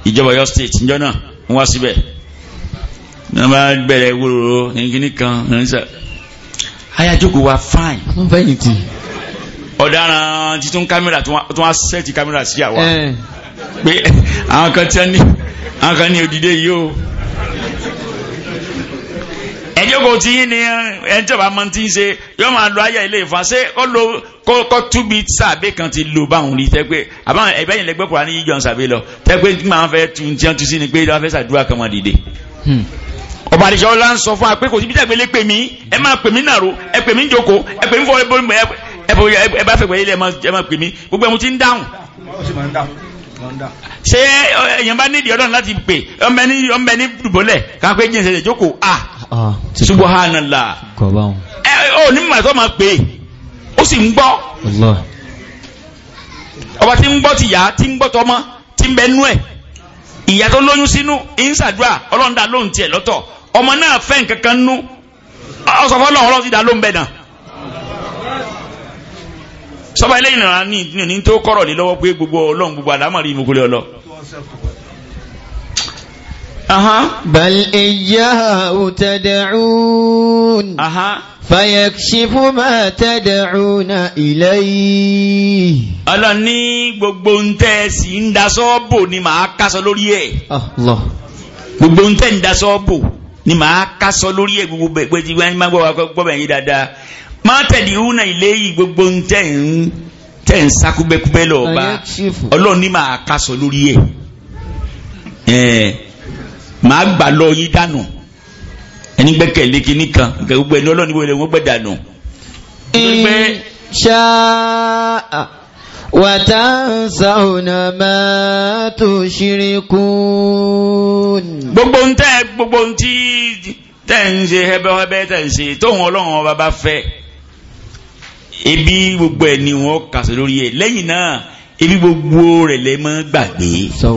ìjọba Ọ̀yọ́ state níjọ́ náà wá síbẹ̀ wọ́n bá bẹ̀rẹ̀ wúroro nìkíní kan ránṣẹ́ ayájókòó wa fine. wọ́n fẹ́yìn tì. ọ̀daràn titun kámẹ́rà tí wọ́n á sẹ́ẹ̀tì kámẹ́rà sí àwa pé àwọn kan tí wọ́n kan ní òdìdé yìí o ẹjọ́kọ̀ tí yín ni ẹjọba máa ti ń ṣe yọ máa lo ayé ilé ìfọ̀n ṣé kó lo kó túbi sàbẹ̀ kan ti lo báwọn rí tẹ́gbẹ́ àbáwọn ẹ̀bẹ́ yìí lẹ́gbẹ́ kura ní yíyọ̀ sàbẹ̀ lọ tẹ́gbẹ́ tí màá fẹ́ tún tí wọ́n tún sí ni pé wọ́n fẹ́ sàdúrà kan wọn dìde. Hmm ọba àdìsọ ọlá ń sọ fún wa pé kò sí bí tàgbélé pè mí ẹ máa pè mí nàró ẹ pè mí njoko ẹ pè mí fọ ẹ bá fẹ̀gbẹ́ ilé ẹ máa pè mí gbogbo ẹmu ti ń dáhùn. ṣé èèyàn bá nídìí ọlọ́run láti pè ọmọ ẹni ọmọ ẹni dùbọ́lẹ̀ ká pé jẹ́ ìṣẹ̀lẹ̀ jókòó a subhanallah ẹ ò ní màtọ́ máa pè ó sì ń gbọ́ ọba tí ń gbọ́ ti yá tí ń gbọ́ tọmọ tí ń bẹ nú ẹ̀ ìyá tó lóyún sínú ń ṣàdúrà ọlọ́run dá lóhùn tiẹ̀ lọ́tọ̀ ọmọ náà fẹ́ nǹkan kan nú ọsọfọ lọ́wọ́ lọ́wọ́ ti dá ló ń bẹ̀ náà sọba ilé ìnira ní ní tó kọ́rọ̀ lé lọ́wọ́ pé gbogbo ọlọ́run gbogbo àlámọ̀rí ìmúkulẹ̀ ọlọ́ bal iyyahu tad'un fayakshifu ma tad'una ilayhi. ọlọ́ni gbogbo ń tẹ́ ẹ sì ni màá kásọ lórí ẹ̀ gbogbo ń tẹ́ ń ni màá kásọ lórí ẹ̀ gbogbo bẹ́ẹ̀ gbẹ́jì wáyé má gbọ́ bẹ́ẹ̀ yín dáadáa má tẹ̀lé ìhùnà ilé yìí gbogbo ń tẹ̀ ń tẹ̀ ń sakúbẹ́kúbẹ́ lọ́ọ̀ba ọlọ́run ni màá kásọ lórí ẹ̀ ẹ̀ màá gbà lọ yín dànù ẹni gbẹ́kẹ̀lé kinní kan gbogbo ẹni ọlọ́run ni wọ́n gbẹ́ dànù. ìṣá wàtánsáhùnà máa tó ṣíríkún. gbogbo ń tẹ́ gbogbo ń tí tẹ́ ń ṣe hẹ́bẹ́hẹ́bẹ́ tẹ́ ń ṣe tóun ọlọ́run ọba bá fẹ́ ebi gbogbo ẹ̀ ni wọ́n kà lórí ẹ̀ lẹ́yìn náà ebi gbogbo rẹ̀ lẹ́ mọ́ gbàgbé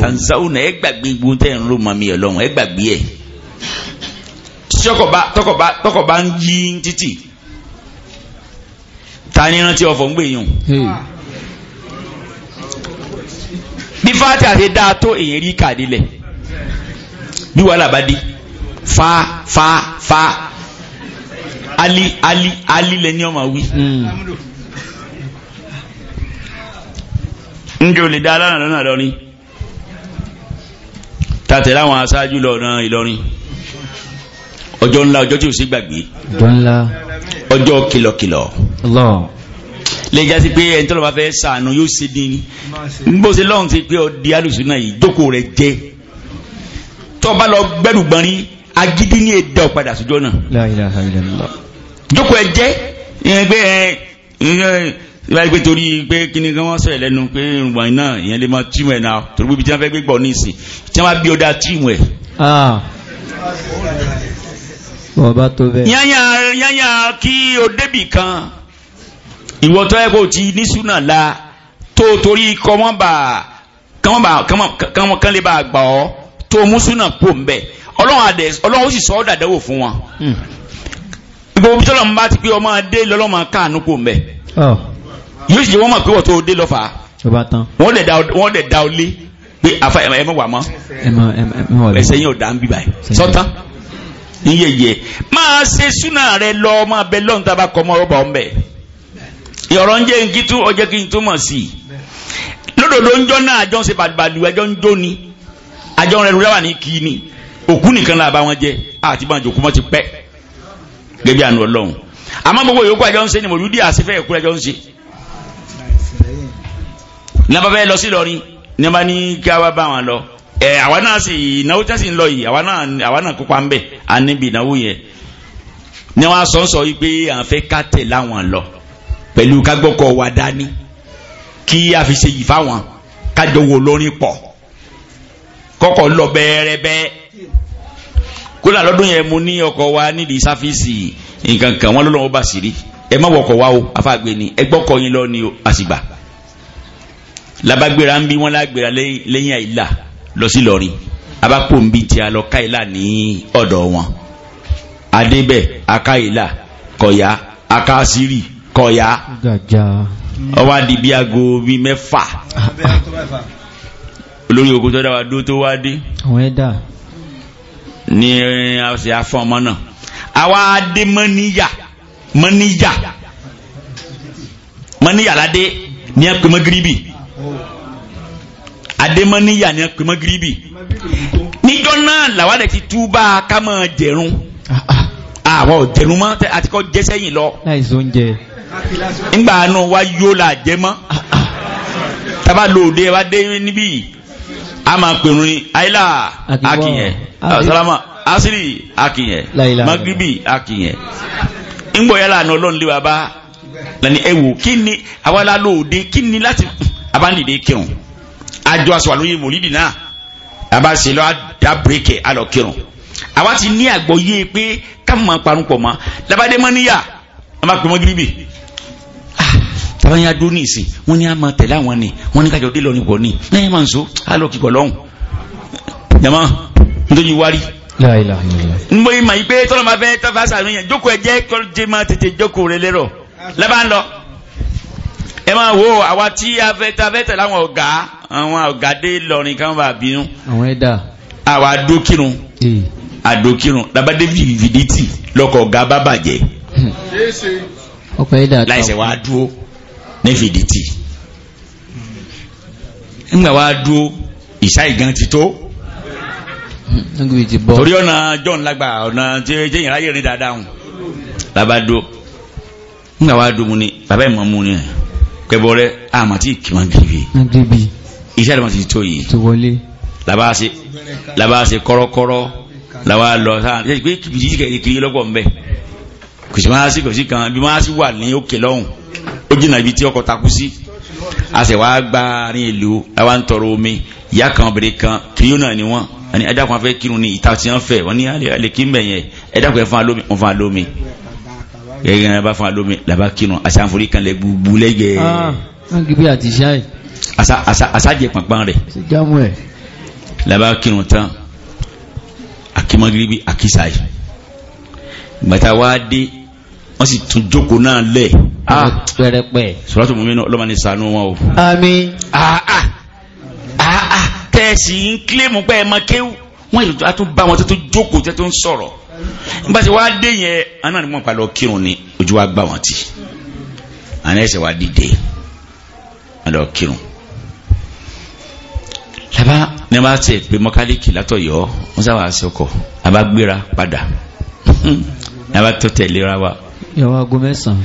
tánsáhùnà ẹ gbàgbé gbogbo tẹ́ ń lò mọ́ mi ọlọ́run ẹ gbàgbé ẹ̀ tọkọba tọkọba tọkọba ń yí títì ta rántí ọ̀fọ̀ ń gbèyàn bí fati àti dáa tó èyàn rí kàdé lẹ̀ bí wàhálà bá dé fa fa fa ali ali ali lẹni ọmọ wí. njẹ́ o lè dá alára lọ́nà lọ́rin tàtẹ̀ láwọn aṣáájú lọ́nà Ìlọrin ọjọ́ ńlá ọjọ́ tí o sì gbàgbé ọjọ́ kìlọ̀kìlọ̀ lè jásí pé ẹni tọ́lọ́ bá fẹ́ sànù yóò ṣe bí ní bó ṣe lọ́run ti pé ọdí alùsùn náà yìí jókòó rẹ̀ jẹ́ tọ́ba lọ gbẹ́rù gbọ́nrí agídí ní èdè ọ̀padà sójọ́ náà. La ilaha illallah. jókòó ẹ jẹ́ ìyẹn pé ẹ láì pé torí pé kíni kan wọ́n sọ̀rọ̀ lẹ́nu pé ìrùngbọ̀n náà ìyẹn lè máa tìmù ẹ̀ náà torí bíbi tí wọ́n fẹ́ gbé ní ìsìn tí wọ́n bá bí ọdá tìmù ẹ̀. yányà ah. yányà kí o débì kan ìwọ tó yẹ kó ti ní súnà la tó torí kọ́mọ́bà kọ́mọ́bà kọ́mọ́ kan lè bá a gbà ọ́ tó mú súnà pò ń bẹ̀ ọlọ́run àdẹ ọlọ́run ó sì sọ ọ́ dàdẹ́wò fún wọn. Hmm. gbogbo tí ọlọ́run bá ti pé ọmọ adé lọ́lọ́mọ káànú pò ń bẹ̀ oh. yóò sì jẹ́ wọ́n mọ̀ pé wọ́n tó dé lọ́fà wọ́n lè da ọ lé pé àfa ẹ mọ̀ wà mọ́ ẹsẹ̀ yẹn ò dá ń bíbá yìí sọ́tán yíyẹ yẹ máa ṣe súnà rẹ lọ ọmọ abẹ lọ́run tá a bá kọ́ ọmọ ọba ọ̀nbẹ ìyọ̀rọ̀ ń jẹ́ nkí tún ọjẹ́ kí n tún mọ̀ sí i lódòdó ń jọ́ náà àjọ ń ṣe bàdìbàdì ẹjọ́ ń jó ni àjọ ń rẹnu láwà ní kí ni òkú nìkan là bá wọn jẹ àti bá jòkú mọ́ ti pẹ́ gẹ́gẹ́ àánú ọlọ́run àmọ́ gbogbo yòókù àjọ ń ṣe ni mòlúdí àṣefẹ́ ẹ̀kú àjọ ń ṣe. nàbà bẹ́ẹ̀ lọ sí Ìlọrin ní bá ní kí a wá bá wọn lọ ẹ àwa náà sì ìnáwó tẹ́sí ń lọ yìí àwa náà kópa ń bẹ̀ àníbi ìnáwó yẹn ni wọ́n sọ sọ yìí pé à fẹ́ ká tẹ̀ láwọn lọ pẹ̀lú kágbọ́kọ̀ wa dání kí a fi ṣe yìí fáwọn kájọ wo lórí pọ̀ kọ́kọ́ lọ bẹ́ẹ̀rẹ́bẹ́ kódà lọ́dún yẹn mo ní ọkọ̀ wa nídìí sáfíìsì nǹkan kan wọn lọ́wọ́ bá sì rí ẹ má wọkọ̀ wa o afáàgbé ni ẹ gbọ́kọ̀ yín lọ ni o labagbera ń bí wọn lágbera lẹ́yìn àìlà lọ sí lọrin abápò ń bí tí a lọ káìlà ní ọ̀dọ̀ wọn adébẹ̀ akáìlà kọ̀yà akásírì kọ̀yà ọwọ́ àdìbí aago bí mẹ́fà olórí ogun tó dáwà dó tó wá dé ní ọ̀sẹ̀ afọ́ ọmọ náà àwa dé mọ́níyà mọ́níyà mọ́níyà ládé ní ẹ̀pẹ́ mọ́gíríbì adémọ́níyà ní ẹ̀pẹ́ mọ́gíríbì níjọ́ náà làwádẹ́ ti túbà ká máa jẹ̀rún ah, ah. àwọn ò jẹ̀rún mọ́ àtikọ́ jẹ́sẹ́yìn lọ. láìsí oúnjẹ ńgbà àánú wa yóò là jẹ́ mọ́ tábà lòdì ẹ bá dé níbí a máa pèrún ni salama asiri akìyẹn magribi akìyẹn ńgbọ̀ yàrá àná ọlọ́run lé wa bá lẹ́ni ẹ kini kí ni àwa la lòdì kí ni láti abánidé kírun àjọ aṣọ àlóyè mòlídìí náà àbá ṣe lọ́wọ́ dá bírèkì alọ kírun ti ní àgbọ̀ yé pé ká máa parun pọ̀ mọ́ labadé mọ́ níyà a máa bàbá yẹn adó ní ìsìn wọ́n ní a máa tẹ̀lé àwọn ni wọ́n ní kájọ dé lọ nípò ní lẹ́yìn máa ń so á lọ kíkọ lọ́hùn jama nítorí wárí. n bọ́ ìmọ̀ ìgbé tọ́lọ́ máa fẹ́ tọ́ fásitì àná yẹn jókòó ẹ jẹ́ kọ́lọ́jẹ́ máa tètè jókòó rẹ lérò lábàá ń lọ. ẹ máa wo àwa ọkọ̀ ẹ̀dá àtàwọn láìsẹ̀ wá dúró ní fìdítì ńgbà wá dúró ìṣá ìgan ti tó torí ọ̀nà john lagba ọ̀nà tí jẹ́yìn ráyè rìn dáadáa hùn bàbá dúró ńgbà wá dúró mu ni bàbá ìmọ̀ mu ni kẹbọ rẹ àmàtí kìmọ̀ gíbi iṣẹ́ àdìmọ̀ ti tó yìí làbá ṣe kọ́rọ́kọ́rọ́ làwa lọ sáà ṣe pé kìbìtì kìkìrì lọ́gbọ̀n bẹ́ẹ̀ kò sí máa sí kò sí kan bí máa sí wà ní òkè lọ́hùn ó jìnnà ibi tí ọkọ̀ takú sí a sì wá gba àárín ìlú àwa ń tọrọ omi ìyá kan obìnrin kan kìrìyó náà ni wọ́n ẹni ẹ̀dá kan fẹ́ kírun ní ìta tí wọ́n fẹ́ wọ́n ní alẹ́ kí n bẹ̀ yẹn ẹ̀dá kan fún alómi wọ́n fún alómi gẹ́gẹ́ náà bá fún alómi làbá kírun ah, àti àǹforí kan lẹ gbogbo lẹ́gẹ̀ẹ́. àṣàjẹ pàǹpàǹ rẹ̀ làbá kírun tán akimagiribi akisayi gbàtà wá dé wọ́n sì tún jókòó náà lẹ̀. Ah, pẹrẹpẹ. sọ́dọ̀tò mú mi náà ọlọ́mọ ní sànú wọn o. àmín. Aa. Ah, Aa. Ah, tẹ̀sí ń kílèmù pé ẹ máa kéwù wọ́n yìí a tún bá wọn tó tún jókòó tó tún sọ̀rọ̀ nígbà tí wàá dé yẹn aná ni wọ́n pa lọ kírun ni ojú wa gbà wọ́n ti àná ẹsẹ̀ wa dìde wọ́n lọ kírun. laba ní a bá tẹ̀ pé mọ́kálíkì látọ̀ yọ ọ́ wọ́n sábà sọkọ̀ a bá gbéra padà a bá tó tẹ̀léra wa ìwọ̀n agun mẹ́sàn-án.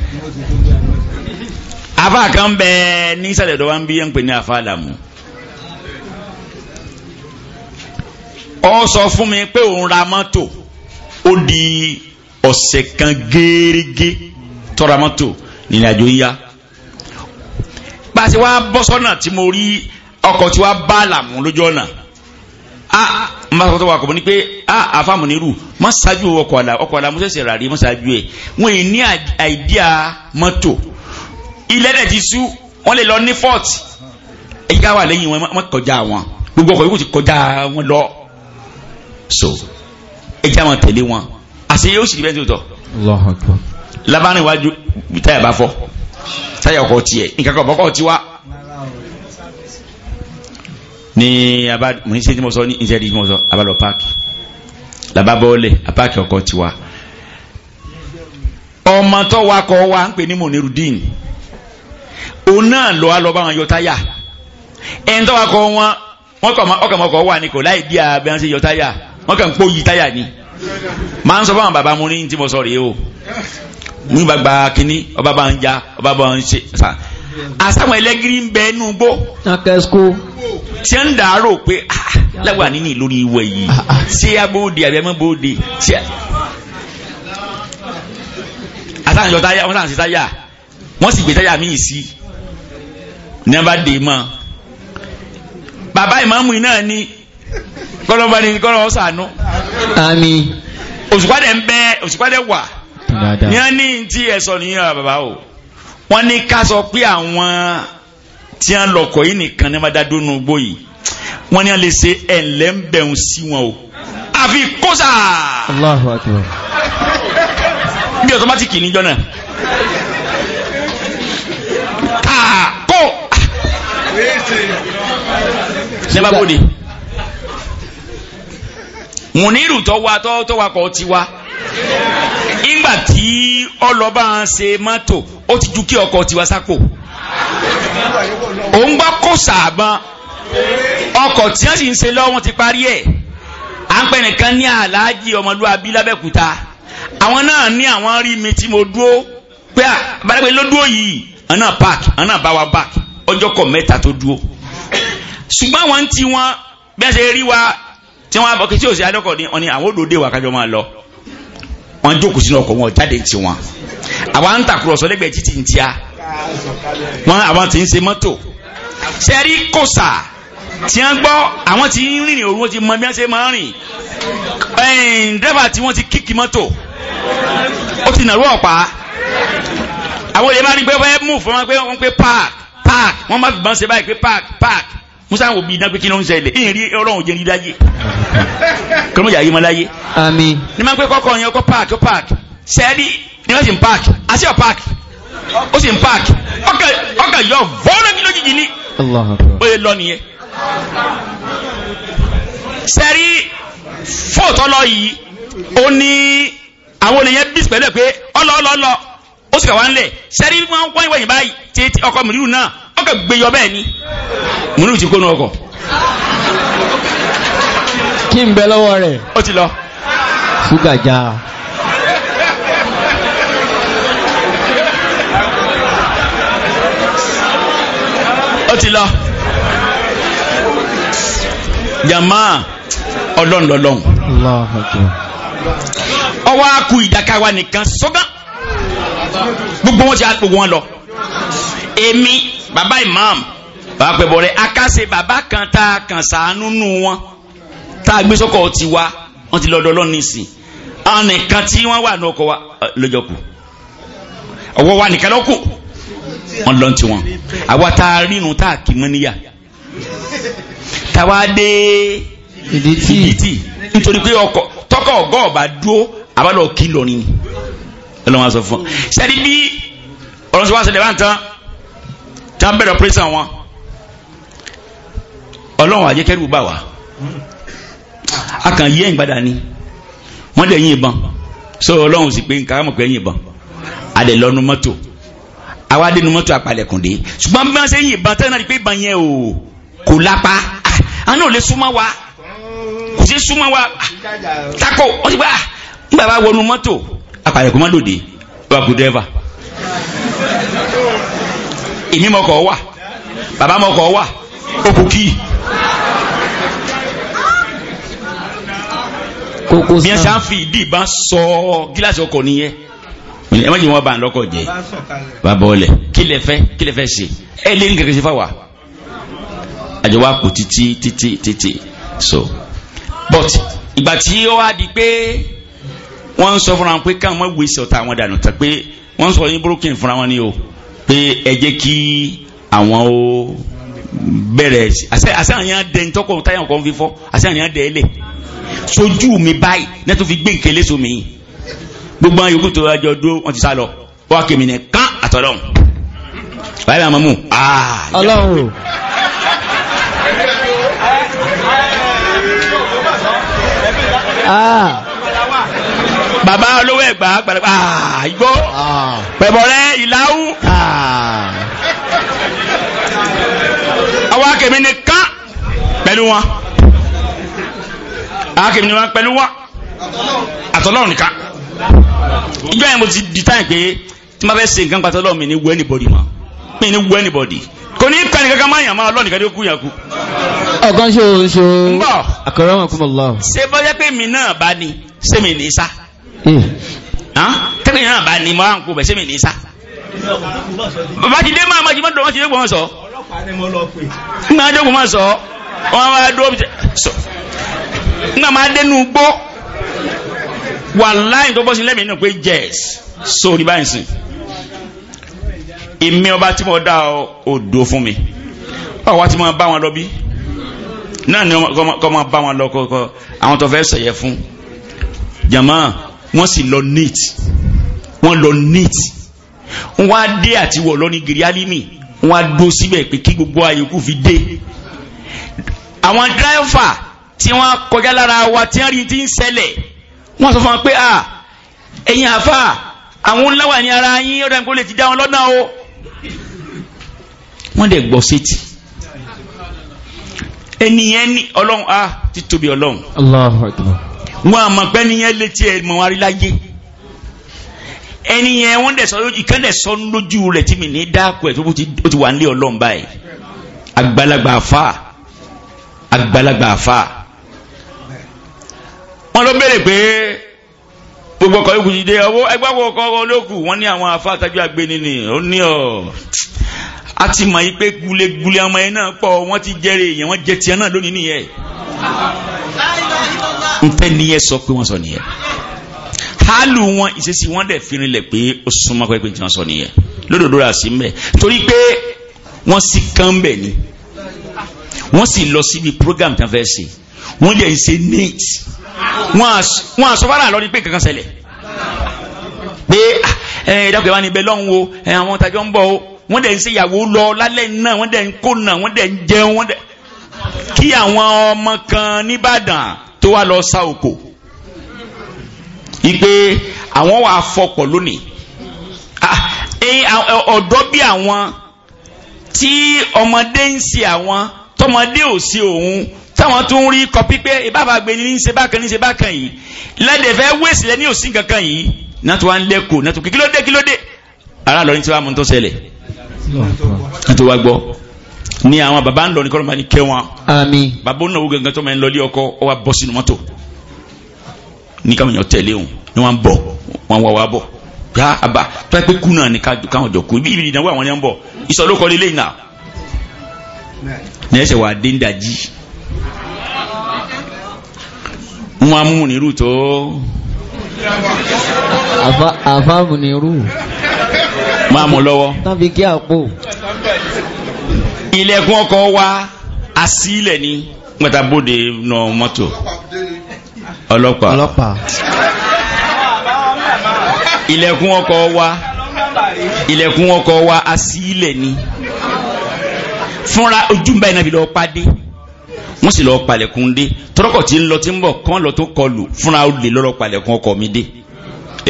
afa kan bẹ́ẹ̀ ní sàlẹ̀ dọ́wọ́ ń bí yẹn ń pè ní afa àdàmú. ọ sọ fún mi pé òun ra mọ́tò ó di ọ̀sẹ̀ kan gẹ́rẹ́gẹ́ tó mọ́tò nínú àjò yíyá pàṣẹ wa bọ́ sọ́nà tí mo rí ọkọ̀ tí wa bá làmú lójú ọ̀nà n bá sọ́kọ́tọ́ wa kọ̀ ní pé a àfàmù nírú má ṣáájú ọkọ̀ àlà ọkọ̀ àlà mọ́sẹ̀sẹ̀ rà rí má ṣáájú ẹ̀ wọ́n yìí ní àìdíà mọ́tò ilẹ̀ dẹ̀ ti sú wọ́n lè lọ ní fort ẹ̀yà wà lẹ́yìn wọn má kọjá wọn gbogbo ọkọ̀ yìí kò ti kọjá wọn lọ so ẹ̀já wọn tẹ̀lé wọn àṣẹ yóò sì bẹ́ẹ̀ tó tọ̀ labarin wájú táyà bá fọ́ táyà ọkọ̀ tiẹ̀ nǹkan kan ọ̀bọ̀kọ̀ tiwa ní abá mo ní ṣe tí mo sọ ní ìṣẹ́dí tí mo sọ abalọ páàkì làbá bọ́ọ̀lẹ̀ apáàkì ọkọ̀ tiwa ọmọ tó wakọ̀ wa ń pè ní monirudin òun náà lọ á lọ bá wọn yọ táyà ẹni tó wakọ̀ wọn wọn kọ̀ ọkọ̀ ọkọ̀ wà ní kò láì bí abẹ́ wọn ṣe yọ táyà wọn kàn ń pò yí táyà ni máa ń sọ fáwọn bàbá mo ní tí mo sọ rèé o mo ní kínní ọba bá ń ja ọba bá ń ṣe sàn àsáwọn ẹlẹ́gìrì ń bẹ ẹnu gbó tí ń dàárò pé ah, ah, lágbà nínú lórí ìwẹ̀ yìí ah, ṣé abóde àbí ẹmọ bóde ṣé àsáwọn ìjọ táyà wọn sàn sí táyà wọn sì gbé táyà míì sí ní dé mọ bàbá ìmáàmù náà ni kọlọmọ ni kọlọmọ sànú. àmín. òṣùpá dẹ̀ ń bẹ òṣùpá dẹ̀ wà ní wọn ní ti ẹ̀sọ́ nìyẹn bàbá o wọ́n ní ká sọ pé àwọn tí wọ́n lọ́kọ̀ yìí nìkan ní wọ́n dá dónú gbó yìí wọ́n ní wọ́n lè ṣe ẹ̀lẹ́ ń bẹ̀rù sí wọn o àfi kóṣà. Allahu Akbar. bí ọ̀tọ́mátìkì níjọ́ náà. kàkó. sẹ́bàbòde. mùnírù tó wa tó wa kọ́ ti wa tí ọlọ́ba ń ṣe mọ́tò ó ti ju kí ọkọ̀ tiwa sápò òun gbọ́ kó sàbọn ọkọ̀ tí wọ́n sì ń ṣe lọ́wọ́ ti parí ẹ̀ à ń pẹ́ nìkan ní àlàájì ọmọlúwàbí lábẹ́kúta àwọn náà ní àwọn rí mi tí mo dúró pé àbálẹ́pẹ́ ló dúró yìí àná park àná báwa park ọjọ́ kọ̀ mẹ́ta tó dúró ṣùgbọ́n àwọn ń ti wọn bẹ́ẹ̀ ṣe rí wa tí wọ́n bọ̀ kí tí ò wọ́n jókòó sínú ọkọ̀ wọn jáde ti wọn àwa ń tàkùrọ̀sọ lẹ́gbẹ̀ẹ́ títí ń tíya wọ́n àwọn ti ń ṣe mọ́tò sẹ́rí kòsà tí wọ́n gbọ́ àwọn ti ń rìnrìn òru wọ́n ti mọ bí wọ́n ṣe máa ń rìn dẹ́bà tí wọ́n ti kíkì mọ́tò ó ti nàró ọ̀pá àwọn èèyàn máa ń gbé fẹ́ mú fún wọn pé wọ́n pé park park wọ́n máa fi bọ́n ṣe báyìí pé park park musa wo bi dagbe kini o n ṣẹlẹ̀ eyin ri Ọlọ́run o jẹ ri láyé kọlọmọ yà yéma láyé. àmín. ní ma gbé kọkọ yẹn kọ paaki paaki park. ní wọn sì ń paaki àti ọ paaki ó sì ń paaki ọkà ọkà yọ vọ́ọ̀rọ̀ mi lójijì ni ó yẹ lọ nìyẹn. sẹẹri fóòtọ́ lọ yìí ó àwọn olèyẹn bísí pẹ̀lú pé ọlọ́ọ̀lọ́ọ̀lọ́ ó sì kà wá ń lẹ̀ sẹẹri wọn wọ́n ìwọ̀nyí báyìí tí ọkọ mìíràn náà ọkọ̀ gbéyọ bẹ́ẹ̀ ni múnú ti kónú ọkọ̀ kí n bẹ lọ́wọ́ rẹ̀ ó ti lọ ṣúgàjá ó ti lọ jàmá ọlọ́nlọ́lọ́n ọwọ́ akú ìdákáwà nìkan sọ́gán gbogbo wọn ti á gbogbo wọn lọ èmi Baba imam bàbá pẹ̀bọ̀ rẹ̀ akásẹ̀ bàbá kan tá a kàn sàánú nù wọn tá a gbé sọ́kọ̀ ti wá wọ́n ti lọ́dọ̀ lọ́ọ́ nísìn àwọn nìkan tí wọ́n wà ní wa ah, lọ́jọ́ kù ọwọ́ wa nìkan lọ́kù wọ́n lọ́n ti wọn àwa tá a rírun tá a kì mọ́ níyà táwa dé ìdítì nítorí pé ọkọ̀ tọkọ̀ ọgọ́ ọba dúró àbálọ̀ kí lọ́rin ni ọlọ́wọ́n sọ fún ọ sẹ́ni bí ọlọ́sọ lẹ́wọ̀n tán tá ń bẹ̀rẹ̀ pírẹ́sà wọn ọlọ́run àjẹkẹ́rù bà wá a kàn yí ẹ̀yìn gbadà ni wọ́n dẹ̀ yín ìbọn so ọlọ́run sì pé nǹkan àmọ̀ pé ẹ̀yìn ìbọn adẹ̀ lọ́nu mọ́tò àwa dẹnu mọ́tò àpalẹ̀kùndé ṣùgbọ́n bí wọ́n ṣe yìn ìbọn tẹ́lẹ̀ náà pé ìbọn yẹn o kò lápá àná ò lè súnmọ́ wa kò sí súnmọ́ wa tako ọ̀sibá ń bàbá wọnú mọ́tò àpalẹ̀kùn mọ́tò dé wà kú dẹ́fà èmi mọ̀kọ̀ wà bàbá mọ̀kọ̀ wà òkùnkì. kókó sáà bí ẹ ṣáà fi ìdí ìbọn sọ gíláàsì ọkọ̀ nìyẹn ẹ má jẹ wọn bá ń lọkọ jẹ bàbá ọlẹ kí lẹ fẹ́ kí ṣe ẹ lé ní kẹkẹ ṣe fáwa àjọ wa kù títí títí títí so but ìgbà tí ó wá di pé wọ́n ń sọ fúnra wọn pé káwọn má gbèsè ọ̀tá àwọn dànù tà pé wọ́n ń sọ ní burúkín fúnra wọn ni o pé ẹ jẹ́ kí àwọn ó bẹ̀rẹ̀ àṣàyàn dẹ ntọ́kọ̀ táyà kan fífọ́ àṣàyàn dẹ ẹlẹ̀ sojú mi báyìí náà tó fi gbé nkele so mi gbogbo àwọn yòókù tó wájọ dúró wọn ti sá lọ wọn á kémi kán àtọ̀dọ̀ báyìí àmọ́ mú ọlọ́run ah Baba olówó ẹ̀gbá gbàdàgbà igbó ah, pẹ̀bọ̀rẹ́ ah. ìlàwú. Ah. àwọn akẹ́mi ni ká pẹ̀lú wọn akẹ́mi ni wọn pẹ̀lú wọn àtọ́lọ́run nìkan ìjọ yẹn mo ti di táyì pé tí ma fẹ́ ṣe nǹkan pàtó lọ́wọ́ mi ní wẹ́ẹ́nì bọ́dì mọ́ mi ní wẹ́ẹ́nì bọ́dì kò ní pẹ́ẹ́nì kankan máa yàn máa lọ́ọ̀nì kan tó kú yàn kú. ọ̀kan ṣe ṣe o. n bọ̀ àkọ́rọ́ wọn kú mọ̀ lọ. ṣé bọ́jẹ́ pé mi náà bá ní ṣé ní sá. Hmm. tẹ́lẹ̀ náà bá ní mọ́ àǹkó bẹ̀ sẹ́mi ní sá bàbá ti dé máa ma jí mọ́ dọ̀ wọ́n ti dé gbọ́n sọ nígbà tó gbọ́n sọ wọ́n wá dúró bí sọ nígbà máa dénú gbó wà láì tó bọ́ sí lẹ́mìí náà pé yes sórí báyìí sí èmi ọba tí mo dá odò fún mi ọwọ́ tí mo bá wọn lọ bí náà ni kọ́ máa bá wọn lọ kọ́kọ́ àwọn tó fẹ́ sọ̀yẹ fún jama wọ́n sì lọ neat wọ́n lọ neat wọ́n á dé àti wọ̀ lọ ní gíríálímì wọ́n á dó síbẹ̀ pé kí gbogbo àyòkù fi dé àwọn dráìfà tí wọ́n kọjá lára wa tí wọ́n rí ti ń ṣẹlẹ̀ wọ́n sọ fún wa pé à ẹ̀yin àfà àwọn ńláwà ní ara yín ọ̀dà nǹkan lè ti dá wọn lọ́nà o wọ́n dẹ̀ gbọ́ sétí ẹnìyẹn ní ọlọ́run a ti tóbi ọlọ́run. Allahu Akbar wọn àmọ́ pẹ́ nìyẹn létí ẹ̀ mọ̀ wọn rí láyé ẹni yẹn wọ́n dẹ̀ sọ ìkànnì sọ lójú rẹ̀ tí mi ní dáàkú ẹ̀ tó o ti wà nílé ọlọ́run báyìí àgbàlagbà afa àgbàlagbà afa wọn ló béèrè pé gbogbo ọkọ̀ yóò kù jíde ọwọ́ ẹgbẹ́ àwọn ọkọ̀ olóòkù wọ́n ní àwọn afa àtàjọ àgbẹ̀ni ni ó ní ọ̀ a ti mọ̀ yìí pé gulegule ọmọ yẹn náà pọ̀ wọ́n ti jẹ́rè èèyàn wọ́n jẹ́ tiẹ̀ náà lónìí nìyẹn ntẹ́ ní ẹ sọ pé wọ́n sọ nìyẹn hálù wọn ìṣesí wọn dẹ̀ fi rinlẹ̀ pé ó súnmọ́ pé tí wọ́n sọ nìyẹn lódòdó rà sí mbẹ̀ torí pé wọ́n sì kán mbẹ̀ ni wọ́n sì lọ síbi program tí wọ́n fẹ́ ṣe wọ́n dẹ̀ ń ṣe neat wọ́n àsọfárà lọ ní pé kankan ṣẹlẹ̀ pé ah, ẹ̀ẹ́dàgbẹ́ wa ni bẹ́ẹ̀ lọ́hùn o àwọn tajọ́ ń bọ̀ o wọ́n dẹ̀ ń ṣe ìyàwó lọ lálẹ́ náà wọ́n dẹ̀ ń kó náà wọ́n dẹ̀ ń jẹun wọ́n dẹ̀ kí àwọn ọmọ kan nìbàdàn tó wá lọ sá oko ipe àwọn wà fọpọ̀ lónìí ah, eh, ọ̀dọ́ bí àwọn tí ọmọdé ń ṣe àwọn tọmọdé ò sí òun táwọn tó ń rí kọ pípé ìbáfà gbé ní ṣe bákan ní ṣe bákan yìí lẹ́dẹ̀ fẹ́ wéṣì lẹ́ ní kankan yìí náà tó wá ń lẹ́kọ̀ọ́ náà tó kí kílódé kílódé ara lọ ní tí wàá mú tó ṣẹlẹ̀ nítorí wá gbọ́ ni àwọn baba ń lọ ní kọ́lọ́ máa ní kẹ́ wọn. àmín. bàbá onáwó gangan tó máa ń lọ ilé ọkọ ọ wa bọ́ sínú mọ́tò ní káwọn èèyàn tẹ̀lé òun ni wọ́n bọ̀ wọ́n wá wá bọ̀ yá àbá tó yẹ pé kú náà ni káwọn jọ kú ibi ìdánwò àwọn yẹn ń bọ̀ ìsọlókọ lé lẹ́yìn náà ní ẹsẹ̀ wà dé ń dajì wọ́n á mú nírú tó. àfa àfa mú nírú. máa mú lọ́wọ́. tán àpò ilẹ̀kùn ọkọ̀ wa asílẹ̀ ni pátábóde nà mọ́tò ọlọ́pàá ilẹ̀kùn ọkọ̀ wa ilẹ̀kùn ọkọ̀ wa asílẹ̀ ni fúnra ojú báyìí náà fi lọ pàdé wọ́n sì lọ palẹ̀kùn dé tọ́rọ́kọ̀ tí ń lọ tí ń bọ̀ kán lọ tó kọlù fúnra ó lè lọ́rọ̀ palẹ̀kùn ọkọ̀ mi dé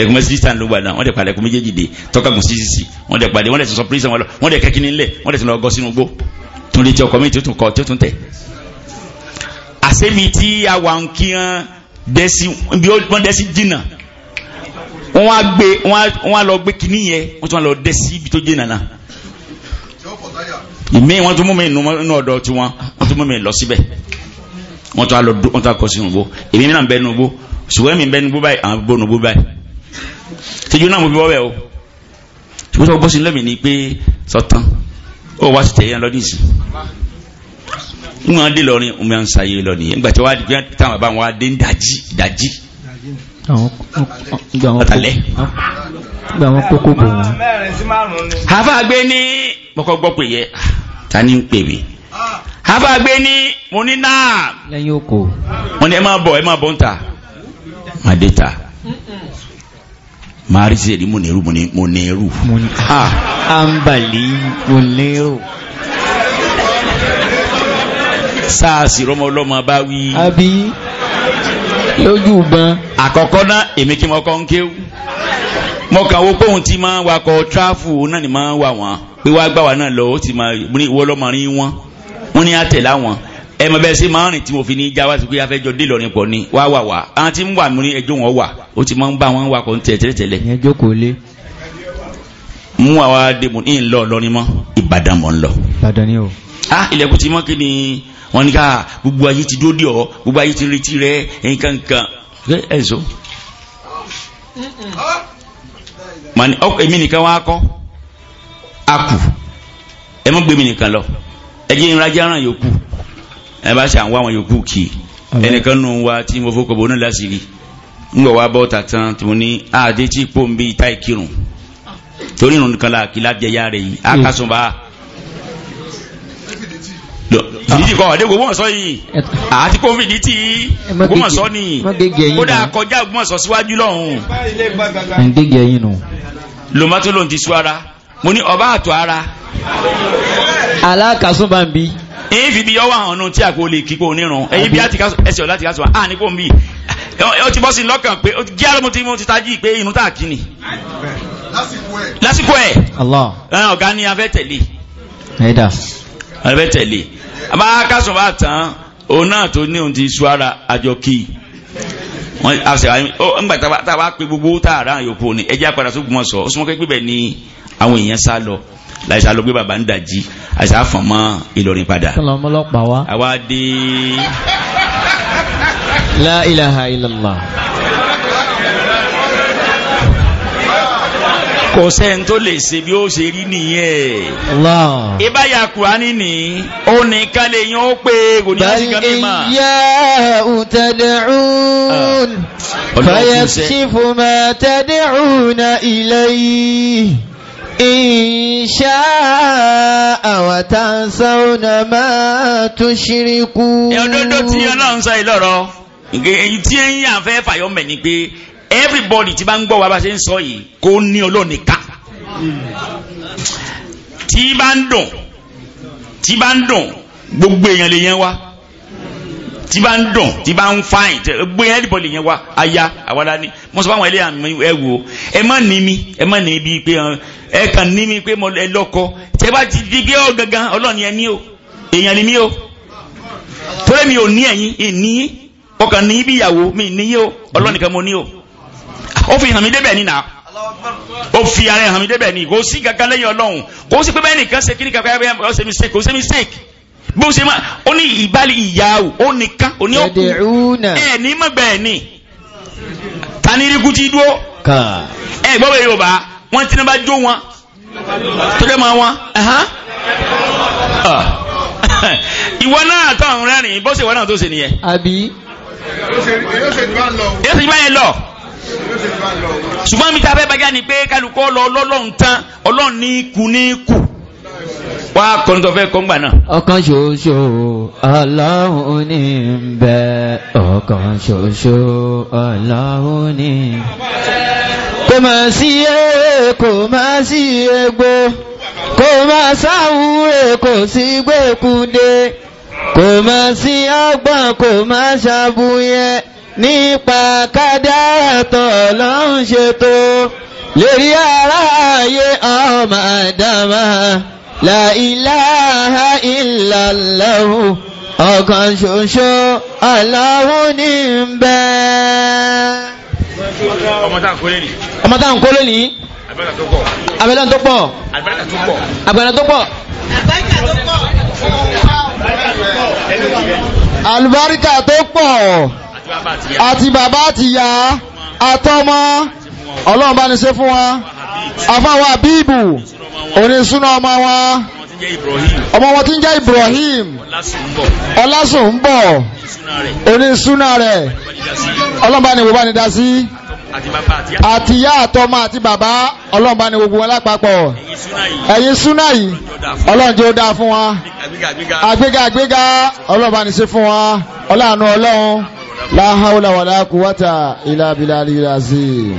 ẹ̀gbọ́n mẹ́sì sísan ló gbàdán wọ́n dẹ̀ palẹ̀ kó méjèèjì dé tọ́kàgùn sí sísì wọ́n dẹ̀ pàdé wọ́n dẹ̀ sọ̀sọ̀ prison wọn lọ wọ́n dẹ̀ kẹ́kíní ńlẹ̀ wọ́n dẹ̀ sọ̀rọ̀ ọgọ́ sínú gbó tún lè tí ọkọ̀ mi tó tún kọ tó tún tẹ̀. àsẹ́mi tí a wà ń kí wọn dẹ́sí bí wọ́n dẹ́sí jìnnà wọ́n á gbé wọ́n á lọ gbé kíní yẹn wọ́n tún lọ dẹ́sí ibi tó jìnnà náà. ìmí wọn tún mú mi nù ọ̀dọ̀ tiwọn tún mú lọ kọ sínú gbó èmi náà bẹ́ẹ̀ nù gbó ṣùgbọ́n mi bẹ́ẹ̀ nù gbó báyìí àwọn bó nù gbó báyìí tẹjú náà mo fi bọ́ bẹ́ẹ̀ o ṣùgbọ́n tó bọ́sí lẹ́mìí ni pé sọ̀tàn ó wá sí tẹ̀yẹ́ lọ́dún ìsìn n ma de lọrin n bẹ n sa ye lọrin ye n gbàtí wa di táwọn bá wa den daji daji. atalẹ. gba wọn kókó bò wọn. hafa gbé ní mọkọ gbọ pé yẹ ta ni n pè mí hafa gbé ní mo ní náà. lẹ́yìn oko. mo ní ẹ máa bọ̀ ẹ máa bọ̀ n ta máa dé ta máa rí sí èdè múnirú múnirú. àǹbàlì múnirú. sáàsì rọmọ ọlọ́mọ bá wí. àbí lójú ban. àkọ́kọ́ náà èmi kí mo kọ́ ń kéwú mo kàn wo pé òun ti máa wakọ̀ tráfù náà ni máa wà wọ́n pé wá gbà wá náà lọ ó ti máa wọ́n lọ́mọ rí wọ́n wọ́n ní àtẹ̀lá wọn ẹ mọ bẹ́ẹ̀ sí máa rìn tí mo fi ní já wá sí pé afẹ́jọ́ dé lọ́rin pọ̀ ni wá wà wá àwọn tí ń wà mí ẹjọ́ wọn wà ó ti máa ń bá wọn wà kọ́ tẹ̀lẹ́tẹ̀lẹ́. ìyẹn jókòó lé. mú àwa dèbò ní ìlọ lọrin mọ Ìbàdàn mọ ń lọ. Ìbàdàn ni o. a ilẹ̀kùn tí mọ́ kí ni wọ́n ní ká gbogbo ayé ti dóde ọ gbogbo ayé ti retí rẹ nǹkan kan ẹ ẹ so. mani ọ èmi nìkan wá kọ́ a kù ẹ mọ́ gbé mi nìkan lọ ẹ jẹ́ ìrajà ràn yòókù ẹ bá ṣe àwọn àwọn yòókù kì í ẹnìkan nù wa tí mo fọkọ̀ bọ́ náà láṣìírí ńgbọ̀ wa bọ́ tàtàn tí mo ní àdé tí pò ń bí ìta ìkírun torí ìrùn nìkan láàkí lábẹ́yà rẹ̀ yìí akásùn hmm. bá fìdí kọ́ ọ̀dẹ́ Ògbómọ̀ṣọ́ yìí àti kó fìdí tí Ògbómọ̀ṣọ́ ni kódà kọjá Ògbómọ̀ṣọ́ síwájú lọ́hùn. lomátólóhùn ti sú ara mo ní ọba àtọ̀ ara. alákàsùn bá ń bí èyí fi bí ọwọ́ àwọn ọ̀nà tí a kò lè kíkó onírun èyí bí ẹsẹ̀ ọ̀la ti ká sọ à ní kò ń bì ó ti bọ́ sí lọ́kàn pé ó ti jẹ́ àlọ́mọ tí mo ti tají pé inú tá a kí ni. lásìkò ẹ̀ ọ̀gá ni a fẹ́ tẹ̀lé. a fẹ́ tẹ̀lé àbá kásùn bá tán òun náà tó ní òun ti sú ara àjọ kì wọ́n a sẹ ọ ńgbà tá a bá pe gbogbo tá yòókù ni ẹjẹ apàdásógun wọn sọ ó súnmọ́ kẹ́kẹ́ bẹ́ẹ̀ ni àwọn èèyàn sá lọ láìsá ló gbé bàbá ń dàjí àìsá fọ̀n mọ́ Ìlọrin padà. ọlọmọlọpàá wa. àwa dé. la ilaha illallah. kò sẹ́ni tó lè ṣe bí ó ṣe rí nìyẹn. ìbáyà kùránì ni ó ní kálẹ̀ yín ó pé kò ní láti kan mímọ́. bẹ́ẹ̀ ìyá òtẹ̀dẹ̀rún fàyẹ̀sífù máa tẹ̀dẹ̀rún náà ilẹ̀ yìí. إن شاء وتنسون ما تشركون òdodo tí Ọlọ́run sọ yìí lọ́rọ̀ èyí tí ẹ̀yin àfẹ́ fàyọ́ mẹ́ ni pé everybody tí bá ń gbọ́ wa bá ṣe ń sọ yìí kó ní Ọlọ́run nìkan tí bá ń dùn tí bá ń dùn gbogbo èèyàn lè yẹn wá tí bá ń dùn tí bá ń fáìn gbé ẹ́dìbọ̀lì yẹn wá aya àwàdà ni mo sọ fáwọn ẹlẹ́yà ẹ wò ẹ má ní mi ẹ má ní mi pé ẹ kàn ní mi pé ẹ lọ́kọ tẹ bá ti di gé ọ gangan ọlọ́ọ̀ni ẹ ní o èèyàn ni mí o torí mi ò ní ẹ̀yìn ìní ọkàn ní bí ìyàwó mi ní yé o ọlọ́ọ̀ni kan mo ní o ó fi hàn mí débẹ̀ nínà ó fi ara hàn mí débẹ̀ ní kò sí kankan lẹ́yìn ọlọ́run kò sí pé bẹ́ẹ̀ nìkan ṣe kí bó ṣe máa ó ní ìbálẹ̀ ìyàwó ó nìkan ó ní òkú ẹ̀ ní mọ̀gbẹ́ ẹ̀ ní tanirikú ti dúró ẹ̀ gbọ́ bẹ́ẹ̀ yorùbá wọ́n ti ní bá jó wọn tọ́jọ́ máa wọn ah. ìwọ náà tó àwọn rẹ́rìn bó ṣe ìwọ náà tó ṣe nìyẹn. àbí. yóò ṣe jù bá ń lọ. yóò ṣe jù bá ń lọ ṣùgbọ́n mi ta fẹ́ bàjá ni pé kálukọ́ lọ lọ́lọ́run tán ọlọ́run ní kú ní kù wá kọrin tó fẹ́ kọ́ngbà náà. ọ̀kan ṣoṣo Ọlọ́hun ní ń bẹ ọ̀kan ṣoṣo Ọlọ́hun ní. kò mà sí èrè kò mà sí egbò kò mà sáwúre kò sí gbẹ̀kúndé kò mà sí ọgbọ́n kò mà ṣàbùyẹ nípa kádàrá t'Ọlọ́hun ṣètò lérí ara ayé ọmọ àdámà. La ilaha illallahu ọ̀kan ṣoṣo Allahu ní ń bẹ. Ọmọ ń kólé ní. ní. Àgbàlá tó pọ̀. Àgbàlá tó pọ̀. Àgbàlá tó pọ̀. Àgbàlá tó pọ̀. Àti bàbá àti ìyá. Àtọmọ. Ọlọ́run bá ní ṣe fún wa. àfáwà Abibu, onísúná ọmọ wọn ọmọ wọn tí ń jẹ́ Ibrahim ọlásùn ń bọ̀ onísúná rẹ̀ ọlọ́mbà ni wọ́n bá ní dá sí àti ìyá àtọmọ àti bàbá ọlọ́run bá ní gbogbo wọn lápapọ̀ ẹ̀yin súnà yìí ọlọ́run ó dáa fún wa àgbéga àgbéga ọlọ́run ṣe fún wa ọlọ́run ọlọ́run la hawla wala quwwata illa billahil azim.